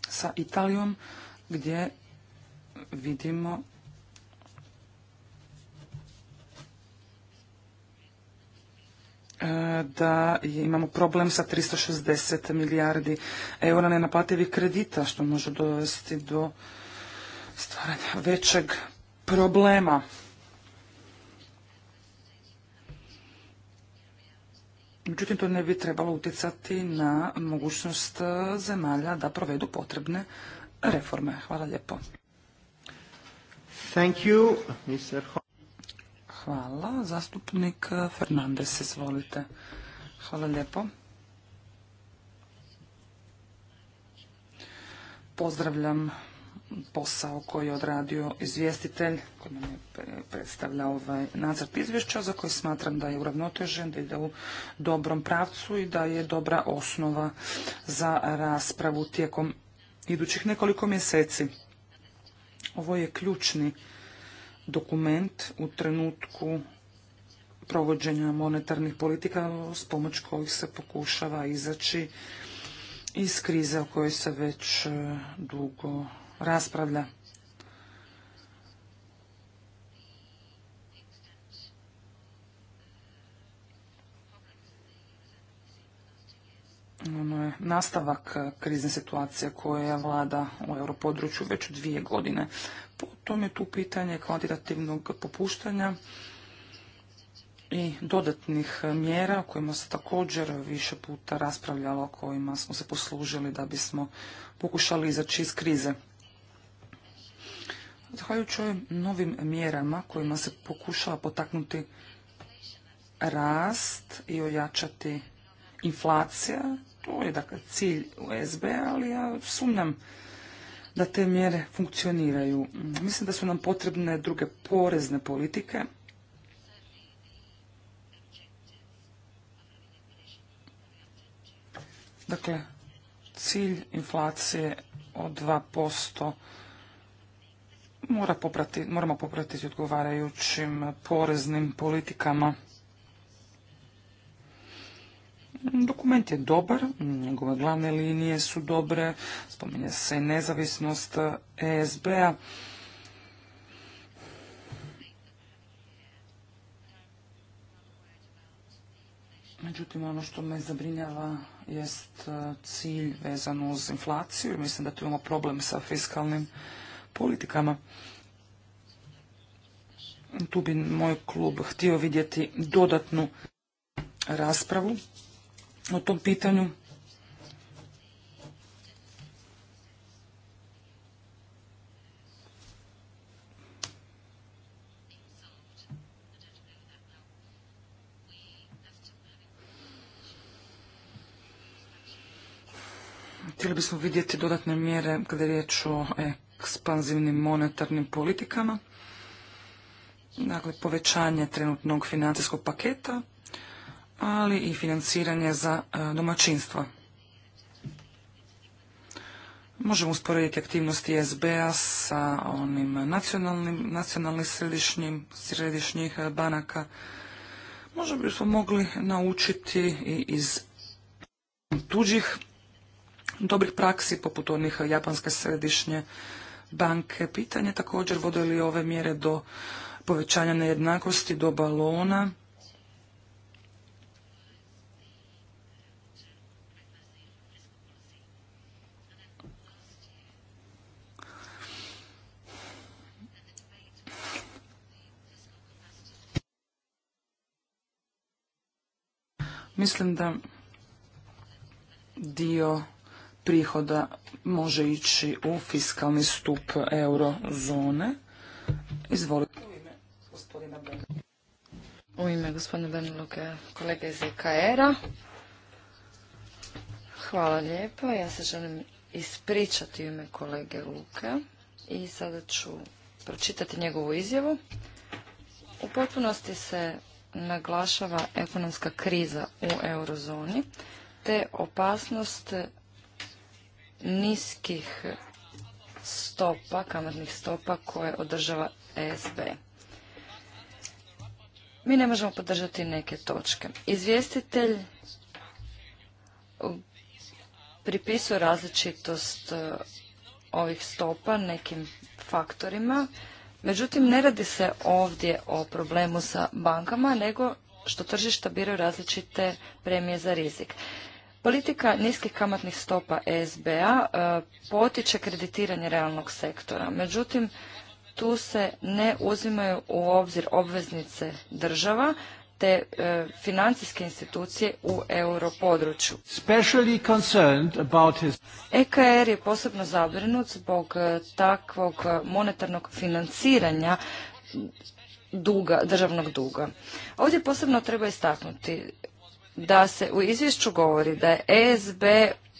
sa Italijom gdje vidimo da imamo problem sa 360 milijardi eura nenaplativih kredita što može dovesti do stvaranja većeg problema. Međutim, to ne bi trebalo utjecati na mogućnost zemalja da provedu potrebne reforme. Hvala lijepo. Hvala. Zastupnik Fernandez, izvolite. Hvala lijepo. Pozdravljam posao koji je odradio izvjestitelj koji nam je predstavljao ovaj nacrt izvješća za koji smatram da je uravnotežen, da ide u dobrom pravcu i da je dobra osnova za raspravu tijekom idućih nekoliko mjeseci. Ovo je ključni dokument u trenutku provođenja monetarnih politika s pomoć kojih se pokušava izaći iz krize u kojoj se već e, dugo raspravlja. Ono je nastavak krizne situacije koja vlada u europodručju već dvije godine. Potom je tu pitanje kvantitativnog popuštanja i dodatnih mjera o kojima se također više puta raspravljalo, o kojima smo se poslužili da bismo pokušali izaći iz krize. Zahvaljujući ovim novim mjerama kojima se pokušava potaknuti rast i ojačati inflacija, to je dakle cilj USB, ali ja sumnjam da te mjere funkcioniraju. Mislim da su nam potrebne druge porezne politike. Dakle, cilj inflacije od 2% poprati, moramo popratiti odgovarajućim poreznim politikama. Dokument je dobar, njegove glavne linije su dobre, spominje se i nezavisnost ESB-a. Međutim, ono što me zabrinjava jest e, cilj vezan uz inflaciju. Mislim da tu imamo problem sa fiskalnim politikama. Tu bi moj klub htio vidjeti dodatnu raspravu o tom pitanju. Htjeli bismo vidjeti dodatne mjere kada je riječ o ekspanzivnim monetarnim politikama, dakle povećanje trenutnog financijskog paketa, ali i financiranje za e, domaćinstva. Možemo usporediti aktivnosti SBA sa onim nacionalnim, nacionalnim središnjim, središnjih e, banaka. Možda smo mogli naučiti i iz tuđih dobrih praksi, poput onih Japanske središnje banke. Pitanje također vode li ove mjere do povećanja nejednakosti, do balona. Mislim da dio prihoda može ići u fiskalni stup eurozone. Izvolite. U ime gospodina Benga. kolega iz EKR-a. Hvala lijepo. Ja se želim ispričati u ime kolege Luke i sada ću pročitati njegovu izjavu. U potpunosti se naglašava ekonomska kriza u eurozoni te opasnost niskih stopa, kamatnih stopa koje održava ESB. Mi ne možemo podržati neke točke. Izvjestitelj pripisuje različitost e, ovih stopa nekim faktorima. Međutim, ne radi se ovdje o problemu sa bankama, nego što tržišta biraju različite premije za rizik. Politika niskih kamatnih stopa SBA e, potiče kreditiranje realnog sektora. Međutim, tu se ne uzimaju u obzir obveznice država te e, financijske institucije u europodručju. EKR e er je posebno zabrinut zbog takvog monetarnog financiranja državnog duga. Ovdje posebno treba istaknuti da se u izvješću govori da je ESB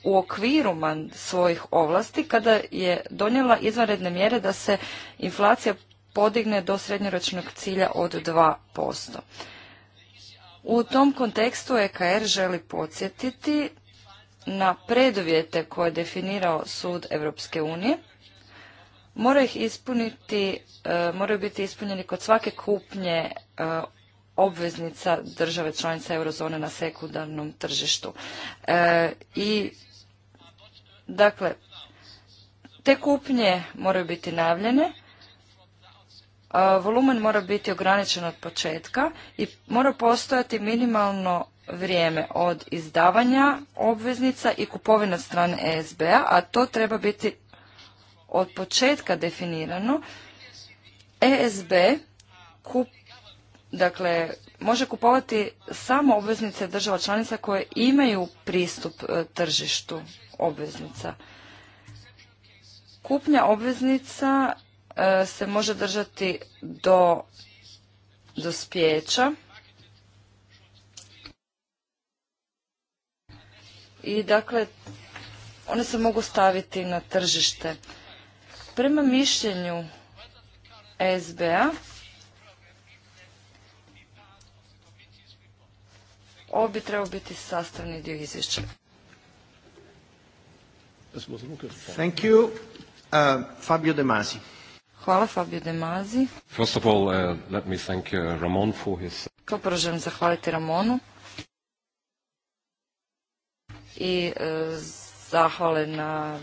u okviru svojih ovlasti kada je donijela izvanredne mjere da se inflacija podigne do srednjoročnog cilja od 2%. U tom kontekstu EKR želi podsjetiti na preduvjete koje je definirao Sud Europske unije. Mora ih ispuniti, e, moraju biti ispunjeni kod svake kupnje e, obveznica države članice eurozone na sekundarnom tržištu. E, I dakle, te kupnje moraju biti najavljene, e, volumen mora biti ograničen od početka i mora postojati minimalno vrijeme od izdavanja obveznica i kupovina strane ESB-a, a to treba biti od početka definirano. ESB kup dakle, može kupovati samo obveznice država članica koje imaju pristup e, tržištu obveznica. Kupnja obveznica e, se može držati do spjeća I dakle, one se mogu staviti na tržište. Prema mišljenju SBA, Ovo bi trebao biti sastavni dio izvješća. Thank you. Uh, Fabio De Masi. Hvala Fabio De Masi. First of all, uh, let me thank uh, Ramon for his... Kao prvo želim zahvaliti Ramonu i uh, zahvale na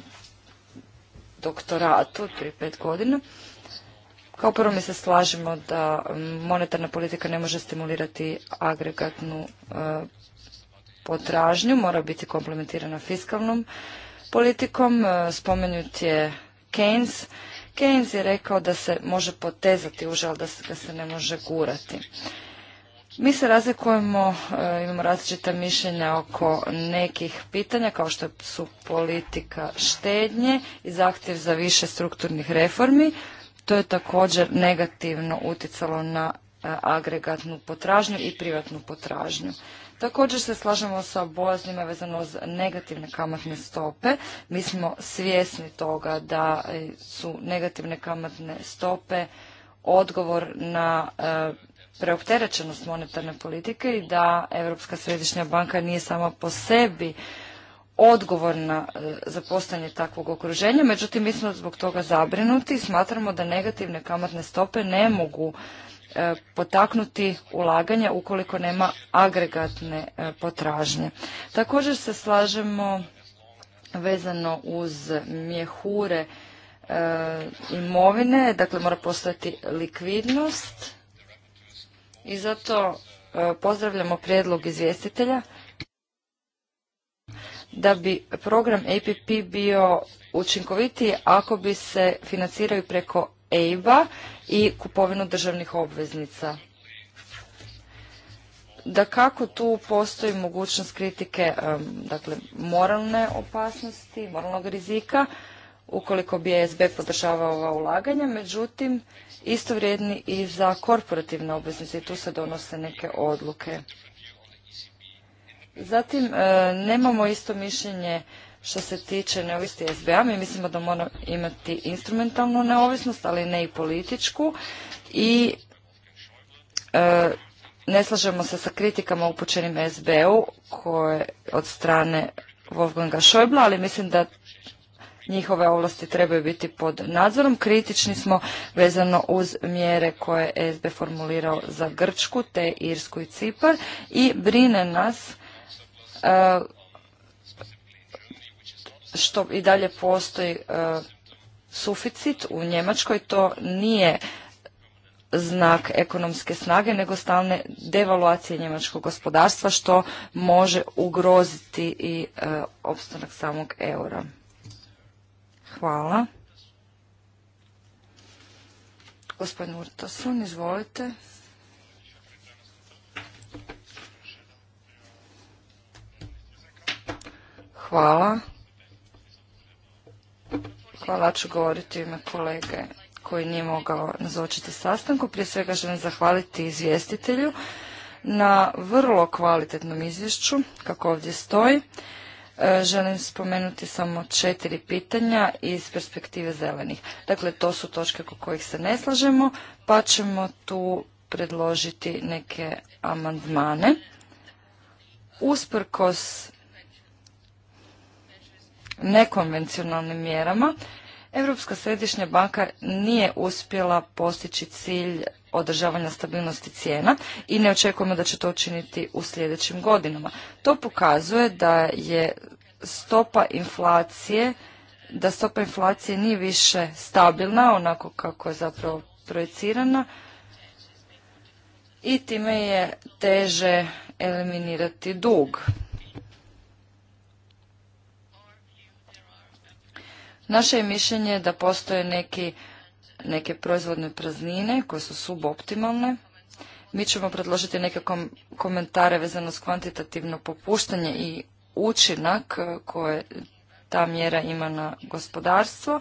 doktoratu prije pet godina. Kao prvo mi se slažemo da monetarna politika ne može stimulirati agregatnu e, potražnju, mora biti komplementirana fiskalnom politikom. E, spomenut je Keynes. Keynes je rekao da se može potezati užal da se, da se ne može gurati. Mi se razlikujemo, e, imamo različita mišljenja oko nekih pitanja kao što su politika štednje i zahtjev za više strukturnih reformi. To je također negativno utjecalo na e, agregatnu potražnju i privatnu potražnju. Također se slažemo sa bojaznima vezano za negativne kamatne stope. Mi smo svjesni toga da su negativne kamatne stope odgovor na e, preopterećenost monetarne politike i da Europska središnja banka nije sama po sebi odgovorna e, za postanje takvog okruženja, međutim mi smo zbog toga zabrinuti i smatramo da negativne kamatne stope ne mogu e, potaknuti ulaganja ukoliko nema agregatne e, potražnje. Također se slažemo vezano uz mjehure imovine, dakle mora postojati likvidnost i zato pozdravljamo prijedlog izvjestitelja da bi program APP bio učinkovitiji ako bi se financiraju preko EIB-a i kupovinu državnih obveznica. Da kako tu postoji mogućnost kritike dakle, moralne opasnosti, moralnog rizika, ukoliko bi ESB podržavao ova ulaganja, međutim isto vrijedni i za korporativne obveznice i tu se donose neke odluke. Zatim, e, nemamo isto mišljenje što se tiče neovisnosti SBA. Mi mislimo da moramo imati instrumentalnu neovisnost, ali ne i političku. I e, ne slažemo se sa kritikama upućenim SB-u koje od strane Wolfganga Schäuble, ali mislim da njihove ovlasti trebaju biti pod nadzorom. Kritični smo vezano uz mjere koje je SB formulirao za Grčku, te Irsku i Cipar i brine nas E, što i dalje postoji e, suficit u Njemačkoj, to nije znak ekonomske snage, nego stalne devaluacije njemačkog gospodarstva, što može ugroziti i e, opstanak samog eura. Hvala. Gospodin Urtasun, izvolite. Hvala. Hvala ću govoriti ime kolege koji nije mogao nazočiti sastanku. Prije svega želim zahvaliti izvjestitelju na vrlo kvalitetnom izvješću, kako ovdje stoji. E, želim spomenuti samo četiri pitanja iz perspektive zelenih. Dakle, to su točke oko kojih se ne slažemo, pa ćemo tu predložiti neke amandmane. Usprkos nekonvencionalnim mjerama, Europska središnja banka nije uspjela postići cilj održavanja stabilnosti cijena i ne očekujemo da će to učiniti u sljedećim godinama. To pokazuje da je stopa inflacije da stopa inflacije nije više stabilna, onako kako je zapravo projecirana i time je teže eliminirati dug. Naše je mišljenje da postoje neki, neke proizvodne praznine koje su suboptimalne. Mi ćemo predložiti neke komentare vezano s kvantitativno popuštanje i učinak e, koje ta mjera ima na gospodarstvo.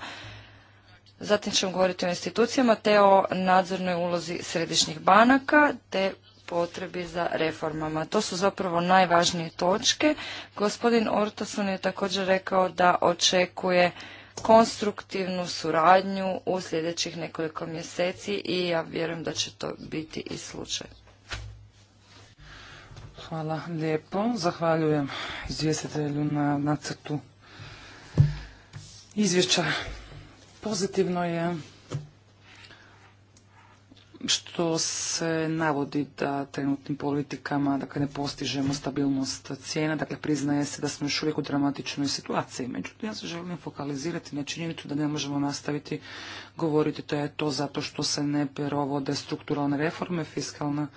Zatim ćemo govoriti o institucijama te o nadzornoj ulozi središnjih banaka te potrebi za reformama. To su zapravo najvažnije točke. Gospodin Ortoson je također rekao da očekuje konstruktivnu suradnju u sljedećih nekoliko mjeseci i ja vjerujem da će to biti i slučaj. Hvala lijepo. Zahvaljujem izvjestitelju na nacrtu izvješća. Pozitivno je što se navodi da trenutnim politikama dakle, ne postižemo stabilnost cijena, dakle priznaje se da smo još uvijek u dramatičnoj situaciji. Međutim, ja se želim fokalizirati na činjenicu da ne možemo nastaviti govoriti da je to zato što se ne provode strukturalne reforme, fiskalna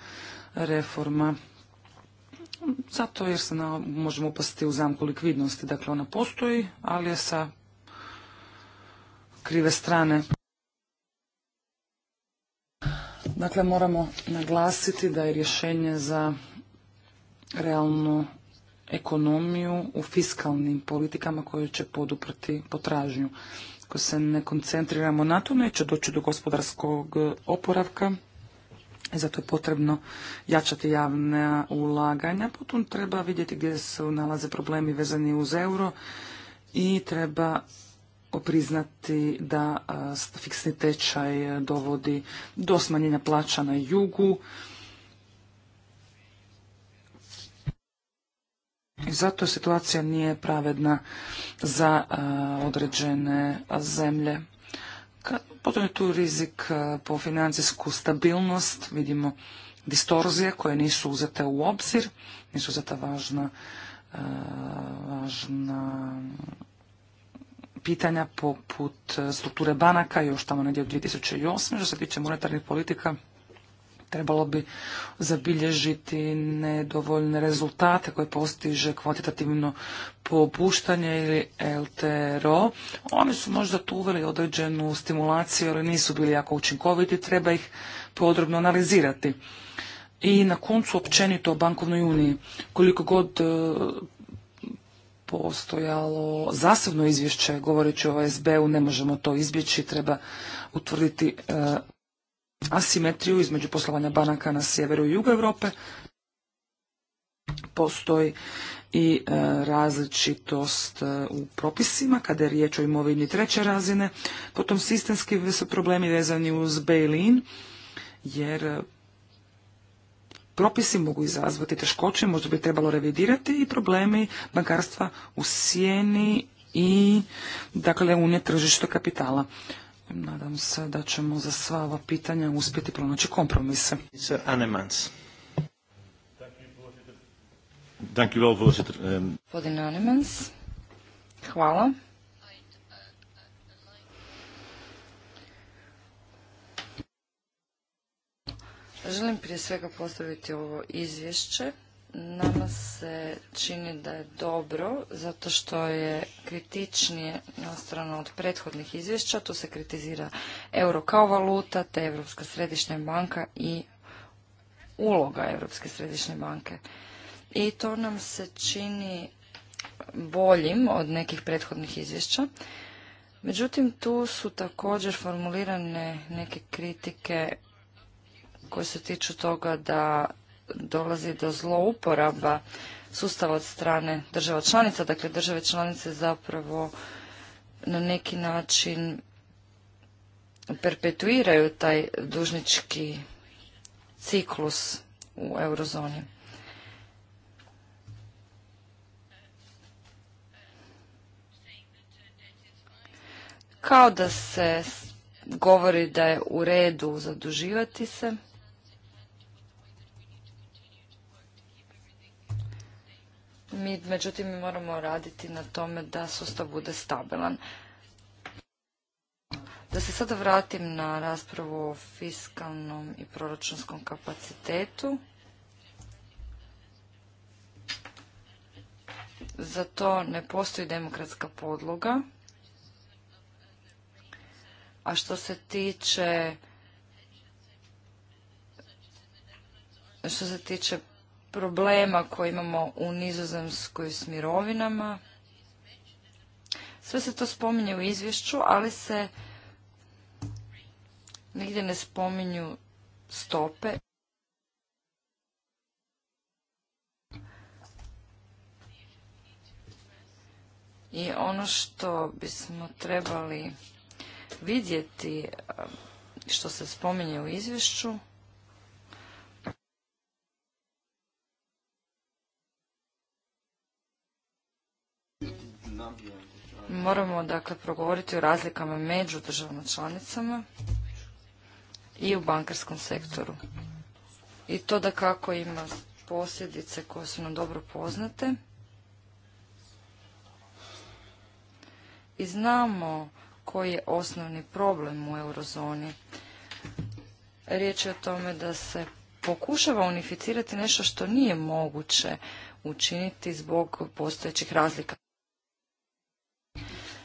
reforma. Zato jer se možemo upasti u zamku likvidnosti. Dakle, ona postoji, ali je sa krive strane. Dakle, moramo naglasiti da je rješenje za realnu ekonomiju u fiskalnim politikama koje će poduprati potražnju. Ako se ne koncentriramo na to, neće doći do gospodarskog oporavka. zato je potrebno jačati javne ulaganja. Potom treba vidjeti gdje se nalaze problemi vezani uz euro i treba priznati da fiksni tečaj dovodi do smanjenja plaća na jugu. I zato situacija nije pravedna za određene zemlje. Potom je tu rizik po financijsku stabilnost, vidimo distorzije koje nisu uzete u obzir, nisu uzeta važna, važna pitanja poput e, strukture banaka još tamo negdje od 2008. Što se tiče monetarnih politika, trebalo bi zabilježiti nedovoljne rezultate koje postiže kvantitativno popuštanje ili LTRO. Oni su možda tu uveli određenu stimulaciju, ali nisu bili jako učinkoviti, treba ih podrobno analizirati. I na koncu općenito o bankovnoj uniji. Koliko god e, postojalo zasebno izvješće govoreći o SB-u, ne možemo to izbjeći, treba utvrditi e, asimetriju između poslovanja banaka na sjeveru i jugu Europe. Postoji i e, različitost e, u propisima kada je riječ o imovini treće razine, potom sistemski su problemi vezani uz bail-in, jer propisi mogu izazvati teškoće, možda bi trebalo revidirati i problemi bankarstva u sjeni i dakle unije tržišta kapitala. Nadam se da ćemo za sva ova pitanja uspjeti pronaći kompromise. Anemans. Um, hvala. Želim prije svega postaviti ovo izvješće. Nama se čini da je dobro, zato što je kritičnije nastrano od prethodnih izvješća. Tu se kritizira euro kao valuta, te Europska središnja banka i uloga Europske središnje banke. I to nam se čini boljim od nekih prethodnih izvješća. Međutim, tu su također formulirane neke kritike koje se tiču toga da dolazi do zlouporaba sustava od strane država članica. Dakle, države članice zapravo na neki način perpetuiraju taj dužnički ciklus u eurozoni. Kao da se govori da je u redu zaduživati se. Mi, međutim, moramo raditi na tome da sustav bude stabilan. Da se sada vratim na raspravu o fiskalnom i proračunskom kapacitetu. Za to ne postoji demokratska podloga. A što se tiče što se tiče problema koje imamo u nizozemskoj s mirovinama. Sve se to spominje u izvješću, ali se nigdje ne spominju stope. I ono što bismo trebali vidjeti, što se spominje u izvješću, Moramo dakle progovoriti o razlikama među državama članicama i u bankarskom sektoru. I to da kako ima posljedice koje su nam dobro poznate. I znamo koji je osnovni problem u eurozoni. Riječ je o tome da se pokušava unificirati nešto što nije moguće učiniti zbog postojećih razlika.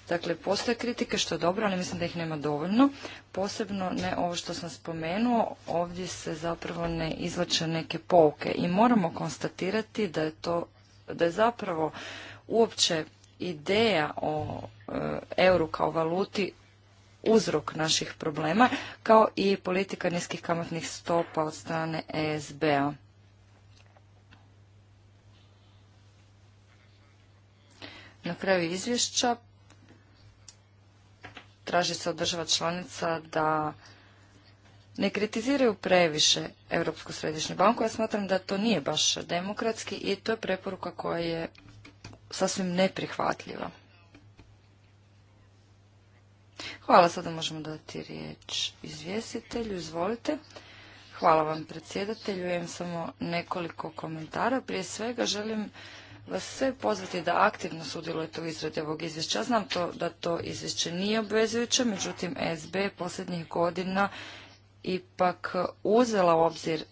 Dakle, postoje kritike što je dobro, ali mislim da ih nema dovoljno. Posebno ne ovo što sam spomenuo, ovdje se zapravo ne izlače neke pouke i moramo konstatirati da je to, da je zapravo uopće ideja o e, euru kao valuti uzrok naših problema, kao i politika niskih kamatnih stopa od strane ESB-a. Na kraju izvješća traži se od država članica da ne kritiziraju previše Europsku središnju banku. Ja smatram da to nije baš demokratski i to je preporuka koja je sasvim neprihvatljiva. Hvala, sada možemo dati riječ izvjestitelju. Izvolite. Hvala vam predsjedatelju. Imam samo nekoliko komentara. Prije svega želim vas sve pozvati da aktivno sudjelujete u izradi ovog izvješća. znam to, da to izvješće nije obvezujuće, međutim SB posljednjih godina ipak uzela u obzir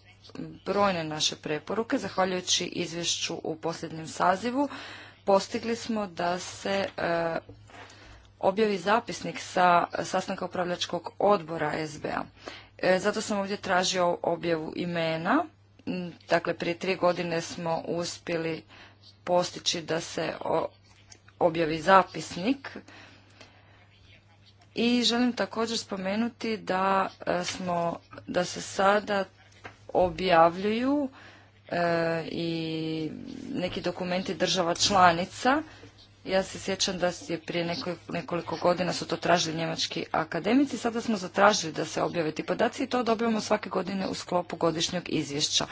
brojne naše preporuke. Zahvaljujući izvješću u posljednjem sazivu postigli smo da se e, objavi zapisnik sa sastanka upravljačkog odbora SBA. E, zato sam ovdje tražio objavu imena. Dakle, prije tri godine smo uspjeli postići da se objavi zapisnik. I želim također spomenuti da e, smo, da se sada objavljuju e, i neki dokumenti država članica. Ja se sjećam da je prije nekoliko godina su to tražili njemački akademici, sada smo zatražili da se objave ti podaci i to dobivamo svake godine u sklopu godišnjeg izvješća.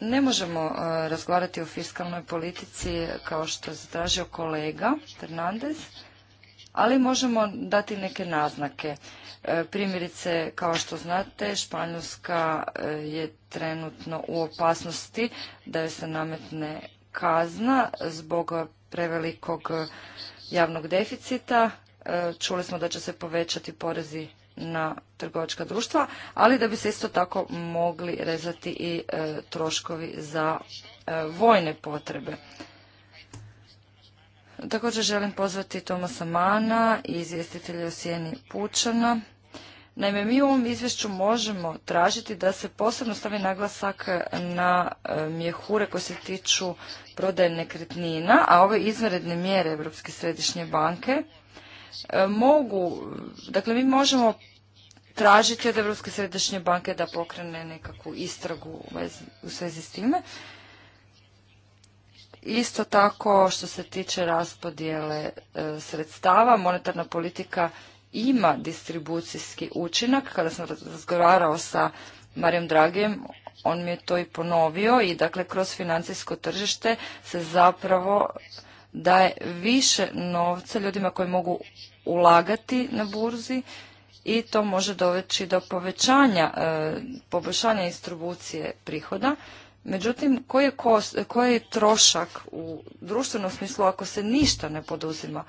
ne možemo e, razgovarati o fiskalnoj politici kao što je zatražio kolega Fernandez, ali možemo dati neke naznake. E, primjerice, kao što znate, Španjolska e, je trenutno u opasnosti da joj se nametne kazna zbog prevelikog javnog deficita. Čuli smo da će se povećati porezi na trgovačka društva, ali da bi se isto tako mogli rezati i e, troškovi za e, vojne potrebe. Također želim pozvati Tomasa Mana i izvjestitelja o sjeni Pučana. Naime, mi u ovom izvješću možemo tražiti da se posebno stavi naglasak na e, mjehure koje se tiču prodaje nekretnina, a ove izvanredne mjere Europske središnje banke E, mogu, dakle mi možemo tražiti od Europske središnje banke da pokrene nekakvu istragu u svezi s time. Isto tako što se tiče raspodjele e, sredstava, monetarna politika ima distribucijski učinak. Kada sam razgovarao sa Marijom Dragem, on mi je to i ponovio i dakle kroz financijsko tržište se zapravo daje više novca ljudima koji mogu ulagati na burzi i to može doveći do povećanja, e, poboljšanja distribucije prihoda. Međutim, koji je, koji je trošak u društvenom smislu ako se ništa ne poduzima?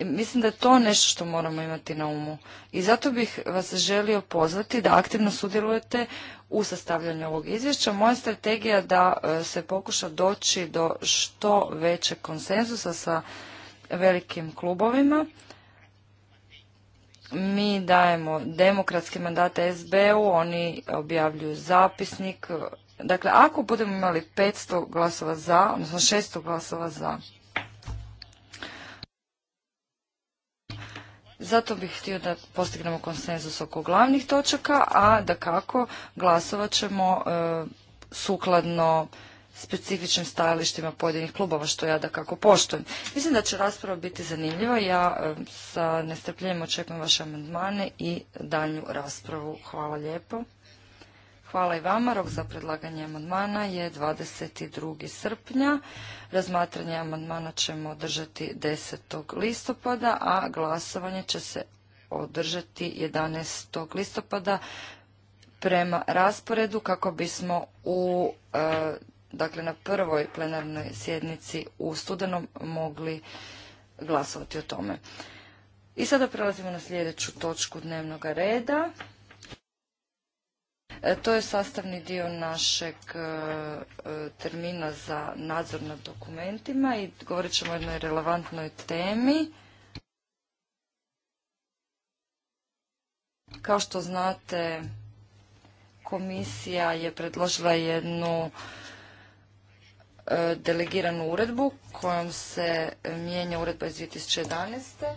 Mislim da je to nešto što moramo imati na umu. I zato bih vas želio pozvati da aktivno sudjelujete u sastavljanju ovog izvješća. Moja strategija da e, se pokuša doći do što većeg konsenzusa sa velikim klubovima. Mi dajemo demokratski mandat SBU, oni objavljuju zapisnik. Dakle, ako budemo imali 500 glasova za, odnosno 600 glasova za, Zato bih htio da postignemo konsenzus oko glavnih točaka, a da kako glasovat ćemo e, sukladno specifičnim stajalištima pojedinih klubova, što ja da kako poštujem. Mislim da će rasprava biti zanimljiva. Ja e, sa nestrpljenjem očekujem vaše amandmane i daljnju raspravu. Hvala lijepo. Hvala i vama. Rok za predlaganje amandmana je 22. srpnja. Razmatranje amandmana ćemo održati 10. listopada, a glasovanje će se održati 11. listopada prema rasporedu kako bismo u e, dakle na prvoj plenarnoj sjednici u studenom mogli glasovati o tome. I sada prelazimo na sljedeću točku dnevnog reda. E, to je sastavni dio našeg e, e, termina za nadzor nad dokumentima i govorit ćemo o jednoj relevantnoj temi. Kao što znate, komisija je predložila jednu delegiranu uredbu kojom se mijenja uredba iz 2011.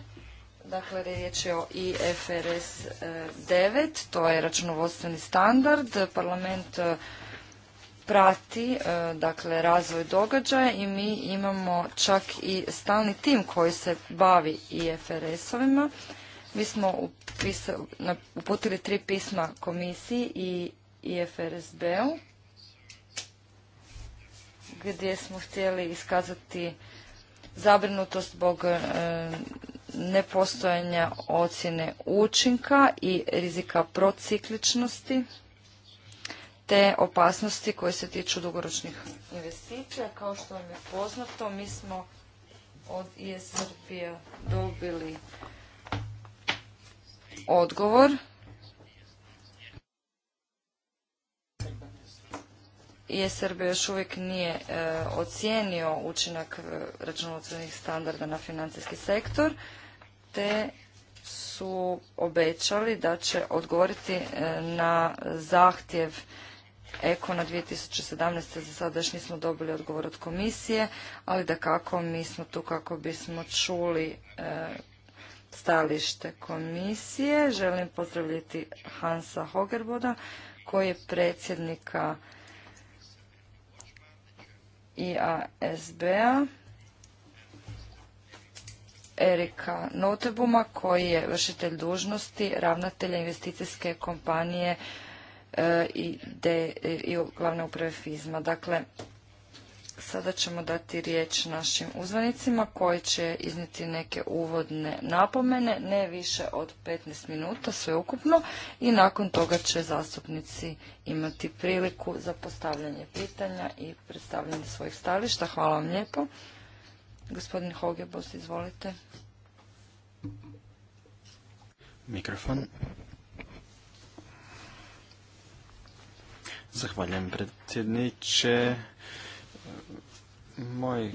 Dakle, riječ je o IFRS 9, e, to je računovodstveni standard. Parlament e, prati e, dakle, razvoj događaja i mi imamo čak i stalni tim koji se bavi IFRS-ovima. Mi smo uputili tri pisma komisiji i IFRSB-u gdje smo htjeli iskazati zabrinutost zbog nepostojanja ocjene učinka i rizika procikličnosti te opasnosti koje se tiču dugoročnih investicija. Kao što vam je poznato, mi smo od ISRP-a dobili odgovor je još uvijek nije e, ocijenio učinak e, računovodstvenih standarda na financijski sektor, te su obećali da će odgovoriti e, na zahtjev na 2017. Za sada još nismo dobili odgovor od komisije, ali da kako mi smo tu kako bismo čuli stalište komisije. Želim pozdraviti Hansa Hogerboda, koji je predsjednika IASB-a Erika Notebuma koji je vršitelj dužnosti ravnatelja investicijske kompanije e, i, de, i glavne uprave FIZMA. Dakle, Sada ćemo dati riječ našim uzvanicima koji će iznijeti neke uvodne napomene, ne više od 15 minuta sve ukupno i nakon toga će zastupnici imati priliku za postavljanje pitanja i predstavljanje svojih stališta. Hvala vam lijepo. Gospodin Hogebos, izvolite. Mikrofon. Zahvaljujem predsjedniče. Moji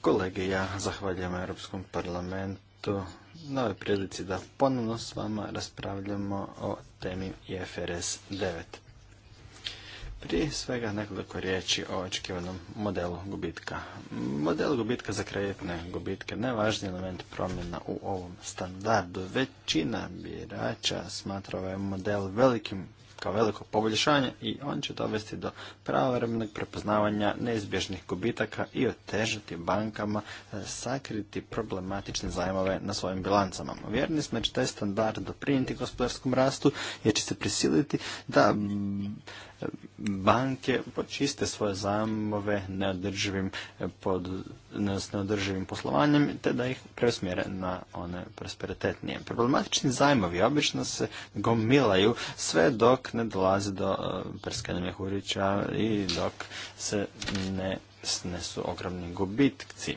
kolege i ja zahvaljujem Europskom parlamentu na ovoj prilici da ponovno s vama raspravljamo o temi IFRS 9. Prije svega nekoliko riječi o očekivanom modelu gubitka. Model gubitka za kreditne gubitke najvažniji element promjena u ovom standardu. Većina birača smatra ovaj model velikim kao veliko poboljšanje i on će dovesti do pravovremenog prepoznavanja neizbježnih gubitaka i otežati bankama e, sakriti problematične zajmove na svojim bilancama. Vjerni smo da će taj standard doprinijeti gospodarskom rastu jer će se prisiliti da banke počiste svoje zajmove neodrživim, pod, s neodrživim poslovanjem te da ih preusmjere na one prosperitetnije. Problematični zajmovi obično se gomilaju sve dok ne dolazi do e, prskanja mehurića i dok se ne snesu ogromni gubitci.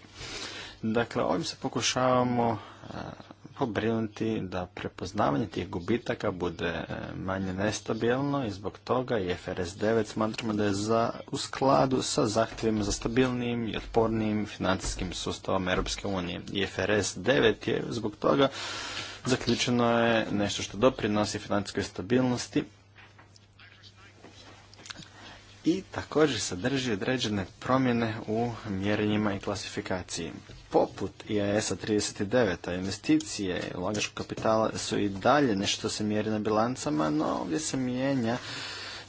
Dakle, ovim se pokušavamo e, pobrinuti da prepoznavanje tih gubitaka bude e, manje nestabilno i zbog toga i FRS 9 smatramo da je za, u skladu sa zahtjevima za stabilnim i otpornim financijskim sustavom Europske unije. I FRS 9 je zbog toga zaključeno je nešto što doprinosi financijskoj stabilnosti i također sadrži određene promjene u mjerenjima i klasifikaciji poput IAS-a 39, a investicije ulagačkog kapitala su i dalje nešto se mjeri na bilancama, no ovdje se mijenja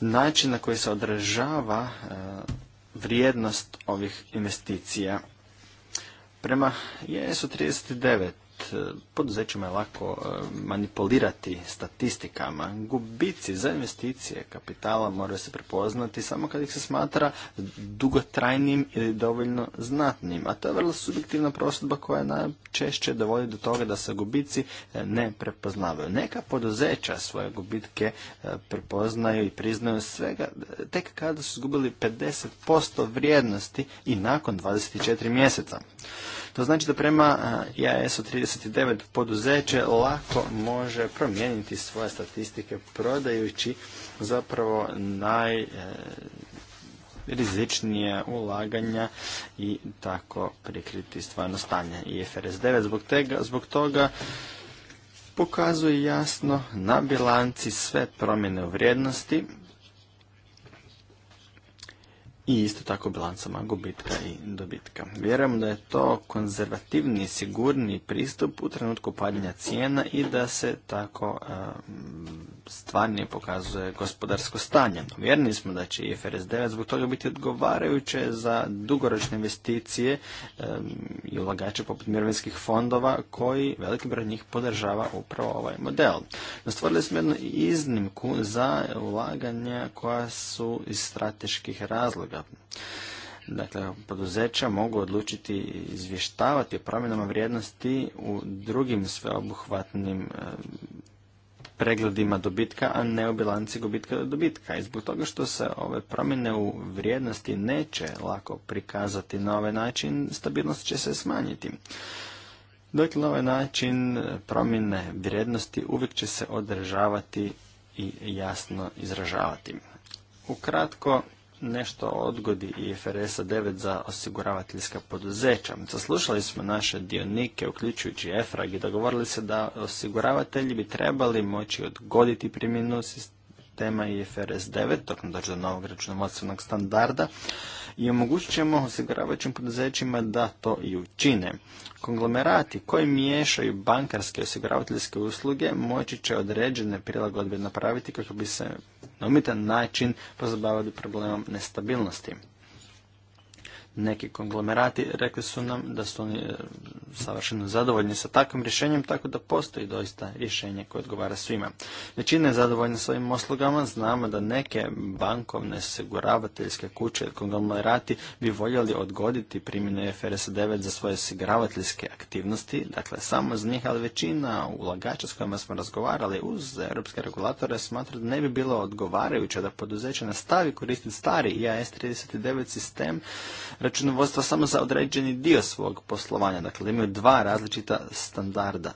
način na koji se odražava e, vrijednost ovih investicija. Prema IAS-u 39 E, poduzećima je lako e, manipulirati statistikama. Gubici za investicije kapitala moraju se prepoznati samo kad ih se smatra dugotrajnim ili dovoljno znatnim. A to je vrlo subjektivna prosudba koja najčešće dovodi do toga da se gubici e, ne prepoznavaju. Neka poduzeća svoje gubitke prepoznaju i priznaju svega tek kada su izgubili 50% vrijednosti i nakon 24 mjeseca. To znači da prema e, ias 39 poduzeće lako može promijeniti svoje statistike prodajući zapravo naj e, ulaganja i tako prikriti stvarno stanje. I 9 zbog, zbog toga pokazuje jasno na bilanci sve promjene u vrijednosti i isto tako bilancama gubitka i dobitka. Vjerujem da je to konzervativni, sigurni pristup u trenutku padanja cijena i da se tako stvarnije pokazuje gospodarsko stanje. Vjerni smo da će IFRS 9 zbog toga biti odgovarajuće za dugoročne investicije i ulagače poput mirovinskih fondova koji veliki broj njih podržava upravo ovaj model. No stvorili smo jednu iznimku za ulaganja koja su iz strateških razloga. Dakle, poduzeća mogu odlučiti izvještavati o promjenama vrijednosti u drugim sveobuhvatnim pregledima dobitka, a ne u bilanci gubitka do dobitka. I zbog toga što se ove promjene u vrijednosti neće lako prikazati na ovaj način, stabilnost će se smanjiti. Dakle, na ovaj način promjene vrijednosti uvijek će se održavati i jasno izražavati. Ukratko, nešto odgodi ifrs frs 9 za osiguravateljska poduzeća. Saslušali smo naše dionike, uključujući EFRAG, i dogovorili se da osiguravatelji bi trebali moći odgoditi primjenu sistema IFRS 9, tokom dođe do novog računovodstvenog standarda, i omogućit ćemo osiguravajućim poduzećima da to i učine. Konglomerati koji miješaju bankarske osiguravateljske usluge moći će određene prilagodbe napraviti kako bi se na umjetan način pozabavili problemom nestabilnosti neki konglomerati rekli su nam da su oni e, savršeno zadovoljni sa takvim rješenjem, tako da postoji doista rješenje koje odgovara svima. Većina je zadovoljna s ovim oslugama, znamo da neke bankovne osiguravateljske kuće ili konglomerati bi voljeli odgoditi primjenu FRS 9 za svoje osiguravateljske aktivnosti, dakle samo z njih, ali većina ulagača s kojima smo razgovarali uz europske regulatore smatra da ne bi bilo odgovarajuće da poduzeće nastavi koristiti stari IAS 39 sistem računovodstva samo za određeni dio svog poslovanja. Dakle, da imaju dva različita standarda.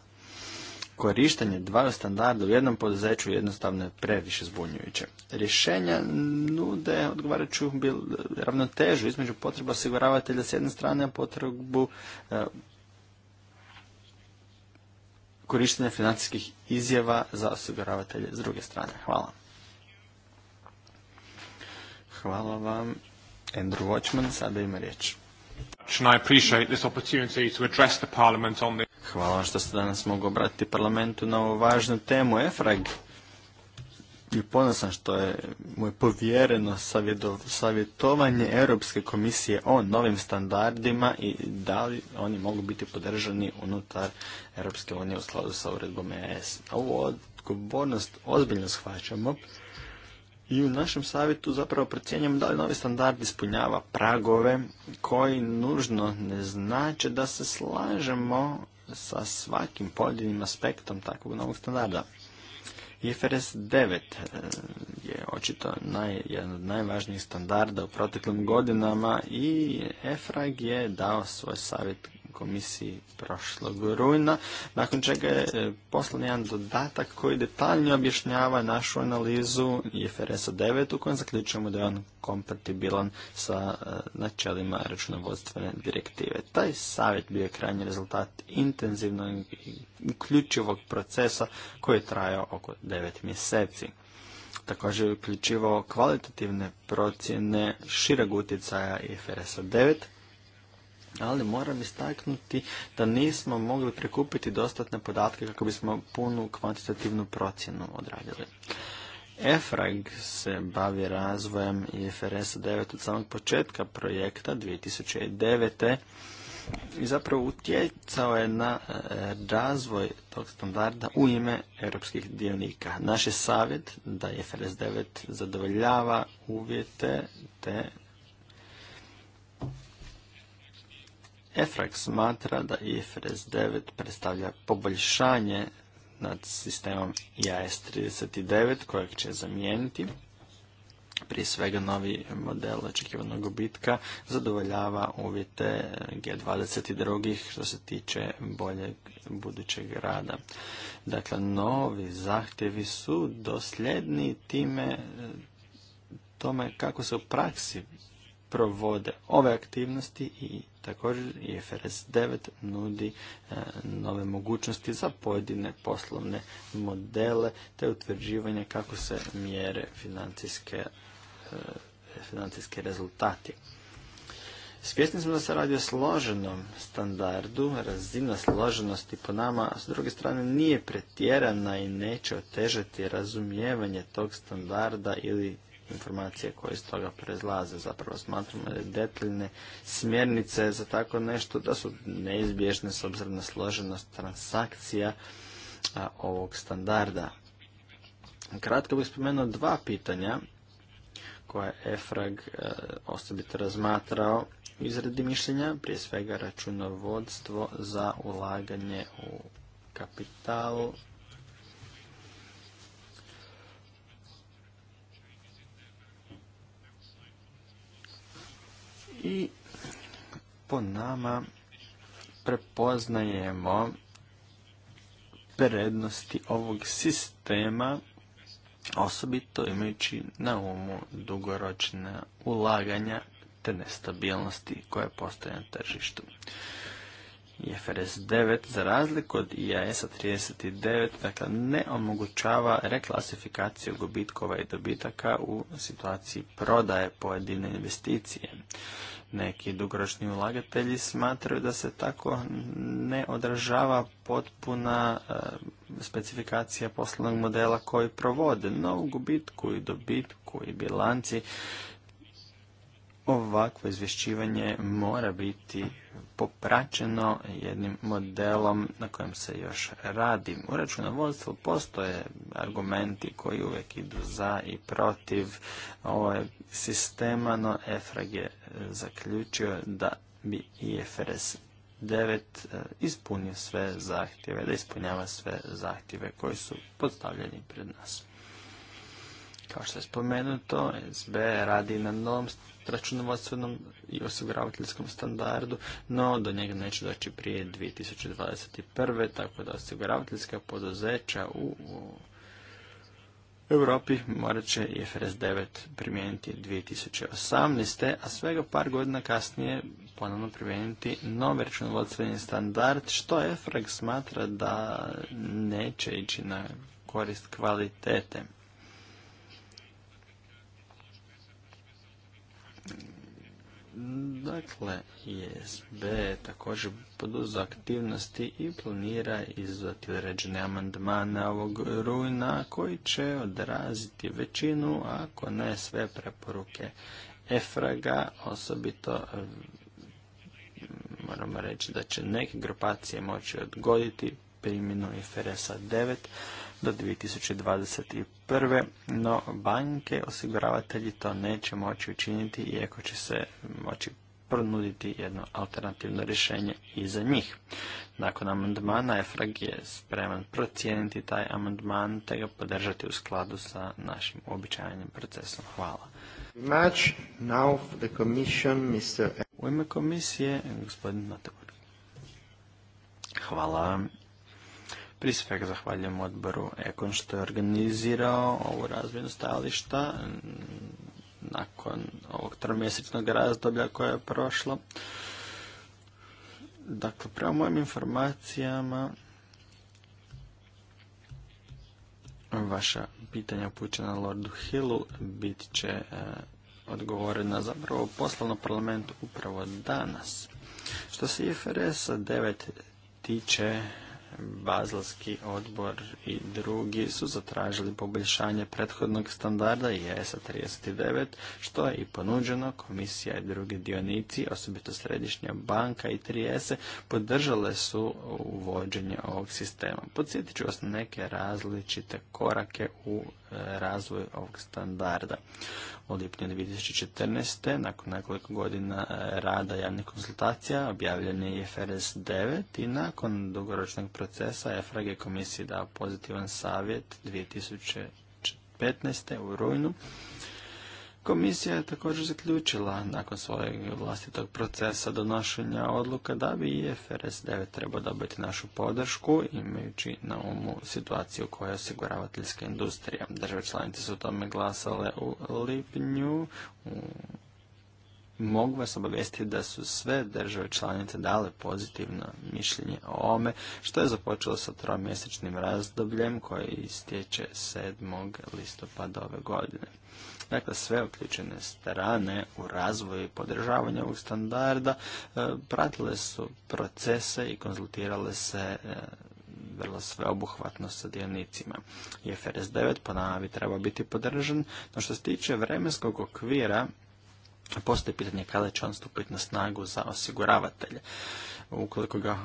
Korištenje dva standarda u jednom poduzeću jednostavno je previše zbunjujuće. Rješenja nude odgovarajuću ravnotežu između potreba osiguravatelja s jedne strane, a potrebu e, korištenja financijskih izjava za osiguravatelje s druge strane. Hvala. Hvala vam. Andrew Watchman sada ima riječ. Hvala vam što ste danas mogu obratiti parlamentu na ovu važnu temu EFRAG. I ponosan što je mu je povjereno savjetovanje Europske komisije o novim standardima i da li oni mogu biti podržani unutar Europske unije u skladu sa uredbom ES. Ovu odgovornost ozbiljno shvaćamo i u našem savjetu zapravo procjenjujemo da li novi standard ispunjava pragove koji nužno ne znače da se slažemo sa svakim pojedinim aspektom takvog novog standarda. IFRS 9 eh, je očito jedan od najvažnijih standarda u proteklim godinama i EFRAG je dao svoj savjet komisiji prošlog rujna, nakon čega je e, poslan jedan dodatak koji detaljnije objašnjava našu analizu IFRS-a 9 u kojem zaključujemo da je on kompatibilan sa e, načelima računovodstvene direktive. Taj savjet bio je krajnji rezultat intenzivnog i uključivog procesa koji je trajao oko 9 mjeseci također je uključivao kvalitativne procjene šireg utjecaja IFRS-a 9 ali moram istaknuti da nismo mogli prikupiti dostatne podatke kako bismo punu kvantitativnu procjenu odradili. EFRAG se bavi razvojem IFRS 9 od samog početka projekta 2009. i zapravo utjecao je na e, razvoj tog standarda u ime europskih dionika. Naš je savjet da IFRS 9 zadovoljava uvjete te EFRAG smatra da IFRS 9 predstavlja poboljšanje nad sistemom IAS 39 kojeg će zamijeniti. Prije svega novi model očekivanog gubitka zadovoljava uvjete g 22 drugih što se tiče boljeg budućeg rada. Dakle, novi zahtjevi su dosljedni time tome kako se u praksi provode ove aktivnosti i također i FRS 9 nudi e, nove mogućnosti za pojedine poslovne modele te utvrđivanje kako se mjere financijske, e, financijske rezultati. Svjesni smo da se radi o složenom standardu, razina složenosti po nama, s druge strane nije pretjerana i neće otežati razumijevanje tog standarda ili informacije koje iz toga prezlaze. Zapravo smatramo da detaljne smjernice za tako nešto da su neizbježne s obzirom na složenost transakcija ovog standarda. Kratko bih spomenuo dva pitanja koja je EFRAG e, osobito razmatrao u izradi mišljenja, prije svega računovodstvo za ulaganje u kapital I po nama prepoznajemo prednosti ovog sistema, osobito imajući na umu dugoročna ulaganja te nestabilnosti koje postoje na tržištu. IFRS 9 za razliku od ias 39 dakle, ne omogućava reklasifikaciju gubitkova i dobitaka u situaciji prodaje pojedine investicije. Neki dugoročni ulagatelji smatraju da se tako ne odražava potpuna e, specifikacija poslovnog modela koji provode, no gubitku i dobitku i bilanci ovakvo izvješćivanje mora biti popraćeno jednim modelom na kojem se još radi. U računovodstvu postoje argumenti koji uvijek idu za i protiv ovaj sistema, no EFRAG je zaključio da bi IFRS 9 e, ispunio sve zahtjeve, da ispunjava sve zahtjeve koji su postavljeni pred nas. Kao što je spomenuto, SB radi na novom računovodstvenom i osiguravateljskom standardu, no do njega neće doći prije 2021. Tako da osiguravateljska poduzeća u Europi morat će IFRS 9 primijeniti 2018. a svega par godina kasnije ponovno primijeniti novi računovodstveni standard, što EFRAG smatra da neće ići na korist kvalitete. Dakle, ISB također poduza aktivnosti i planira izvati određene amandmane ovog rujna koji će odraziti većinu, ako ne sve preporuke Efraga, osobito mm, moramo reći da će neke grupacije moći odgoditi primjenu IFRS-a 9, do 2021. No banke, osiguravatelji to neće moći učiniti iako će se moći pronuditi jedno alternativno rješenje i za njih. Nakon amandmana EFRAG je spreman procijeniti taj amandman te ga podržati u skladu sa našim uobičajenim procesom. Hvala. U ime komisije, gospodin Matevori. Hvala. Prije svega zahvaljujem odboru Ekon što je organizirao ovu razmjenu stajališta nakon ovog tromjesečnog razdoblja koje je prošlo. Dakle, prema mojim informacijama vaša pitanja upućena Lordu Hillu bit će e, odgovorena zapravo poslano parlamentu upravo danas. Što se IFRS 9 tiče Bazelski odbor i drugi su zatražili poboljšanje prethodnog standarda ISA 39, što je i ponuđeno. Komisija i drugi dionici, osobito Središnja banka i 3S, podržale su uvođenje ovog sistema. Podsjetit ću vas na neke različite korake u razvoj ovog standarda. Od lipnja 2014. nakon nekoliko godina e, rada javnih konsultacija objavljen je frs 9 i nakon dugoročnog procesa EFRAG je komisiji dao pozitivan savjet 2015. u rujnu Komisija je također zaključila nakon svojeg vlastitog procesa donošenja odluka da bi IFRS 9 trebao dobiti našu podršku imajući na umu situaciju koja je osiguravateljska industrija. Države članice su tome glasale u lipnju u mogu vas obavijestiti da su sve države članice dale pozitivno mišljenje o ovome, što je započelo sa tromjesečnim razdobljem koje istječe 7. listopada ove godine. Dakle, sve uključene strane u razvoju i podržavanju ovog standarda e, pratile su procese i konzultirale se e, vrlo sveobuhvatno sa dionicima. IFRS 9 po nama bi trebao biti podržan, no što se tiče vremenskog okvira, Postoji pitanje kada će on stupiti na snagu za osiguravatelje. Ukoliko ga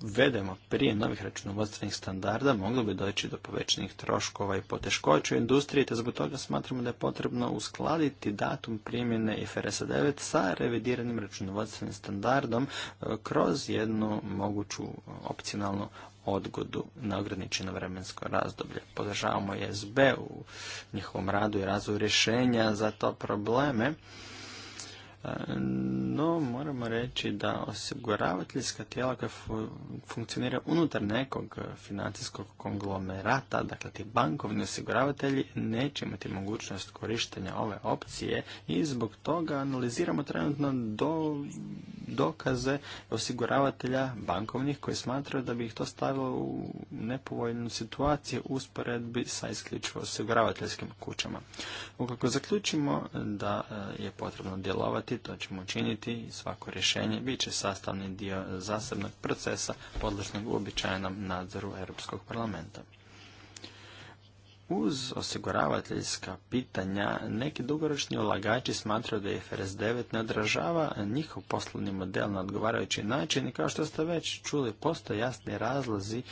vedemo prije novih računovodstvenih standarda, moglo bi doći do povećanih troškova i poteškoća u industriji, te zbog toga smatramo da je potrebno uskladiti datum primjene IFRS 9 sa revidiranim računovodstvenim standardom e, kroz jednu moguću opcionalnu odgodu na ograničeno vremensko razdoblje. Podržavamo SB u njihovom radu i razvoju rješenja za to probleme E, no, moramo reći da osiguravateljska tijela koja funkcionira unutar nekog financijskog konglomerata, dakle ti bankovni osiguravatelji, neće imati mogućnost korištenja ove opcije i zbog toga analiziramo trenutno dokaze osiguravatelja bankovnih koji smatraju da bi ih to stavilo u nepovoljnu situaciju usporedbi sa isključivo osiguravateljskim kućama. Ukako zaključimo da e, je potrebno djelovati to ćemo učiniti i svako rješenje bit će sastavni dio zasebnog procesa podložnog uobičajenom nadzoru Europskog parlamenta. Uz osiguravateljska pitanja, neki dugoročni ulagači smatraju da FRS 9 ne odražava njihov poslovni model na odgovarajući način i kao što ste već čuli, postoje jasni razlozi e,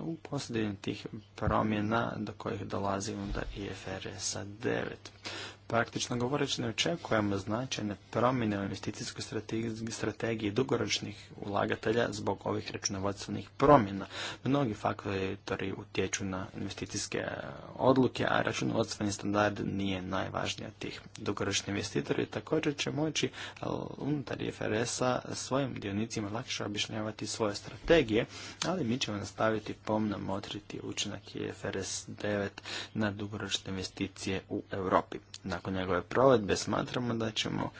u posljednjih tih promjena do kojih dolazi onda FRS 9 praktično govoreći ne očekujemo značajne promjene u investicijskoj strategiji, dugoročnih ulagatelja zbog ovih računovodstvenih promjena. Mnogi faktori utječu na investicijske odluke, a računovodstveni standard nije najvažniji od tih. Dugoročni investitori također će moći unutar IFRS-a svojim dionicima lakše objašnjavati svoje strategije, ali mi ćemo nastaviti pomno motriti učinak IFRS 9 na dugoročne investicije u Europi. Na nakon njegove provedbe smatramo da ćemo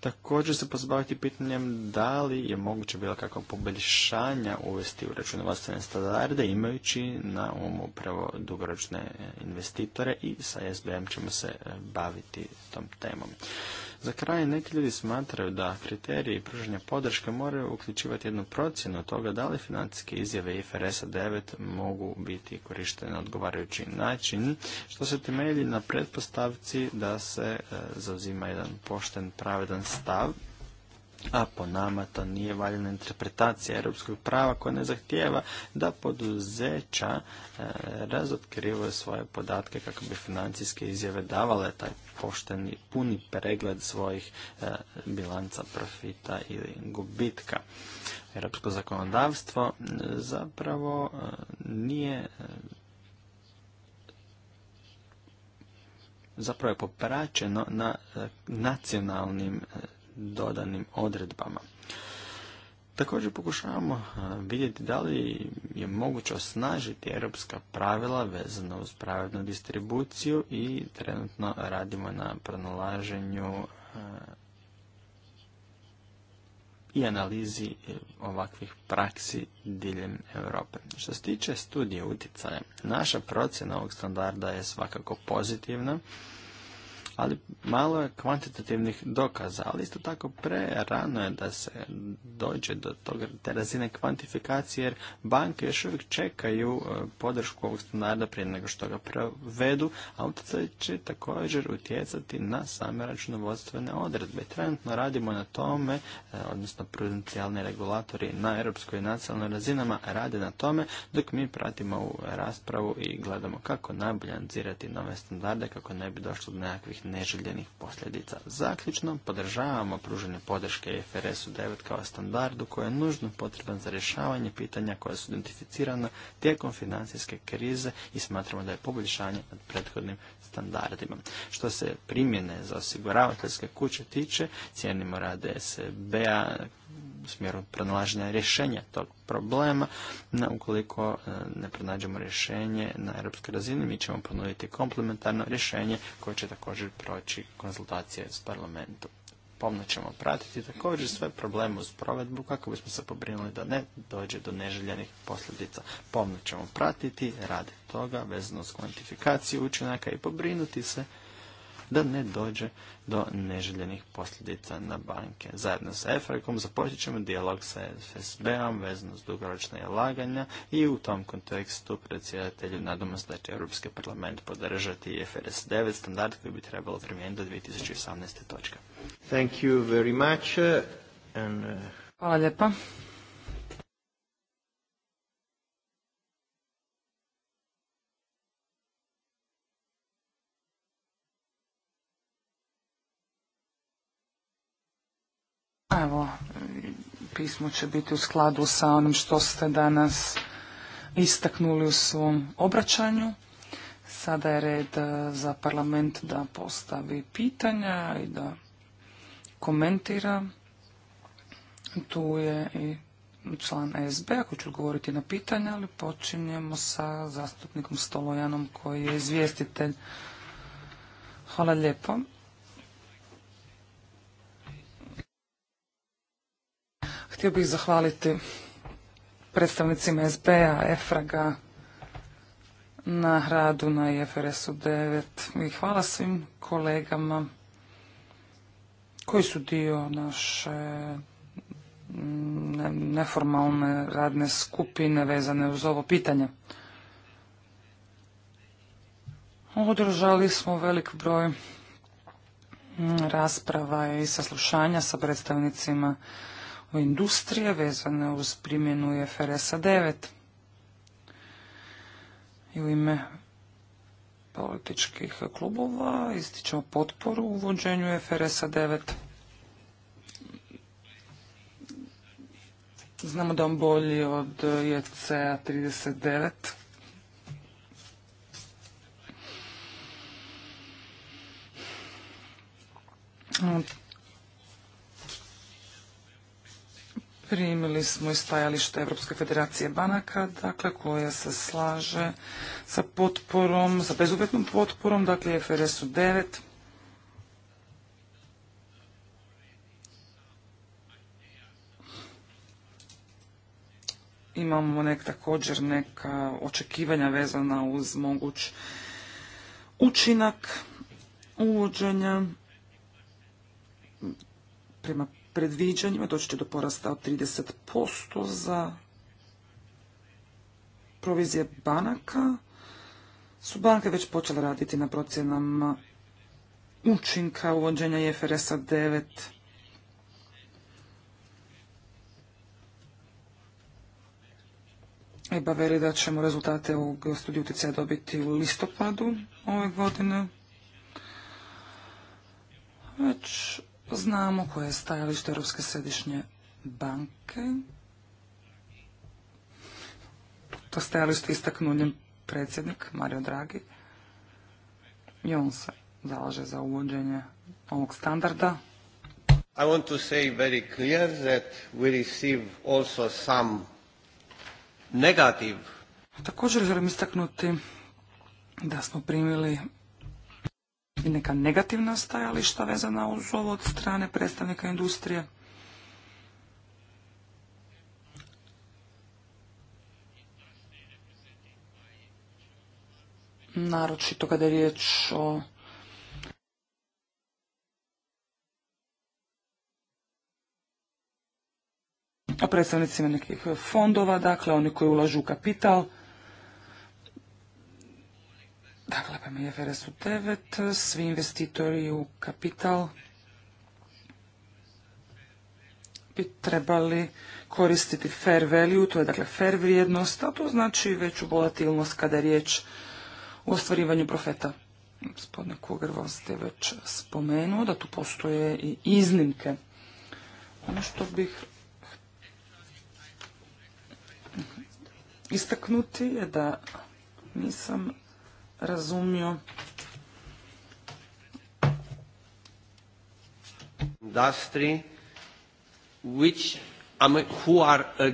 također se pozbaviti pitanjem da li je moguće bilo kakva poboljšanja uvesti u računovodstvene standarde imajući na umu upravo dugoročne investitore i sa SBM ćemo se baviti tom temom. Za kraj, neki ljudi smatraju da kriteriji pružanja podrške moraju uključivati jednu procjenu toga da li financijske izjave IFRS-a 9 mogu biti korištene na odgovarajući način, što se temelji na pretpostavci da se e, zauzima jedan pošten, pravedan stav a po nama to nije valjena interpretacija europskog prava koja ne zahtijeva da poduzeća e, razotkrivaju svoje podatke kako bi financijske izjave davale taj pošteni puni pregled svojih e, bilanca profita ili gubitka. Europsko zakonodavstvo e, zapravo nije zapravo je popraćeno na nacionalnim dodanim odredbama. Također pokušavamo vidjeti da li je moguće osnažiti europska pravila vezana uz pravednu distribuciju i trenutno radimo na pronalaženju i analizi ovakvih praksi diljem Europe. Što se tiče studije utjecaja, naša procjena ovog standarda je svakako pozitivna ali malo je kvantitativnih dokaza, ali isto tako pre rano je da se dođe do toga, te razine kvantifikacije, jer banke još uvijek čekaju e, podršku ovog standarda prije nego što ga provedu, a utjecaj će također utjecati na same računovodstvene odredbe. Trenutno radimo na tome, e, odnosno prudencijalni regulatori na europskoj i nacionalnoj razinama rade na tome, dok mi pratimo ovu raspravu i gledamo kako najbolje nove standarde, kako ne bi došlo do nekakvih neželjenih posljedica. Zaključno, podržavamo pružene podrške FRS-u 9 kao standardu koji je nužno potreban za rješavanje pitanja koja su identificirana tijekom financijske krize i smatramo da je poboljšanje nad prethodnim standardima. Što se primjene za osiguravateljske kuće tiče, cijenimo rade sb u smjeru pronalaženja rješenja tog problema. Na, ukoliko e, ne pronađemo rješenje na europskoj razini, mi ćemo ponuditi komplementarno rješenje koje će također proći konzultacije s parlamentom. Pomno ćemo pratiti također sve probleme uz provedbu kako bismo se pobrinuli da ne dođe do neželjenih posljedica. Pomno ćemo pratiti radi toga vezano s kvantifikaciju učinaka i pobrinuti se da ne dođe do neželjenih posljedica na banke. Zajedno sa EFREK-om započet ćemo dijalog sa FSB-om vezano s dugoročne laganja i u tom kontekstu predsjedatelju nadamo se da će Europski parlament podržati FRS 9 standard koji bi trebalo primijeniti do 2018. točka. Thank uh, And, uh, Hvala lijepa. Evo, pismo će biti u skladu sa onim što ste danas istaknuli u svom obraćanju. Sada je red e, za parlament da postavi pitanja i da komentira. Tu je i član SB, ako ću odgovoriti na pitanja, ali počinjemo sa zastupnikom Stolojanom koji je izvjestitelj. Hvala lijepo. Htio bih zahvaliti predstavnicima SB-a, EFRAG-a, na radu na IFRS-u 9 i hvala svim kolegama koji su dio naše neformalne radne skupine vezane uz ovo pitanje. Održali smo velik broj mm, rasprava i saslušanja sa predstavnicima industrije vezane uz primjenu FRS-a 9. I u ime političkih klubova ističemo potporu uvođenju FRS-a 9. Znamo da on bolji od JCA 39. Primili smo i stajalište Europske federacije banaka, dakle, koja se slaže sa potporom, sa bezuvjetnom potporom, dakle, FRS-u 9. Imamo nek također neka očekivanja vezana uz moguć učinak uvođenja prema predviđanjima doći će do porasta od 30% za provizije banaka. Su banke već počele raditi na procjenama učinka uvođenja IFRS-a 9. Eba veli da ćemo rezultate ovog studiju utjecaja dobiti u listopadu ove godine. Već Znamo koje je stajalište Europske središnje banke. To stajalište istaknuljen predsjednik Mario Draghi i on se zalaže za uvođenje ovog standarda. I want to say very clear that we receive also some Također želim istaknuti da smo primili i neka negativna stajališta vezana uz ovo od strane predstavnika industrije. Naročito kada je riječ o predstavnicima nekih fondova, dakle oni koji ulažu u kapital, Dakle, prema IFRS-u 9, svi investitori u kapital bi trebali koristiti fair value, to je dakle fair vrijednost, a to znači veću volatilnost kada je riječ o ostvarivanju profeta. Gospodine Kugrvo ste već spomenuo da tu postoje i iznimke. Ono što bih istaknuti je da nisam razumio. Industry which um, who are e,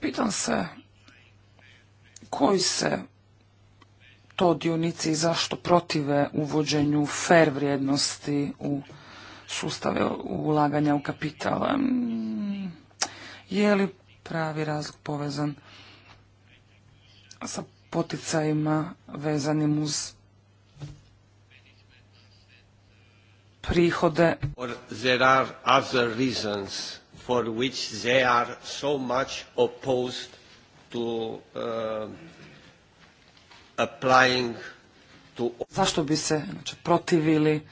Pitam se koji se to dionici i zašto protive uvođenju fer vrijednosti u sustave ulaganja u kapital. Mm, je li pravi razlog povezan sa poticajima vezanim uz prihode. Or there are other reasons for which they are so much opposed to uh, applying to... Zašto bi se znači, protivili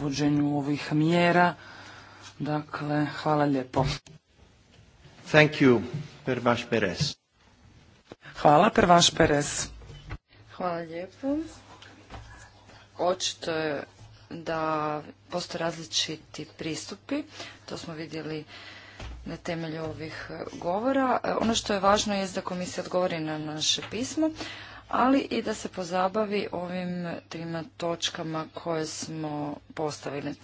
uvođenju ovih mjera? Dakle, hvala lijepo. Thank you, Pervaš Perez. Hvala, prvaš Perez. Hvala lijepo. Očito je da postoje različiti pristupi. To smo vidjeli na temelju ovih govora. E, ono što je važno je da komisija odgovori na naše pismo, ali i da se pozabavi ovim trima točkama koje smo postavili.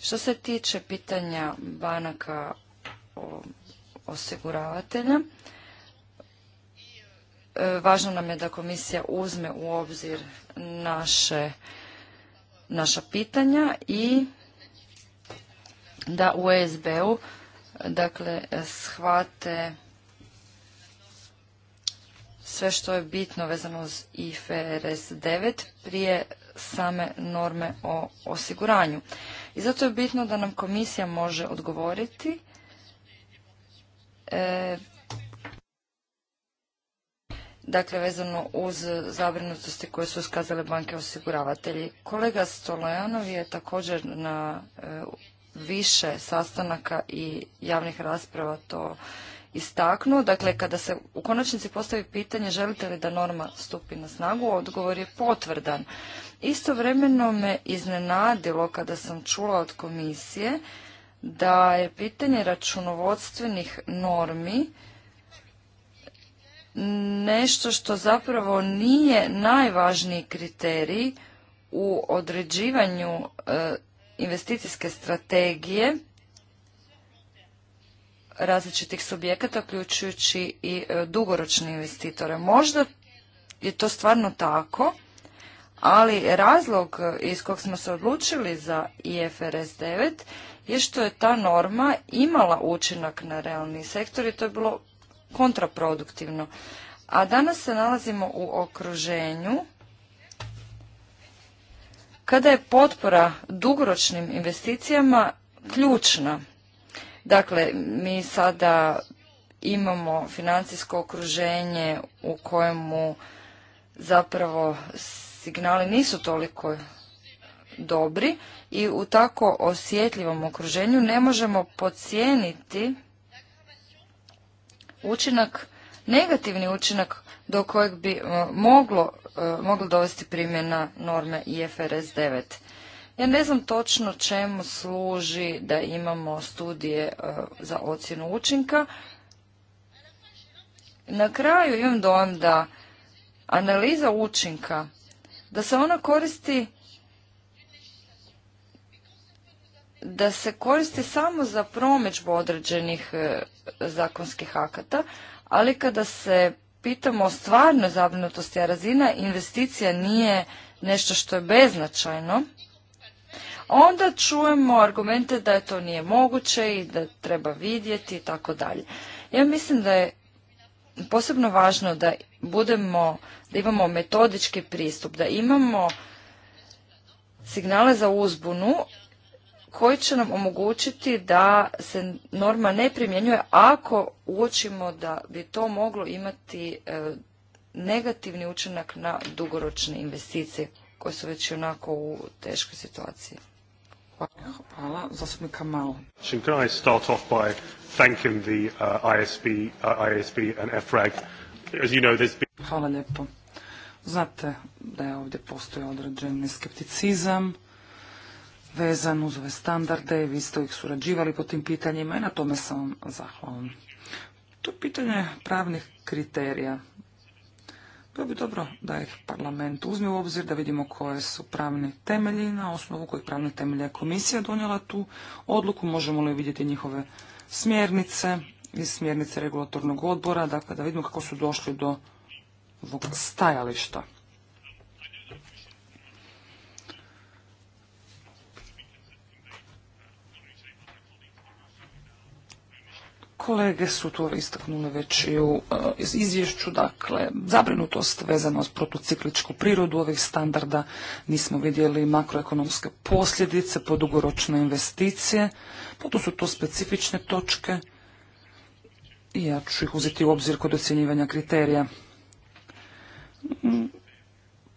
Što se tiče pitanja banaka osiguravatelja, Važno nam je da komisija uzme u obzir naše, naša pitanja i da u ESB-u dakle, shvate sve što je bitno vezano uz IFRS 9 prije same norme o osiguranju. I zato je bitno da nam komisija može odgovoriti e, dakle vezano uz zabrinutosti koje su iskazale banke osiguravatelji. Kolega Stolojanov je također na e, više sastanaka i javnih rasprava to istaknuo. Dakle, kada se u konačnici postavi pitanje želite li da norma stupi na snagu, odgovor je potvrdan. Istovremeno me iznenadilo kada sam čula od komisije da je pitanje računovodstvenih normi nešto što zapravo nije najvažniji kriterij u određivanju e, investicijske strategije različitih subjekata, uključujući i e, dugoročne investitore. Možda je to stvarno tako, ali razlog e, iz kog smo se odlučili za IFRS 9 je što je ta norma imala učinak na realni sektor i to je bilo kontraproduktivno. A danas se nalazimo u okruženju kada je potpora dugoročnim investicijama ključna. Dakle, mi sada imamo financijsko okruženje u kojemu zapravo signali nisu toliko dobri i u tako osjetljivom okruženju ne možemo podcijeniti učinak, negativni učinak do kojeg bi e, moglo, e, moglo dovesti primjena norme IFRS 9. Ja ne znam točno čemu služi da imamo studije e, za ocjenu učinka. Na kraju imam dojam da analiza učinka, da se ona koristi da se koristi samo za promječbu određenih e, zakonskih akata, ali kada se pitamo o stvarnoj zabrinutosti, a razina investicija nije nešto što je beznačajno, onda čujemo argumente da to nije moguće i da treba vidjeti i tako dalje. Ja mislim da je posebno važno da budemo, da imamo metodički pristup, da imamo signale za uzbunu, koji će nam omogućiti da se norma ne primjenjuje ako uočimo da bi to moglo imati e, negativni učinak na dugoročne investicije koje su već i onako u teškoj situaciji. Hvala. Hvala. Zastupnika Malo. Can I start off by thanking the ISB, uh, ISB uh, and FREG? As you know, there's been... Hvala lijepo. Znate da je ovdje postoje određeni skepticizam vezan uz ove standarde vi ste ih surađivali po tim pitanjima i na tome sam vam zahvalan. To je pitanje pravnih kriterija. Bilo bi dobro da ih parlament uzme u obzir, da vidimo koje su pravni temelji, na osnovu kojih pravnih temelja je komisija donijela tu odluku, možemo li vidjeti njihove smjernice i smjernice regulatornog odbora, dakle da vidimo kako su došli do ovog stajališta. Kolege su to istaknule već i u e, izvješću, dakle, zabrinutost vezana uz protocikličku prirodu ovih standarda, nismo vidjeli makroekonomske posljedice po dugoročne investicije, potom pa su to specifične točke i ja ću ih uzeti u obzir kod ocjenjivanja kriterija.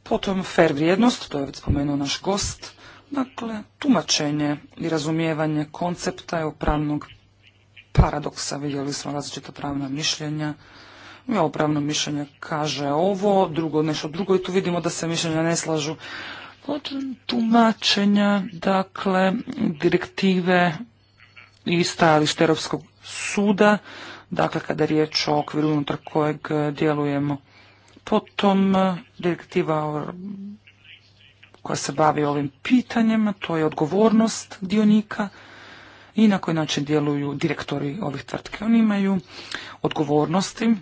Potom fair vrijednost, to je već spomenuo naš gost, dakle, tumačenje i razumijevanje koncepta je pravnog paradoksa. Vidjeli smo različita pravna mišljenja. I ovo pravno mišljenje kaže ovo, drugo nešto drugo i tu vidimo da se mišljenja ne slažu. Od tumačenja, dakle, direktive i stajalište Europskog suda, dakle, kada je riječ o okviru unutar kojeg djelujemo. Potom direktiva koja se bavi ovim pitanjima, to je odgovornost dionika, i na koji način djeluju direktori ovih tvrtke. Oni imaju odgovornosti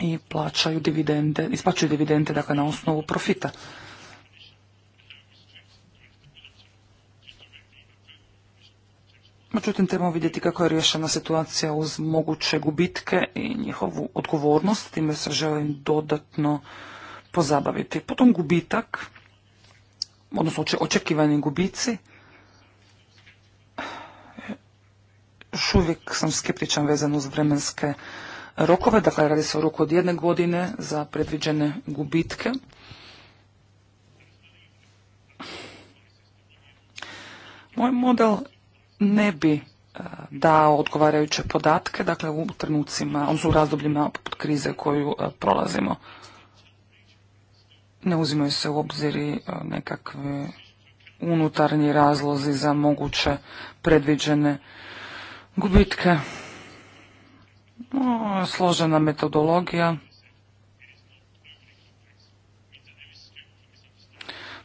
i plaćaju dividende, isplaćuju dividende dakle na osnovu profita. Međutim, trebamo vidjeti kako je rješena situacija uz moguće gubitke i njihovu odgovornost, time se želim dodatno pozabaviti. Potom gubitak, odnosno očekivani gubici, još uvijek sam skeptičan vezan uz vremenske rokove, dakle radi se o roku od jedne godine za predviđene gubitke. Moj model ne bi e, dao odgovarajuće podatke, dakle u trenucima, odnosno u razdobljima krize koju e, prolazimo. Ne uzimaju se u obziri e, nekakve unutarnji razlozi za moguće predviđene Gubitke. složena metodologija.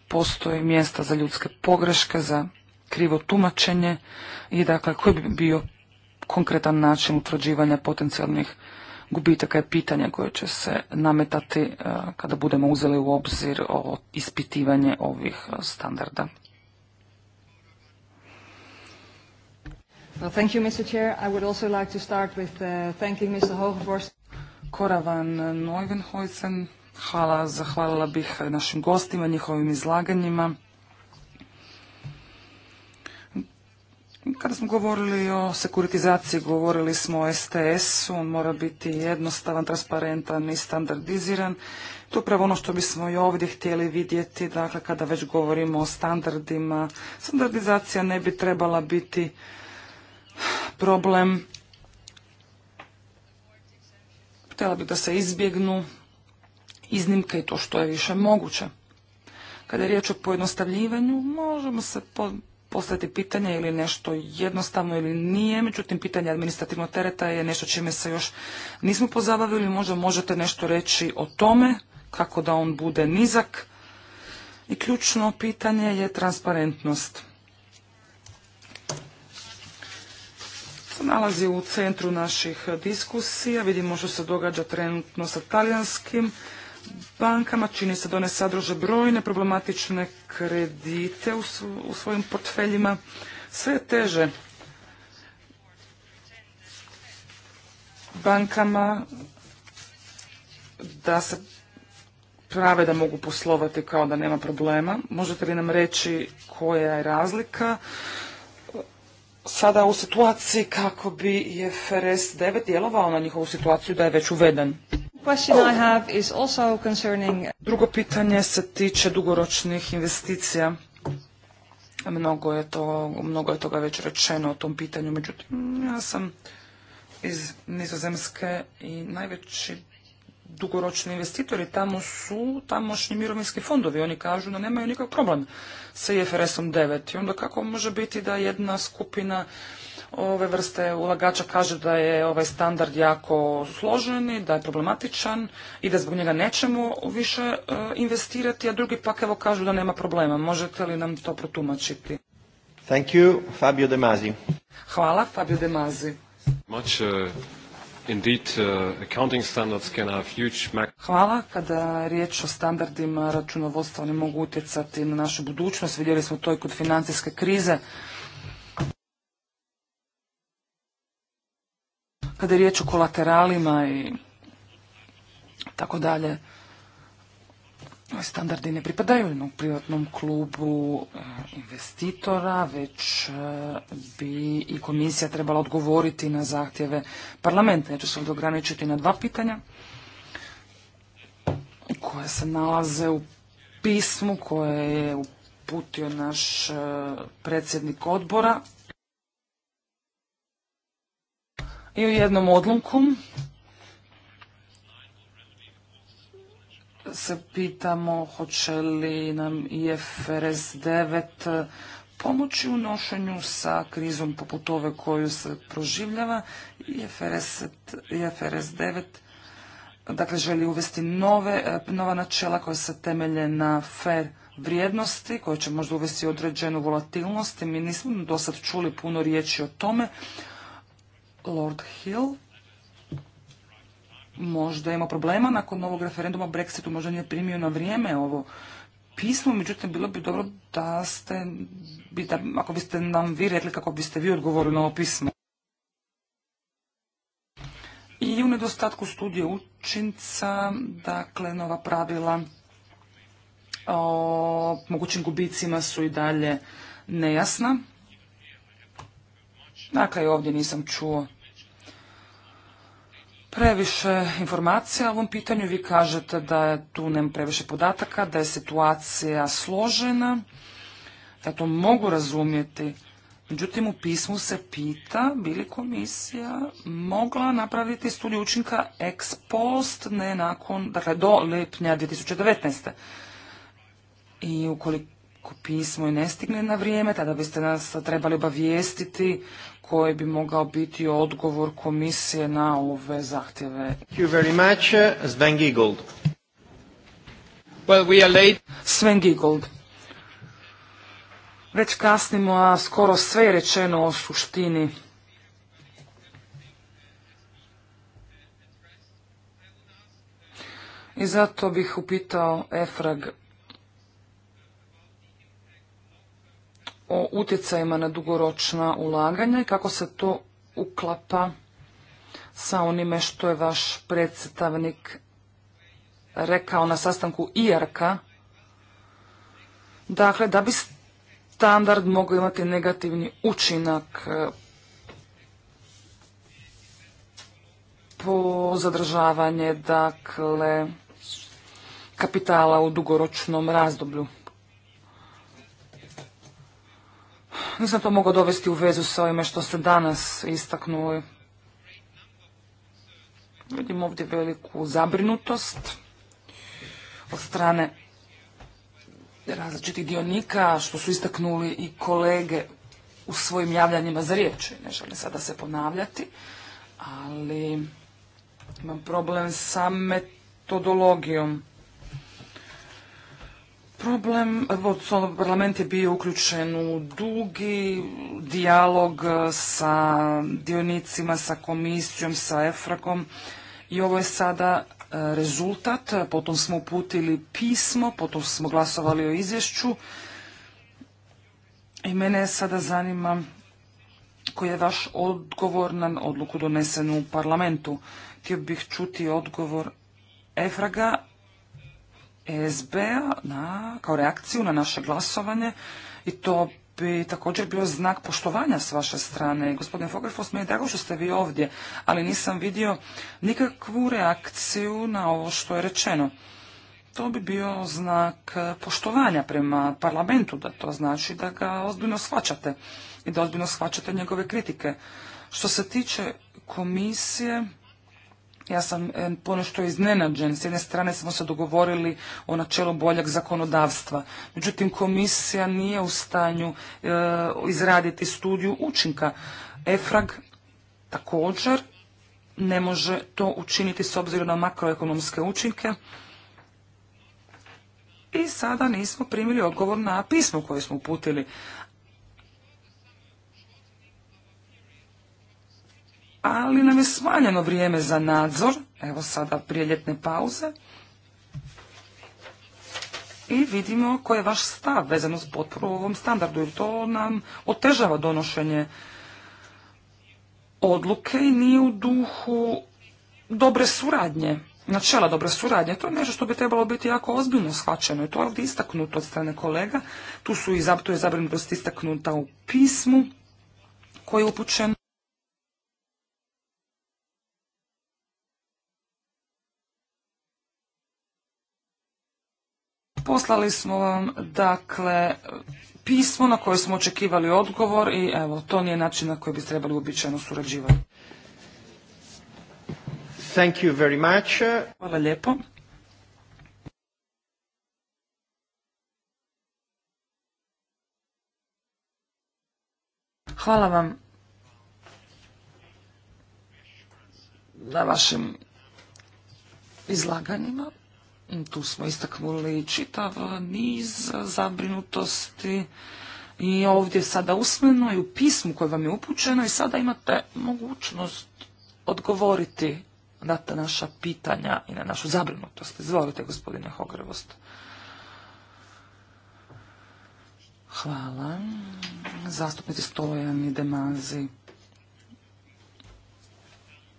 Postoje mjesta za ljudske pogreške, za krivo tumačenje i dakle koji bi bio konkretan način utvrđivanja potencijalnih gubitaka je pitanje koje će se nametati eh, kada budemo uzeli u obzir o ispitivanje ovih eh, standarda. Well, thank you, Mr. Chair. I would also like to start with uh, thanking Mr. Hogevorst. Koravan Neuvenhuisen, hvala, zahvalila bih eh, našim gostima, njihovim izlaganjima. Kada smo govorili o sekuritizaciji, govorili smo o STS-u, on mora biti jednostavan, transparentan i standardiziran. To je upravo ono što bismo i ovdje htjeli vidjeti, dakle kada već govorimo o standardima, standardizacija ne bi trebala biti problem. Htjela bih da se izbjegnu iznimke i to što je više moguće. Kada je riječ o pojednostavljivanju, možemo se postaviti pitanje ili nešto jednostavno ili nije, međutim pitanje administrativnog tereta je nešto čime se još nismo pozabavili, možda možete nešto reći o tome, kako da on bude nizak. I ključno pitanje je transparentnost. se nalazi u centru naših diskusija. Vidimo što se događa trenutno sa talijanskim bankama. Čini se da one sadrže brojne problematične kredite u svojim portfeljima. Sve je teže bankama da se prave da mogu poslovati kao da nema problema. Možete li nam reći koja je razlika sada u situaciji kako bi je FRS 9 djelovao na njihovu situaciju da je već uveden. Drugo pitanje se tiče dugoročnih investicija. Mnogo je, to, mnogo je toga već rečeno o tom pitanju, međutim ja sam iz Nizozemske i najveći dugoročni investitori tamo su tamošnji mirovinski fondovi. Oni kažu da nemaju nikakav problem sa IFRS-om 9. I onda kako može biti da jedna skupina ove vrste ulagača kaže da je ovaj standard jako i da je problematičan i da zbog njega nećemo više e, investirati, a drugi pak evo kažu da nema problema. Možete li nam to protumačiti? Thank you, Fabio De Masi. Hvala, Fabio De Masi. Much, uh, Uh, Hvala. Kada je riječ o standardima računovodstva, oni mogu utjecati na našu budućnost. Vidjeli smo to i kod financijske krize. Kada je riječ o kolateralima i tako dalje, Dakle, standardi ne pripadaju jednom privatnom klubu e, investitora, već e, bi i komisija trebala odgovoriti na zahtjeve parlamenta. Ja ću se ovdje ograničiti na dva pitanja koje se nalaze u pismu koje je uputio naš e, predsjednik odbora i u jednom odlomku se pitamo hoće li nam IFRS 9 pomoći u nošenju sa krizom poput ove koju se proživljava. IFRS, IFRS 9 dakle, želi uvesti nove, nova načela koja se temelje na fair vrijednosti, koje će možda uvesti određenu volatilnost. Mi nismo do sad čuli puno riječi o tome. Lord Hill možda ima problema nakon ovog referenduma Brexitu, možda nije primio na vrijeme ovo pismo, međutim bilo bi dobro da ste, da, ako biste nam vi rekli kako biste vi odgovorili na ovo pismo. I u nedostatku studije učinca, dakle, nova pravila o mogućim gubicima su i dalje nejasna. Dakle, ovdje nisam čuo previše informacija o ovom pitanju. Vi kažete da je tu nema previše podataka, da je situacija složena. Ja to mogu razumjeti. Međutim, u pismu se pita bi li komisija mogla napraviti studiju učinka ex post, ne nakon, dakle do lipnja 2019. I ukoliko ako pismo i ne stigne na vrijeme, tada biste nas trebali obavijestiti koji bi mogao biti odgovor komisije na ove zahtjeve. Thank you very much, uh, Sven Giegold. Well, we are late. Sven Giegold. Već kasnimo, a skoro sve je rečeno o suštini. I zato bih upitao Efrag o utjecajima na dugoročna ulaganja i kako se to uklapa sa onime što je vaš predstavnik rekao na sastanku IRK-a, dakle da bi standard mogao imati negativni učinak e, po zadržavanje dakle kapitala u dugoročnom razdoblju. Nisam to mogao dovesti u vezu sa ovime što ste danas istaknuli. Vidim ovdje veliku zabrinutost od strane različitih dionika, što su istaknuli i kolege u svojim javljanjima za riječ. Ne želim sada se ponavljati, ali imam problem sa metodologijom problem, parlament je bio uključen u dugi dijalog e, sa dionicima, sa komisijom, sa EFRAKom i ovo je sada e, rezultat. Potom smo uputili pismo, potom smo glasovali o izvješću i mene sada zanima koji je vaš odgovor na odluku donesenu u parlamentu. Htio bih čuti odgovor Efraga sb na, kao reakciju na naše glasovanje i to bi također bio znak poštovanja s vaše strane. Gospodin Fogarfos, mi je drago što ste vi ovdje, ali nisam vidio nikakvu reakciju na ovo što je rečeno. To bi bio znak poštovanja prema parlamentu, da to znači da ga ozbiljno shvaćate i da ozbiljno shvaćate njegove kritike. Što se tiče komisije, ja sam e, ponešto iznenađen. S jedne strane smo se dogovorili o načelu boljeg zakonodavstva. Međutim, komisija nije u stanju e, izraditi studiju učinka. EFRAG također ne može to učiniti s obzirom na makroekonomske učinke. I sada nismo primili odgovor na pismo koje smo uputili. ali nam je smanjeno vrijeme za nadzor, evo sada prije ljetne pauze. I vidimo koji je vaš stav vezan uz potporu ovom standardu, jer to nam otežava donošenje odluke i nije u duhu dobre suradnje, načela dobre suradnje. To je nešto što bi trebalo biti jako ozbiljno shvaćeno i to je ovdje istaknuto od strane kolega. Tu su i je zabrinutost istaknuta u pismu koji je upućen Poslali smo vam, dakle, pismo na koje smo očekivali odgovor i evo, to nije način na koji bi trebali uobičajeno surađivati. Thank you very much. Hvala lijepo. Hvala vam na vašim izlaganjima. Tu smo istaknuli čitav niz zabrinutosti i ovdje sada usmeno i u pismu koje vam je upućeno i sada imate mogućnost odgovoriti na ta naša pitanja i na našu zabrinutost. Izvolite, gospodine Hogrevost. Hvala. Zastupnici Stojan i Demazi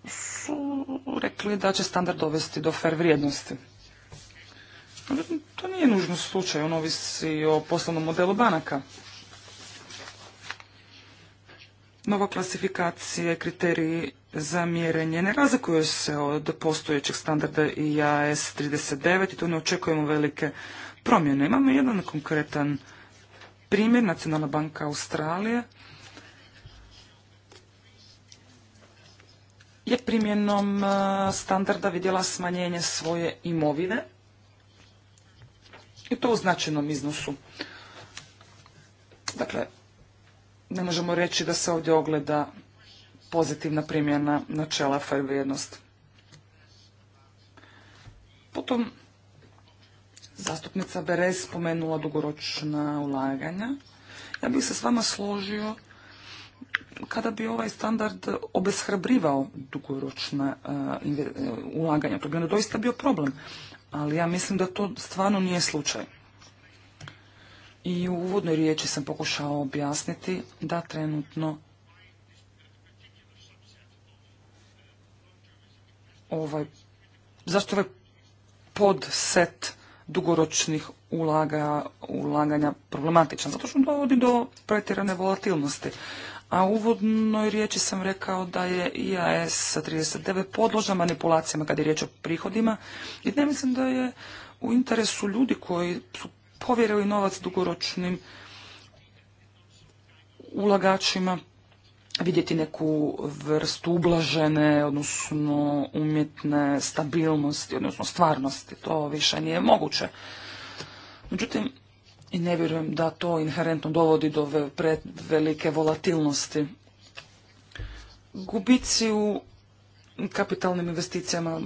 su rekli da će standard dovesti do fer vrijednosti. To nije nužno slučaj, ono ovisi o poslovnom modelu banaka. Nova klasifikacija i kriteriji za mjerenje ne razlikuju se od postojećeg standarda IAS 39 i tu ne očekujemo velike promjene. Imamo jedan konkretan primjer, Nacionalna banka Australije je primjenom e, standarda vidjela smanjenje svoje imovine i to u značajnom iznosu. Dakle, ne možemo reći da se ovdje ogleda pozitivna primjena načela fair vrijednost. Potom zastupnica Berez spomenula dugoročna ulaganja. Ja bih se s vama složio kada bi ovaj standard obeshrabrivao dugoročna e, e, ulaganja. To bi onda doista bio problem ali ja mislim da to stvarno nije slučaj. I u uvodnoj riječi sam pokušao objasniti da trenutno ovaj, zašto ovaj podset dugoročnih ulaga, ulaganja problematičan? Zato što dovodi do pretjerane volatilnosti a u uvodnoj riječi sam rekao da je IAS sa 39 podložna manipulacijama kad je riječ o prihodima i ne mislim da je u interesu ljudi koji su povjerili novac dugoročnim ulagačima vidjeti neku vrstu ublažene, odnosno umjetne stabilnosti, odnosno stvarnosti. To više nije moguće. Međutim, i ne vjerujem da to inherentno dovodi do velike volatilnosti. Gubici u kapitalnim investicijama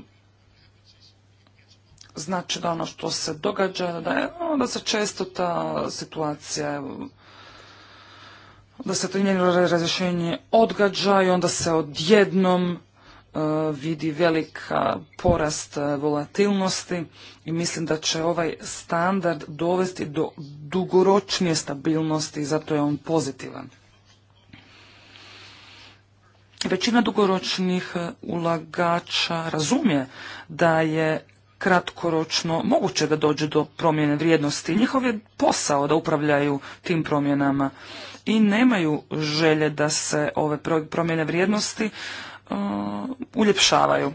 znači da ono što se događa, da, se često ta situacija da se to razrješenje odgađa i onda se odjednom E, vidi velika porast e, volatilnosti i mislim da će ovaj standard dovesti do dugoročnije stabilnosti i zato je on pozitivan. Većina dugoročnih e, ulagača razumije da je kratkoročno moguće da dođe do promjene vrijednosti. Njihov je posao da upravljaju tim promjenama i nemaju želje da se ove promjene vrijednosti E, uljepšavaju.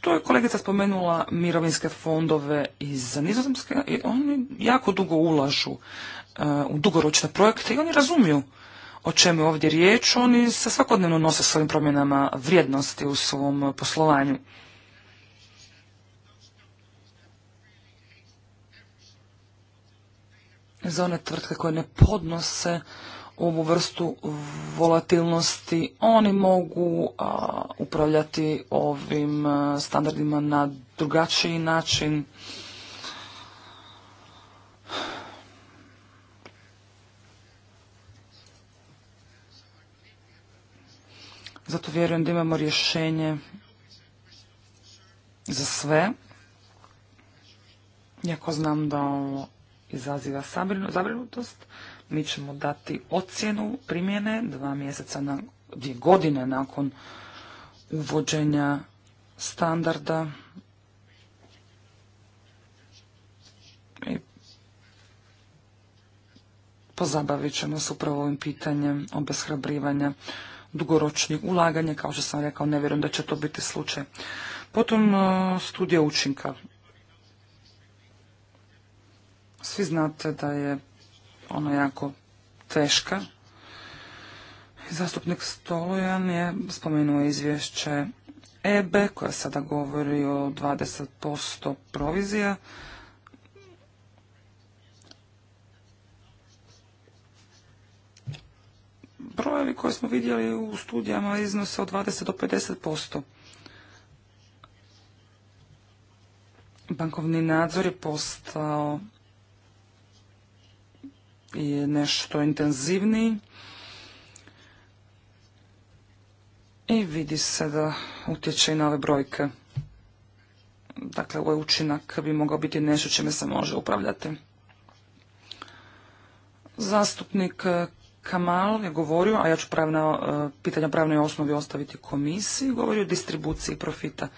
To je kolegica spomenula mirovinske fondove iz Nizozemske i oni jako dugo ulažu e, u dugoročne projekte i oni razumiju o čemu je ovdje riječ. Oni se svakodnevno nose s ovim promjenama vrijednosti u svom poslovanju. Za one tvrtke koje ne podnose ovu vrstu volatilnosti, oni mogu upravljati ovim standardima na drugačiji način. Zato vjerujem da imamo rješenje za sve. Iako znam da izaziva zabrinutost. Mi ćemo dati ocjenu primjene dva mjeseca, na, dvije godine nakon uvođenja standarda. I pozabavit ćemo se upravo ovim pitanjem obeshrabrivanja dugoročnih ulaganja. Kao što sam rekao, ne vjerujem da će to biti slučaj. Potom e, studija učinka. Svi znate da je ono jako teška. Zastupnik Stolojan je spomenuo izvješće EBE koja sada govori o 20% provizija. Brojevi koje smo vidjeli u studijama iznose od 20 do 50%. Bankovni nadzor je postao je nešto intenzivniji. I vidi se da utječe i na ove brojke. Dakle, ovaj učinak bi mogao biti nešto čime se može upravljati. Zastupnik Kamal je govorio, a ja ću pravna, e, pitanja pravnoj osnovi ostaviti komisiji, govorio o distribuciji profita.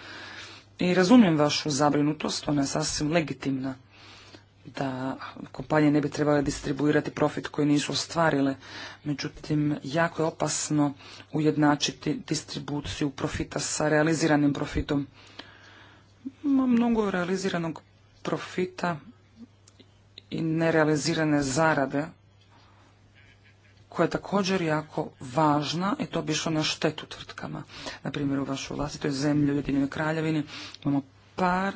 I razumijem vašu zabrinutost, ona je sasvim legitimna da kompanije ne bi trebale distribuirati profit koji nisu ostvarile. Međutim, jako je opasno ujednačiti distribuciju profita sa realiziranim profitom. Ima mnogo realiziranog profita i nerealizirane zarade koja je također jako važna i to bi išlo na štetu tvrtkama. Na primjer, u vašoj vlastitoj zemlji, u Ujedinjenoj kraljevini, imamo par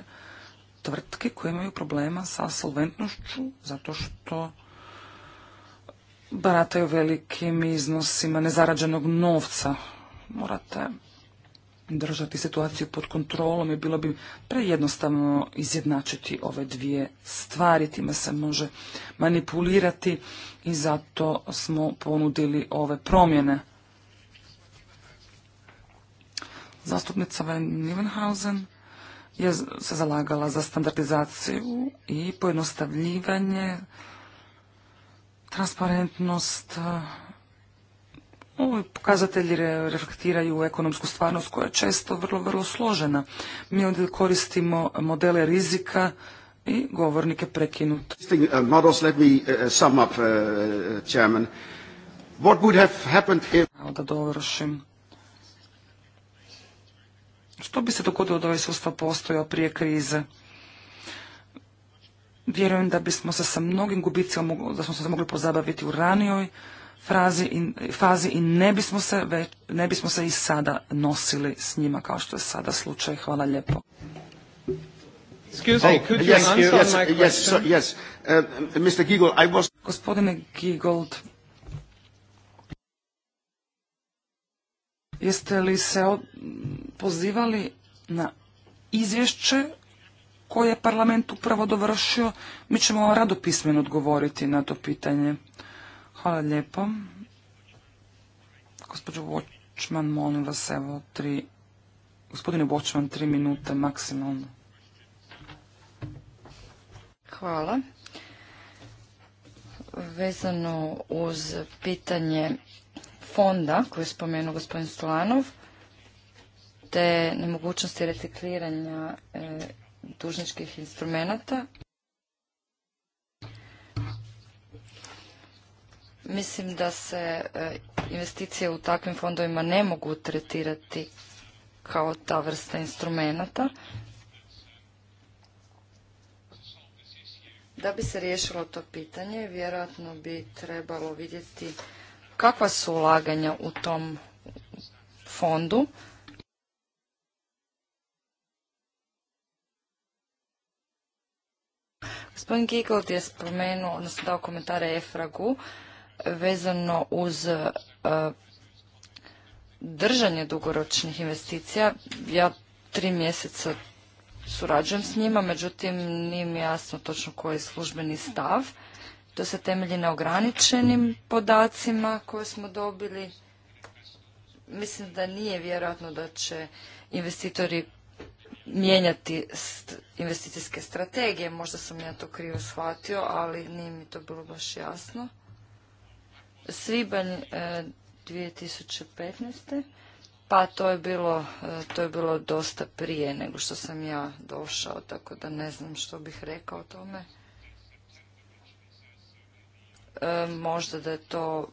tvrtke koje imaju problema sa solventnošću zato što barataju velikim iznosima nezarađenog novca. Morate držati situaciju pod kontrolom i bilo bi prejednostavno izjednačiti ove dvije stvari. Time se može manipulirati i zato smo ponudili ove promjene. Zastupnica Van Nivenhausen je se zalagala za standardizaciju i pojednostavljivanje, transparentnost. Ovi pokazatelji reflektiraju ekonomsku stvarnost koja je često vrlo, vrlo složena. Mi ovdje koristimo modele rizika i govornike prekinut. Uh, uh, uh, Hvala da dovršim. Što bi se dogodilo da ovaj sustav postojao prije krize? Vjerujem da bismo se sa mnogim gubicima, da smo se mogli pozabaviti u ranijoj frazi i, fazi i ne bismo, se već, ne bismo se i sada nosili s njima kao što je sada slučaj. Hvala lijepo. Oh, Gospodine Gigold, Jeste li se pozivali na izvješće koje je parlament upravo dovršio? Mi ćemo rado pismeno odgovoriti na to pitanje. Hvala lijepo. Gospodin Vočman, molim vas, evo, tri... Gospodine Vočman, tri minute maksimalno. Hvala. Vezano uz pitanje fonda koju je spomenuo gospodin Stolanov, te nemogućnosti recikliranja e, dužničkih instrumenata. Mislim da se e, investicije u takvim fondovima ne mogu tretirati kao ta vrsta instrumenata. Da bi se riješilo to pitanje, vjerojatno bi trebalo vidjeti kakva su ulaganja u tom fondu. Gospodin je spomenuo, odnosno dao komentare Efragu vezano uz e, držanje dugoročnih investicija. Ja tri mjeseca surađujem s njima, međutim nije mi jasno točno koji je službeni stav. To se temelji na ograničenim podacima koje smo dobili. Mislim da nije vjerojatno da će investitori mijenjati investicijske strategije. Možda sam ja to krivo shvatio, ali nije mi to bilo baš jasno. Svibanj 2015. E, pa to je, bilo, e, to je bilo dosta prije nego što sam ja došao, tako da ne znam što bih rekao o tome. E, možda da je to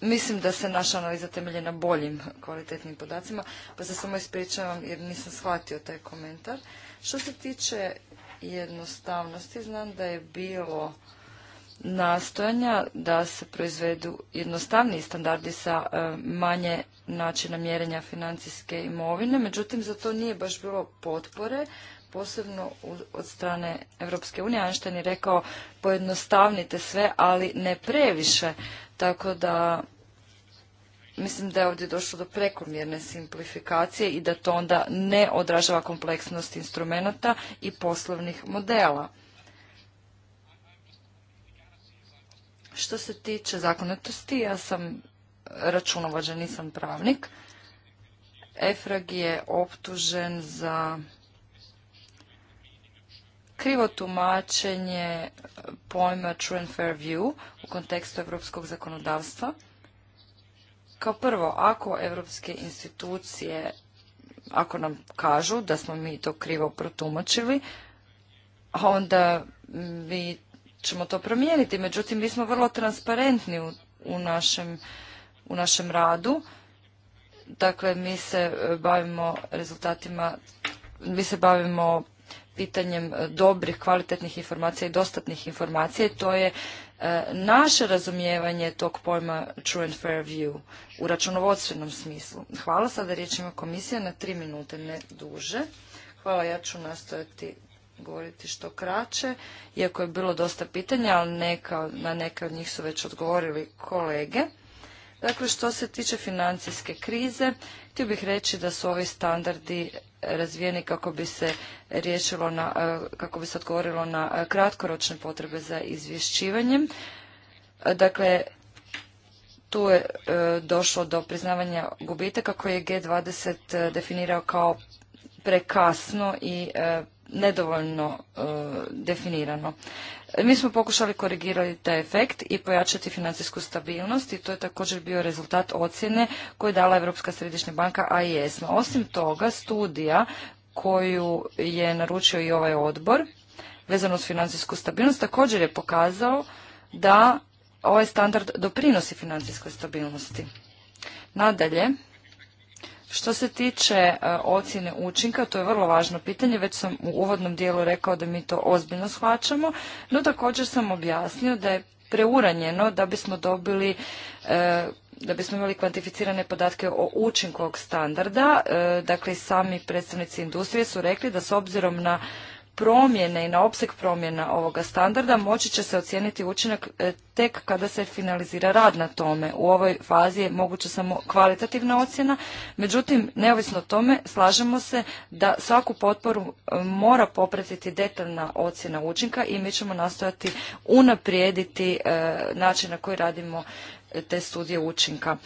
Mislim da se naša analiza temelje na boljim kvalitetnim podacima, pa se samo ispričavam jer nisam shvatio taj komentar. Što se tiče jednostavnosti, znam da je bilo nastojanja da se proizvedu jednostavniji standardi sa e, manje načina mjerenja financijske imovine, međutim za to nije baš bilo potpore, posebno od strane Europske unije. Einstein je rekao pojednostavnite sve, ali ne previše. Tako da mislim da je ovdje došlo do prekomjerne simplifikacije i da to onda ne odražava kompleksnost instrumenata i poslovnih modela. Što se tiče zakonitosti, ja sam računovođa, nisam pravnik. Efrag je optužen za krivo tumačenje pojma true and fair view u kontekstu europskog zakonodavstva. Kao prvo, ako europske institucije, ako nam kažu da smo mi to krivo protumačili, onda mi ćemo to promijeniti. Međutim, mi smo vrlo transparentni u, u, našem, u našem radu. Dakle, mi se bavimo rezultatima, mi se bavimo pitanjem e, dobrih, kvalitetnih informacija i dostatnih informacija i to je e, naše razumijevanje tog pojma true and fair view u računovodstvenom smislu. Hvala sada ima komisija na tri minute, ne duže. Hvala, ja ću nastojati govoriti što kraće, iako je bilo dosta pitanja, ali neka, na neke od njih su već odgovorili kolege. Dakle, što se tiče financijske krize, htio bih reći da su ovi standardi razvijeni kako bi se riješilo na, e, kako bi se odgovorilo na e, kratkoročne potrebe za izvješćivanjem. E, dakle, tu je došlo do priznavanja gubitaka koje je G20 definirao kao prekasno i nedovoljno e, definirano. Mi smo pokušali korigirati taj efekt i pojačati financijsku stabilnost i to je također bio rezultat ocjene koju je dala Europska središnja banka AIS. No, osim toga, studija koju je naručio i ovaj odbor vezano s financijsku stabilnost također je pokazao da ovaj standard doprinosi financijskoj stabilnosti. Nadalje, što se tiče e, ocjene učinka, to je vrlo važno pitanje, već sam u uvodnom dijelu rekao da mi to ozbiljno shvaćamo, no također sam objasnio da je preuranjeno da bismo dobili e, da bismo imali kvantificirane podatke o učinku standarda. E, dakle, sami predstavnici industrije su rekli da s obzirom na promjene i na opseg promjena ovoga standarda moći će se ocijeniti učinak e, tek kada se finalizira rad na tome. U ovoj fazi je moguća samo kvalitativna ocjena, međutim, neovisno o tome, slažemo se da svaku potporu e, mora popratiti detaljna ocjena učinka i mi ćemo nastojati unaprijediti e, način na koji radimo te studije učinka.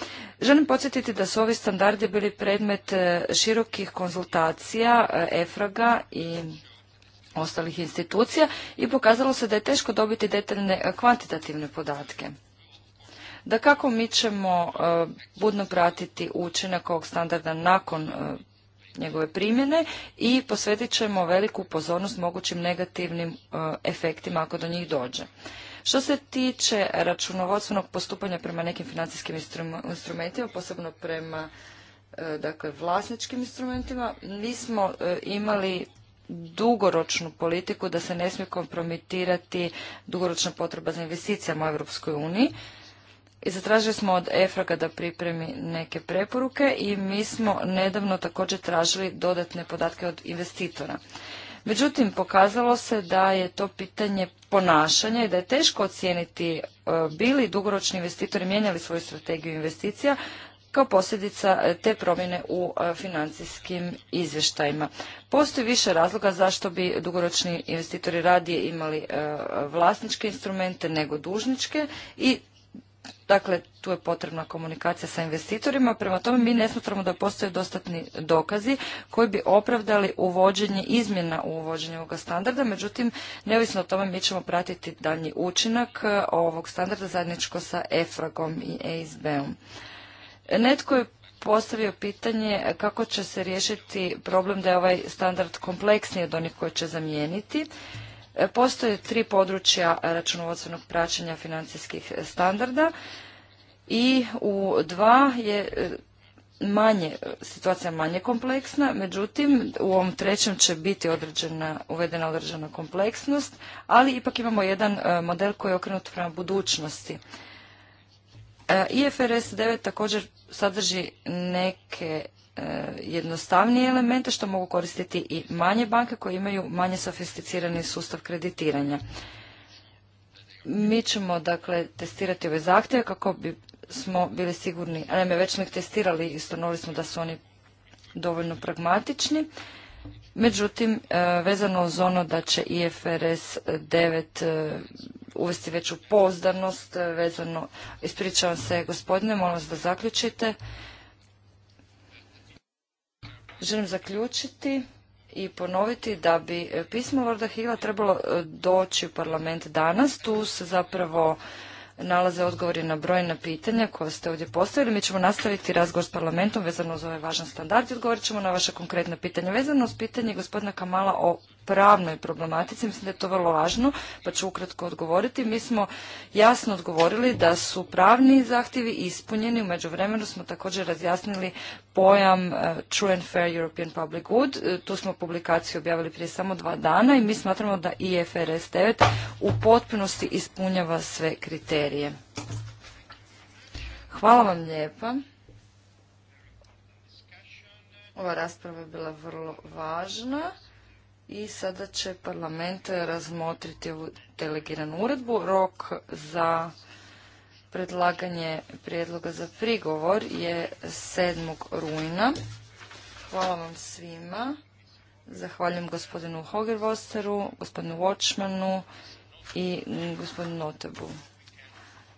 Želim podsjetiti da su ovi standardi bili predmet širokih konzultacija EFRAGA i ostalih institucija i pokazalo se da je teško dobiti detaljne e, kvantitativne podatke. Da kako mi ćemo e, budno pratiti učinak ovog standarda nakon e, njegove primjene i posvetit ćemo veliku pozornost mogućim negativnim efektima ako do njih dođe. Što se tiče računovodstvenog postupanja prema nekim financijskim instrumentima, posebno prema dakle, vlasničkim instrumentima, mi smo imali dugoročnu politiku da se ne smije kompromitirati dugoročna potreba za investicijama u Europskoj uniji. I zatražili smo od EFRAGA da pripremi neke preporuke i mi smo nedavno također tražili dodatne podatke od investitora. Međutim, pokazalo se da je to pitanje ponašanja i da je teško ocijeniti e, bili dugoročni investitori mijenjali svoju strategiju investicija, kao posljedica e, te promjene u e, financijskim izvještajima. Postoji više razloga zašto bi dugoročni investitori radije imali e, vlasničke instrumente nego dužničke i Dakle, tu je potrebna komunikacija sa investitorima, prema tome mi ne smatramo da postoje dostatni dokazi koji bi opravdali uvođenje izmjena u uvođenju ovoga standarda, međutim, neovisno o tome mi ćemo pratiti daljnji učinak ovog standarda zajedničko sa EFRAG-om i eisb om Netko je postavio pitanje kako će se riješiti problem da je ovaj standard kompleksniji od onih koje će zamijeniti. E, postoje tri područja računovodstvenog praćenja financijskih standarda i u dva je e, manje, situacija manje kompleksna, međutim u ovom trećem će biti određena, uvedena određena kompleksnost, ali ipak imamo jedan e, model koji je okrenut prema budućnosti. E, IFRS 9 također sadrži neke e, jednostavnije elemente što mogu koristiti i manje banke koje imaju manje sofisticirani sustav kreditiranja. Mi ćemo dakle testirati ove zahtjeve kako bi smo bili sigurni, naime već smo ih testirali i stanovili smo da su oni dovoljno pragmatični. Međutim, e, vezano uz ono da će IFRS 9 e, uvesti veću pozdanost, e, vezano, ispričavam se gospodine, molim vas da zaključite. Želim zaključiti i ponoviti da bi pismo Lorda Hila trebalo doći u parlament danas. Tu se zapravo nalaze odgovori na brojna pitanja koja ste ovdje postavili. Mi ćemo nastaviti razgovor s parlamentom vezano uz ovaj važan standard i odgovorit ćemo na vaše konkretne pitanje. Vezano uz pitanje gospodina Kamala o pravnoj problematici. Mislim da je to vrlo važno, pa ću ukratko odgovoriti. Mi smo jasno odgovorili da su pravni zahtjevi ispunjeni. U međuvremenu smo također razjasnili pojam e, True and Fair European Public Good. E, tu smo publikaciju objavili prije samo dva dana i mi smatramo da IFRS 9 u potpunosti ispunjava sve kriterije. Hvala vam lijepa. Ova rasprava je bila vrlo važna i sada će parlament razmotriti ovu delegiranu uredbu. Rok za predlaganje prijedloga za prigovor je 7. rujna. Hvala vam svima. Zahvaljujem gospodinu Hogervosteru, gospodinu Watchmanu i gospodinu Notebu.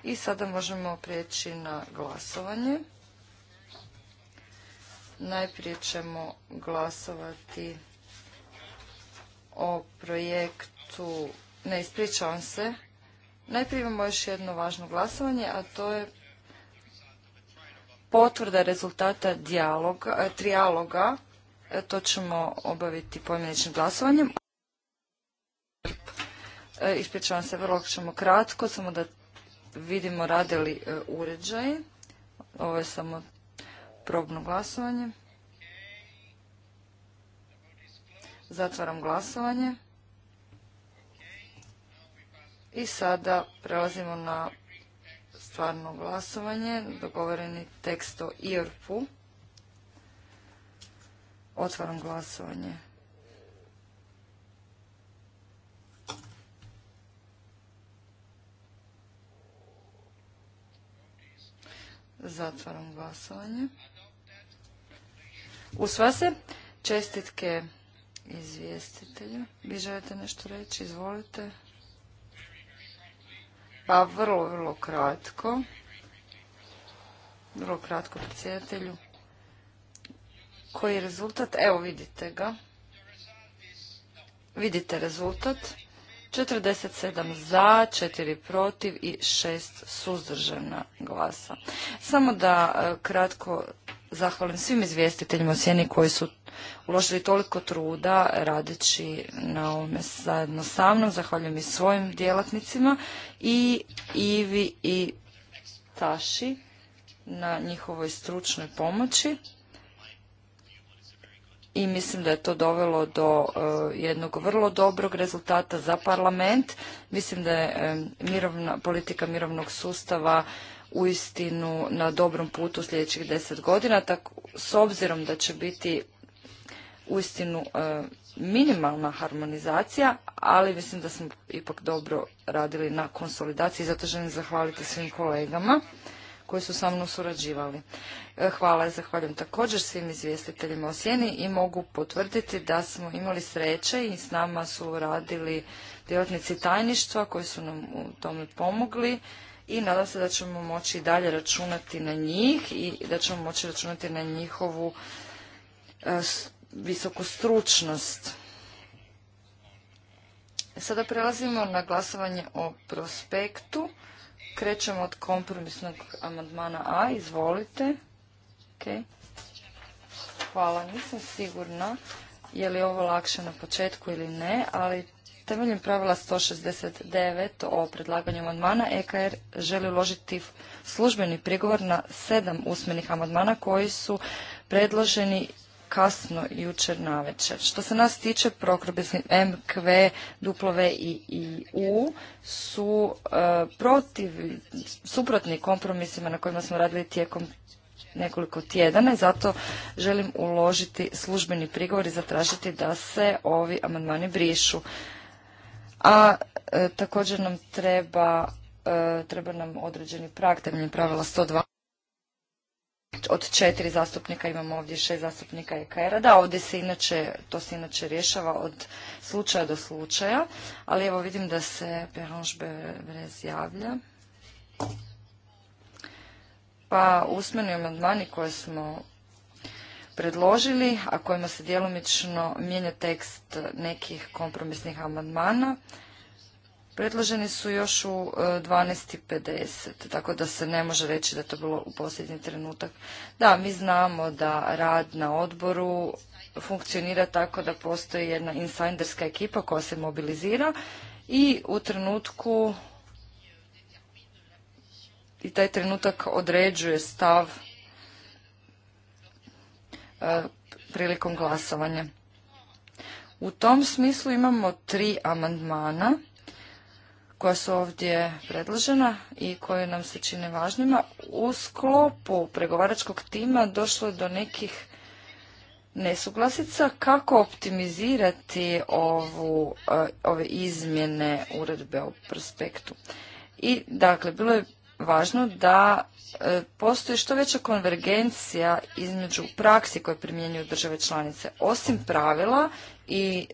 I sada možemo prijeći na glasovanje. Najprije ćemo glasovati o projektu, ne ispričavam se, najprije imamo još jedno važno glasovanje, a to je potvrda rezultata dijalog. E, trijaloga, e, to ćemo obaviti pojmeničnim glasovanjem. E, ispričavam se, vrlo ćemo kratko, samo da vidimo radili uređaj. Ovo je samo probno glasovanje. Zatvaram glasovanje. I sada prelazimo na stvarno glasovanje, dogovoreni tekst o IRP-u. Otvaram glasovanje. Zatvaram glasovanje. Usva se. Čestitke izvjestitelju. Vi želite nešto reći? Izvolite. Pa vrlo, vrlo kratko. Vrlo kratko predsjedatelju. Koji je rezultat? Evo vidite ga. Vidite rezultat. 47 za, 4 protiv i 6 suzdržana glasa. Samo da e, kratko zahvalim svim izvjestiteljima sjeni koji su uložili toliko truda radeći na ovome zajedno sa mnom. Zahvaljujem i svojim djelatnicima i Ivi i Taši na njihovoj stručnoj pomoći. I mislim da je to dovelo do e, jednog vrlo dobrog rezultata za parlament. Mislim da je e, mirovna, politika mirovnog sustava uistinu na dobrom putu sljedećih deset godina, tako s obzirom da će biti uistinu e, minimalna harmonizacija, ali mislim da smo ipak dobro radili na konsolidaciji, zato želim zahvaliti svim kolegama koji su sa mnom surađivali. E, hvala i zahvaljujem također svim izvjestiteljima o Sjeni i mogu potvrditi da smo imali sreće i s nama su radili djelatnici tajništva koji su nam u tome pomogli i nadam se da ćemo moći i dalje računati na njih i da ćemo moći računati na njihovu e, visoku stručnost. Sada prelazimo na glasovanje o prospektu. Krećemo od kompromisnog amandmana A. Izvolite. Hvala. Nisam sigurna je li ovo lakše na početku ili ne, ali Temeljem pravila 169 o predlaganju amandmana, EKR er želi uložiti službeni prigovor na sedam usmenih amandmana koji su predloženi kasno jučer na večer. Što se nas tiče, prokrobisni MKV, duplove i, i U su e, protiv, suprotni kompromisima na kojima smo radili tijekom nekoliko tjedana i zato želim uložiti službeni prigovor i zatražiti da se ovi amandmani brišu a e, također nam treba, e, treba nam određeni prag temeljem pravila 102. Od četiri zastupnika imamo ovdje šest zastupnika EKR-a. Da, ovdje se inače, to se inače rješava od slučaja do slučaja, ali evo vidim da se Peronš Berez javlja. Pa usmeni amandmani koje smo predložili, a kojima se djelomično mijenja tekst nekih kompromisnih amandmana, predloženi su još u 12.50, e, tako da se ne može reći da to bilo u posljednji trenutak. Da, mi znamo da rad na odboru funkcionira tako da postoji jedna insiderska ekipa koja se mobilizira i u trenutku i taj trenutak određuje stav E, prilikom glasovanja. U tom smislu imamo tri amandmana koja su ovdje predložena i koje nam se čine važnima. U sklopu pregovaračkog tima došlo je do nekih nesuglasica kako optimizirati ovu, e, ove izmjene uredbe o prospektu. I dakle, bilo je važno da e, postoji što veća konvergencija između praksi koje primjenjuju države članice. Osim pravila i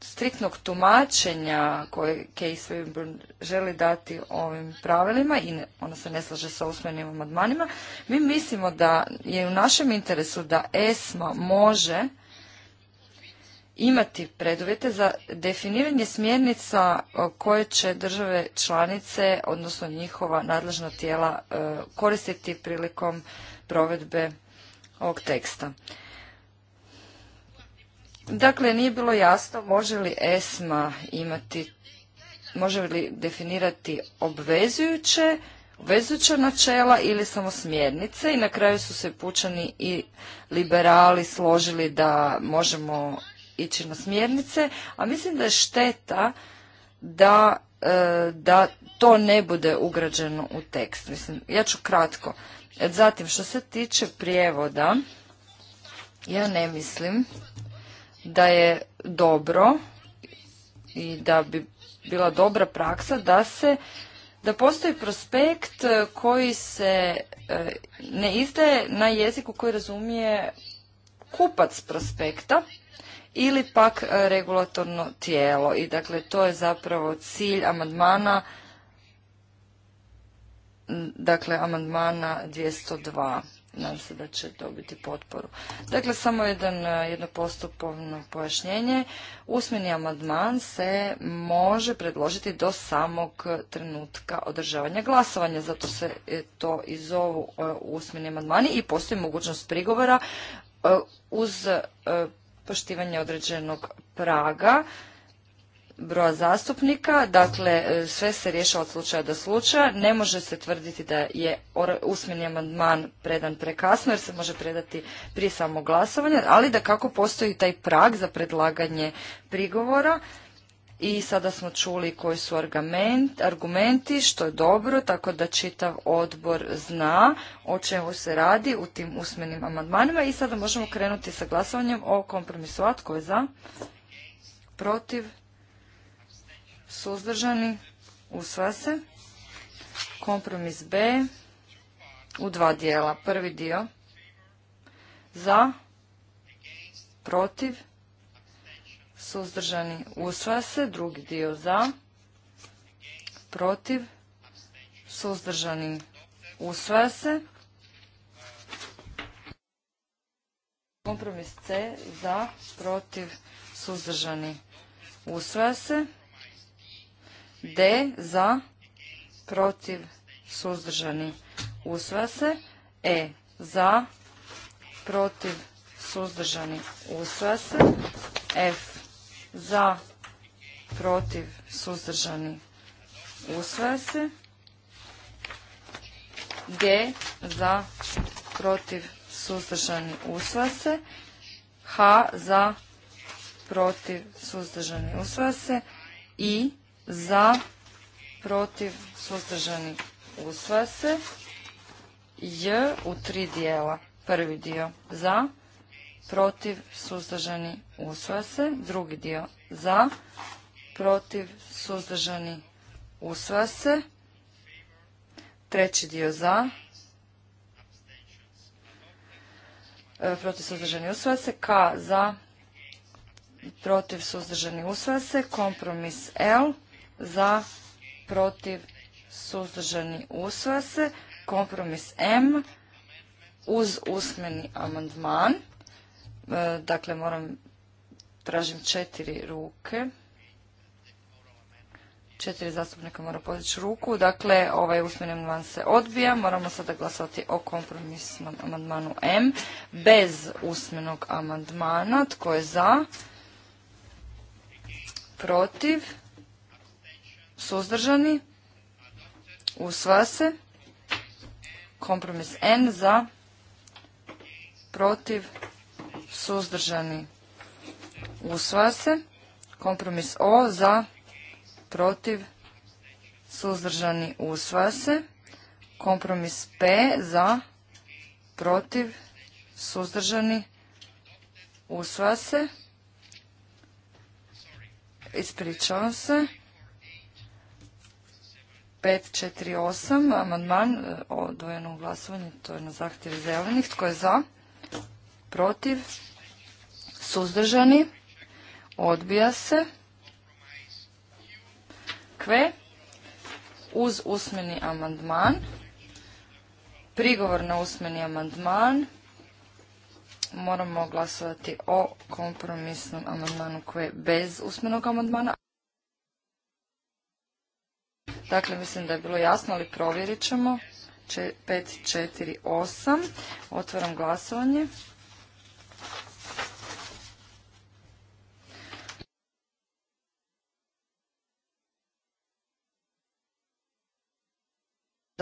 striktnog tumačenja koje Case Weber želi dati ovim pravilima i ono se ne slaže sa usmenim odmanima. mi mislimo da je u našem interesu da ESMA može imati preduvjete za definiranje smjernica e, koje će države članice, odnosno njihova nadležna tijela e, koristiti prilikom provedbe ovog teksta. Dakle, nije bilo jasno može li ESMA imati, može li definirati obvezujuće, obvezujuća načela ili samo smjernice i na kraju su se pučani i liberali složili da možemo ići na smjernice, a mislim da je šteta da, e, da to ne bude ugrađeno u tekst. Mislim, ja ću kratko. E, zatim, što se tiče prijevoda, ja ne mislim da je dobro i da bi bila dobra praksa da se da postoji prospekt koji se e, ne izdaje na jeziku koji razumije kupac prospekta ili pak e, regulatorno tijelo. I dakle, to je zapravo cilj amandmana, dakle, amandmana 202. Nadam se da će dobiti potporu. Dakle, samo jedan, e, jedno postupovno pojašnjenje. Usmeni amandman se može predložiti do samog trenutka održavanja glasovanja, zato se e, to i zovu usmeni amandmani i postoji mogućnost prigovora uz poštivanje određenog praga broja zastupnika, dakle e, sve se rješava od slučaja do slučaja, ne može se tvrditi da je usmeni amandman predan prekasno jer se može predati prije samog glasovanja, ali da kako postoji taj prag za predlaganje prigovora i sada smo čuli koji su argumenti, što je dobro, tako da čitav odbor zna o čemu se radi u tim usmenim amandmanima i sada možemo krenuti sa glasovanjem o kompromisu. tko je za? Protiv? Suzdržani? Usva se. Kompromis B u dva dijela. Prvi dio za, protiv, suzdržani, usvaja se. Drugi dio za, protiv, suzdržani, usvaja se. Kompromis C za, protiv, suzdržani, usvaja se. D za, protiv, suzdržani, usvaja se. E za, protiv, suzdržani, usvaja se. F za, protiv, suzdržani, usvaja se. G za, protiv, suzdržani, usvaja se. H za, protiv, suzdržani, usvaja se. I za, protiv, suzdržani, usvaja se. J u tri dijela. Prvi dio za, protiv, suzdržani, usvaja se. Drugi dio za, protiv, suzdržani, usvaja se. Treći dio za, e, protiv, suzdržani, usvaja se. K za, protiv, suzdržani, usvaja se. Kompromis L za, protiv, suzdržani, usvaja se. Kompromis M uz usmeni amandman. E, dakle, moram, tražim četiri ruke. Četiri zastupnika mora podići ruku. Dakle, ovaj usmjeni amandman se odbija. Moramo sada glasati o kompromisnom amandmanu M. Bez usmenog amandmana. Tko je za? Protiv? Suzdržani? Usvaja se. Kompromis N za? Protiv? suzdržani, usvaja se. Kompromis O za, protiv, suzdržani, usvase, se. Kompromis P za, protiv, suzdržani, usvaja se. Ispričavam se. 548, amandman e, odvojeno u glasovanju, to je na zahtjev zelenih. Tko je za? protiv, suzdržani, odbija se. Kve, uz usmeni amandman, prigovor na usmeni amandman, moramo glasovati o kompromisnom amandmanu koje bez usmenog amandmana. Dakle, mislim da je bilo jasno, ali provjerit ćemo. 5, 4, 8. Otvaram glasovanje.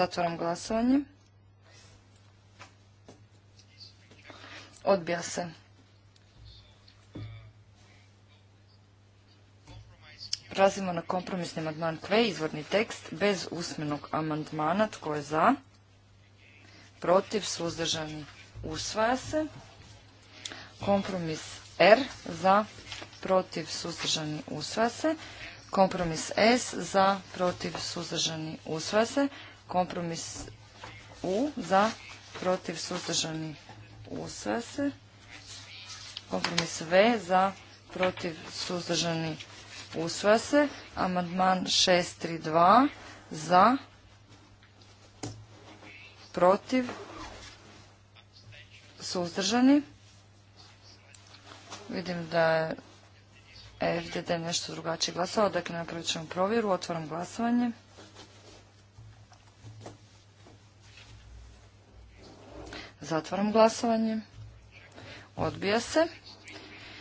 Zatvoram glasovanje. Odbija se. Prelazimo na kompromisni amandman Q, izvorni tekst, bez usmenog amandmana. Tko je za? Protiv, suzdržani, usvaja se. Kompromis R, za, protiv, suzdržani, usvaja se. Kompromis S, za, protiv, suzdržani, usvaja se. Kompromis U za, protiv, suzdržani, usvaja se. Kompromis V za, protiv, suzdržani, usvaja se. Amandman 632 za, protiv, suzdržani. Vidim da je FDD nešto drugačije glasao, dakle napravit ćemo provjeru, otvaram glasovanje. Zatvaram glasovanje. Odbija se.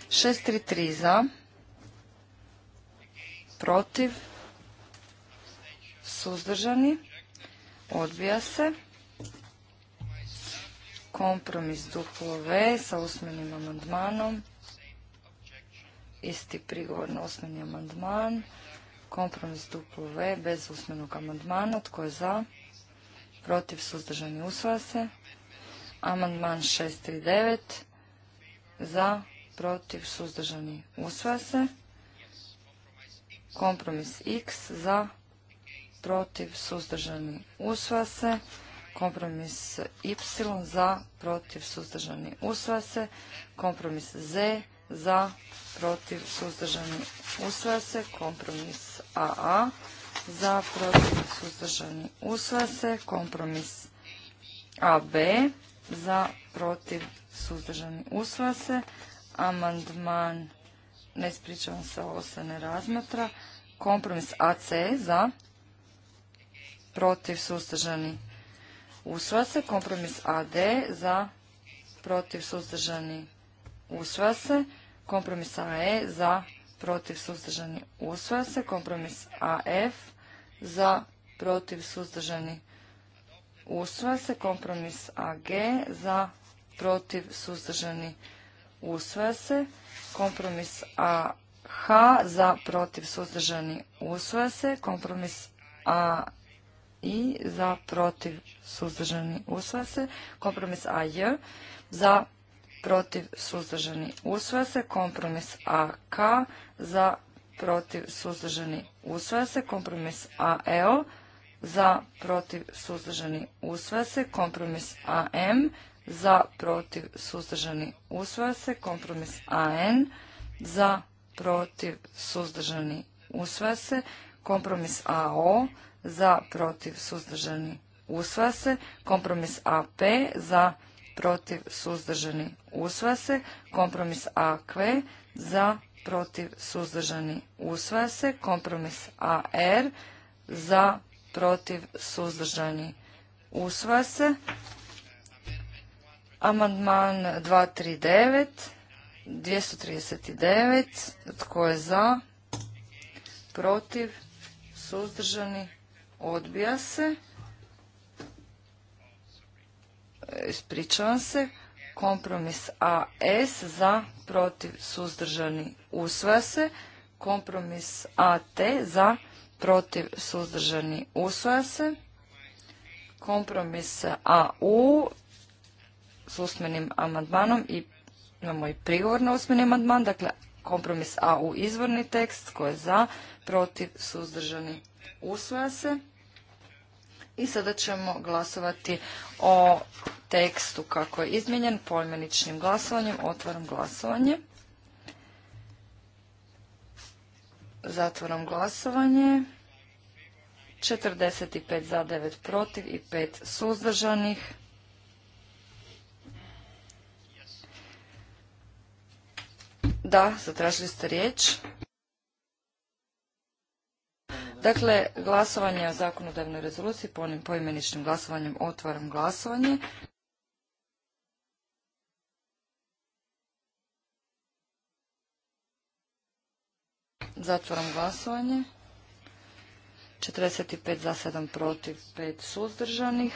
633 za. Protiv. Suzdržani. Odbija se. Kompromis duplo V sa usmenim amandmanom. Isti prigovor na usmeni amandman. Kompromis duplo V bez usmenog amandmana. Tko je za? Protiv suzdržani usvaja se. Amandman 639 za, protiv, suzdržani, usvaja se. Kompromis X za, protiv, suzdržani, usvaja se. Kompromis Y za, protiv, suzdržani, usvaja se. Kompromis Z za, protiv, suzdržani, usvaja se. Kompromis AA za, protiv, suzdržani, usvaja se. Kompromis AB za, protiv, suzdržani, usvaja se. Amandman, ne ispričavam se, ovo se ne razmatra. Kompromis AC za, protiv, suzdržani, usvaja se. Kompromis AD za, protiv, suzdržani, usvaja se. Kompromis AE za, protiv, suzdržani, usvaja se. Kompromis AF za, protiv, suzdržani, usvaja se. Kompromis AG za, protiv, suzdržani, usvaja se. Kompromis AH za, protiv, suzdržani, usvaja se. Kompromis i za, protiv, suzdržani, usvaja se. Kompromis AJ za, protiv, suzdržani, usvaja se. Kompromis AK za, protiv, suzdržani, usvaja se. Kompromis AL za, protiv, suzdržani, usvaja se. Kompromis AM, za, protiv, suzdržani, usvaja se. Kompromis AN, za, protiv, suzdržani, usvaja se. Kompromis AO, za, protiv, suzdržani, usvaja se. Kompromis AP, za, protiv, suzdržani, usvaja se. Kompromis AQ, za, protiv, suzdržani, usvaja se. Kompromis AR, za, protiv, suzdržani, usvaja se. Amandman 239, 239, tko je za, protiv, suzdržani, odbija se. Ispričavam se. Kompromis AS za, protiv, suzdržani, usvaja se. Kompromis AT za, protiv, suzdržani, usvaja se. Kompromis AU s usmenim amandmanom i imamo i prigovor na usmeni amandman, dakle kompromis AU izvorni tekst koji je za, protiv, suzdržani, usvaja se. I sada ćemo glasovati o tekstu kako je izmijenjen pojmeničnim glasovanjem. Otvaram glasovanje. Zatvoram glasovanje. 45 za, 9 protiv i 5 suzdržanih. Da, zatražili ste riječ. Dakle, glasovanje o zakonodavnoj rezoluciji po onim poimeničnim glasovanjem otvaram glasovanje. Zatvoram glasovanje. 45 za 7 protiv, 5 suzdržanih.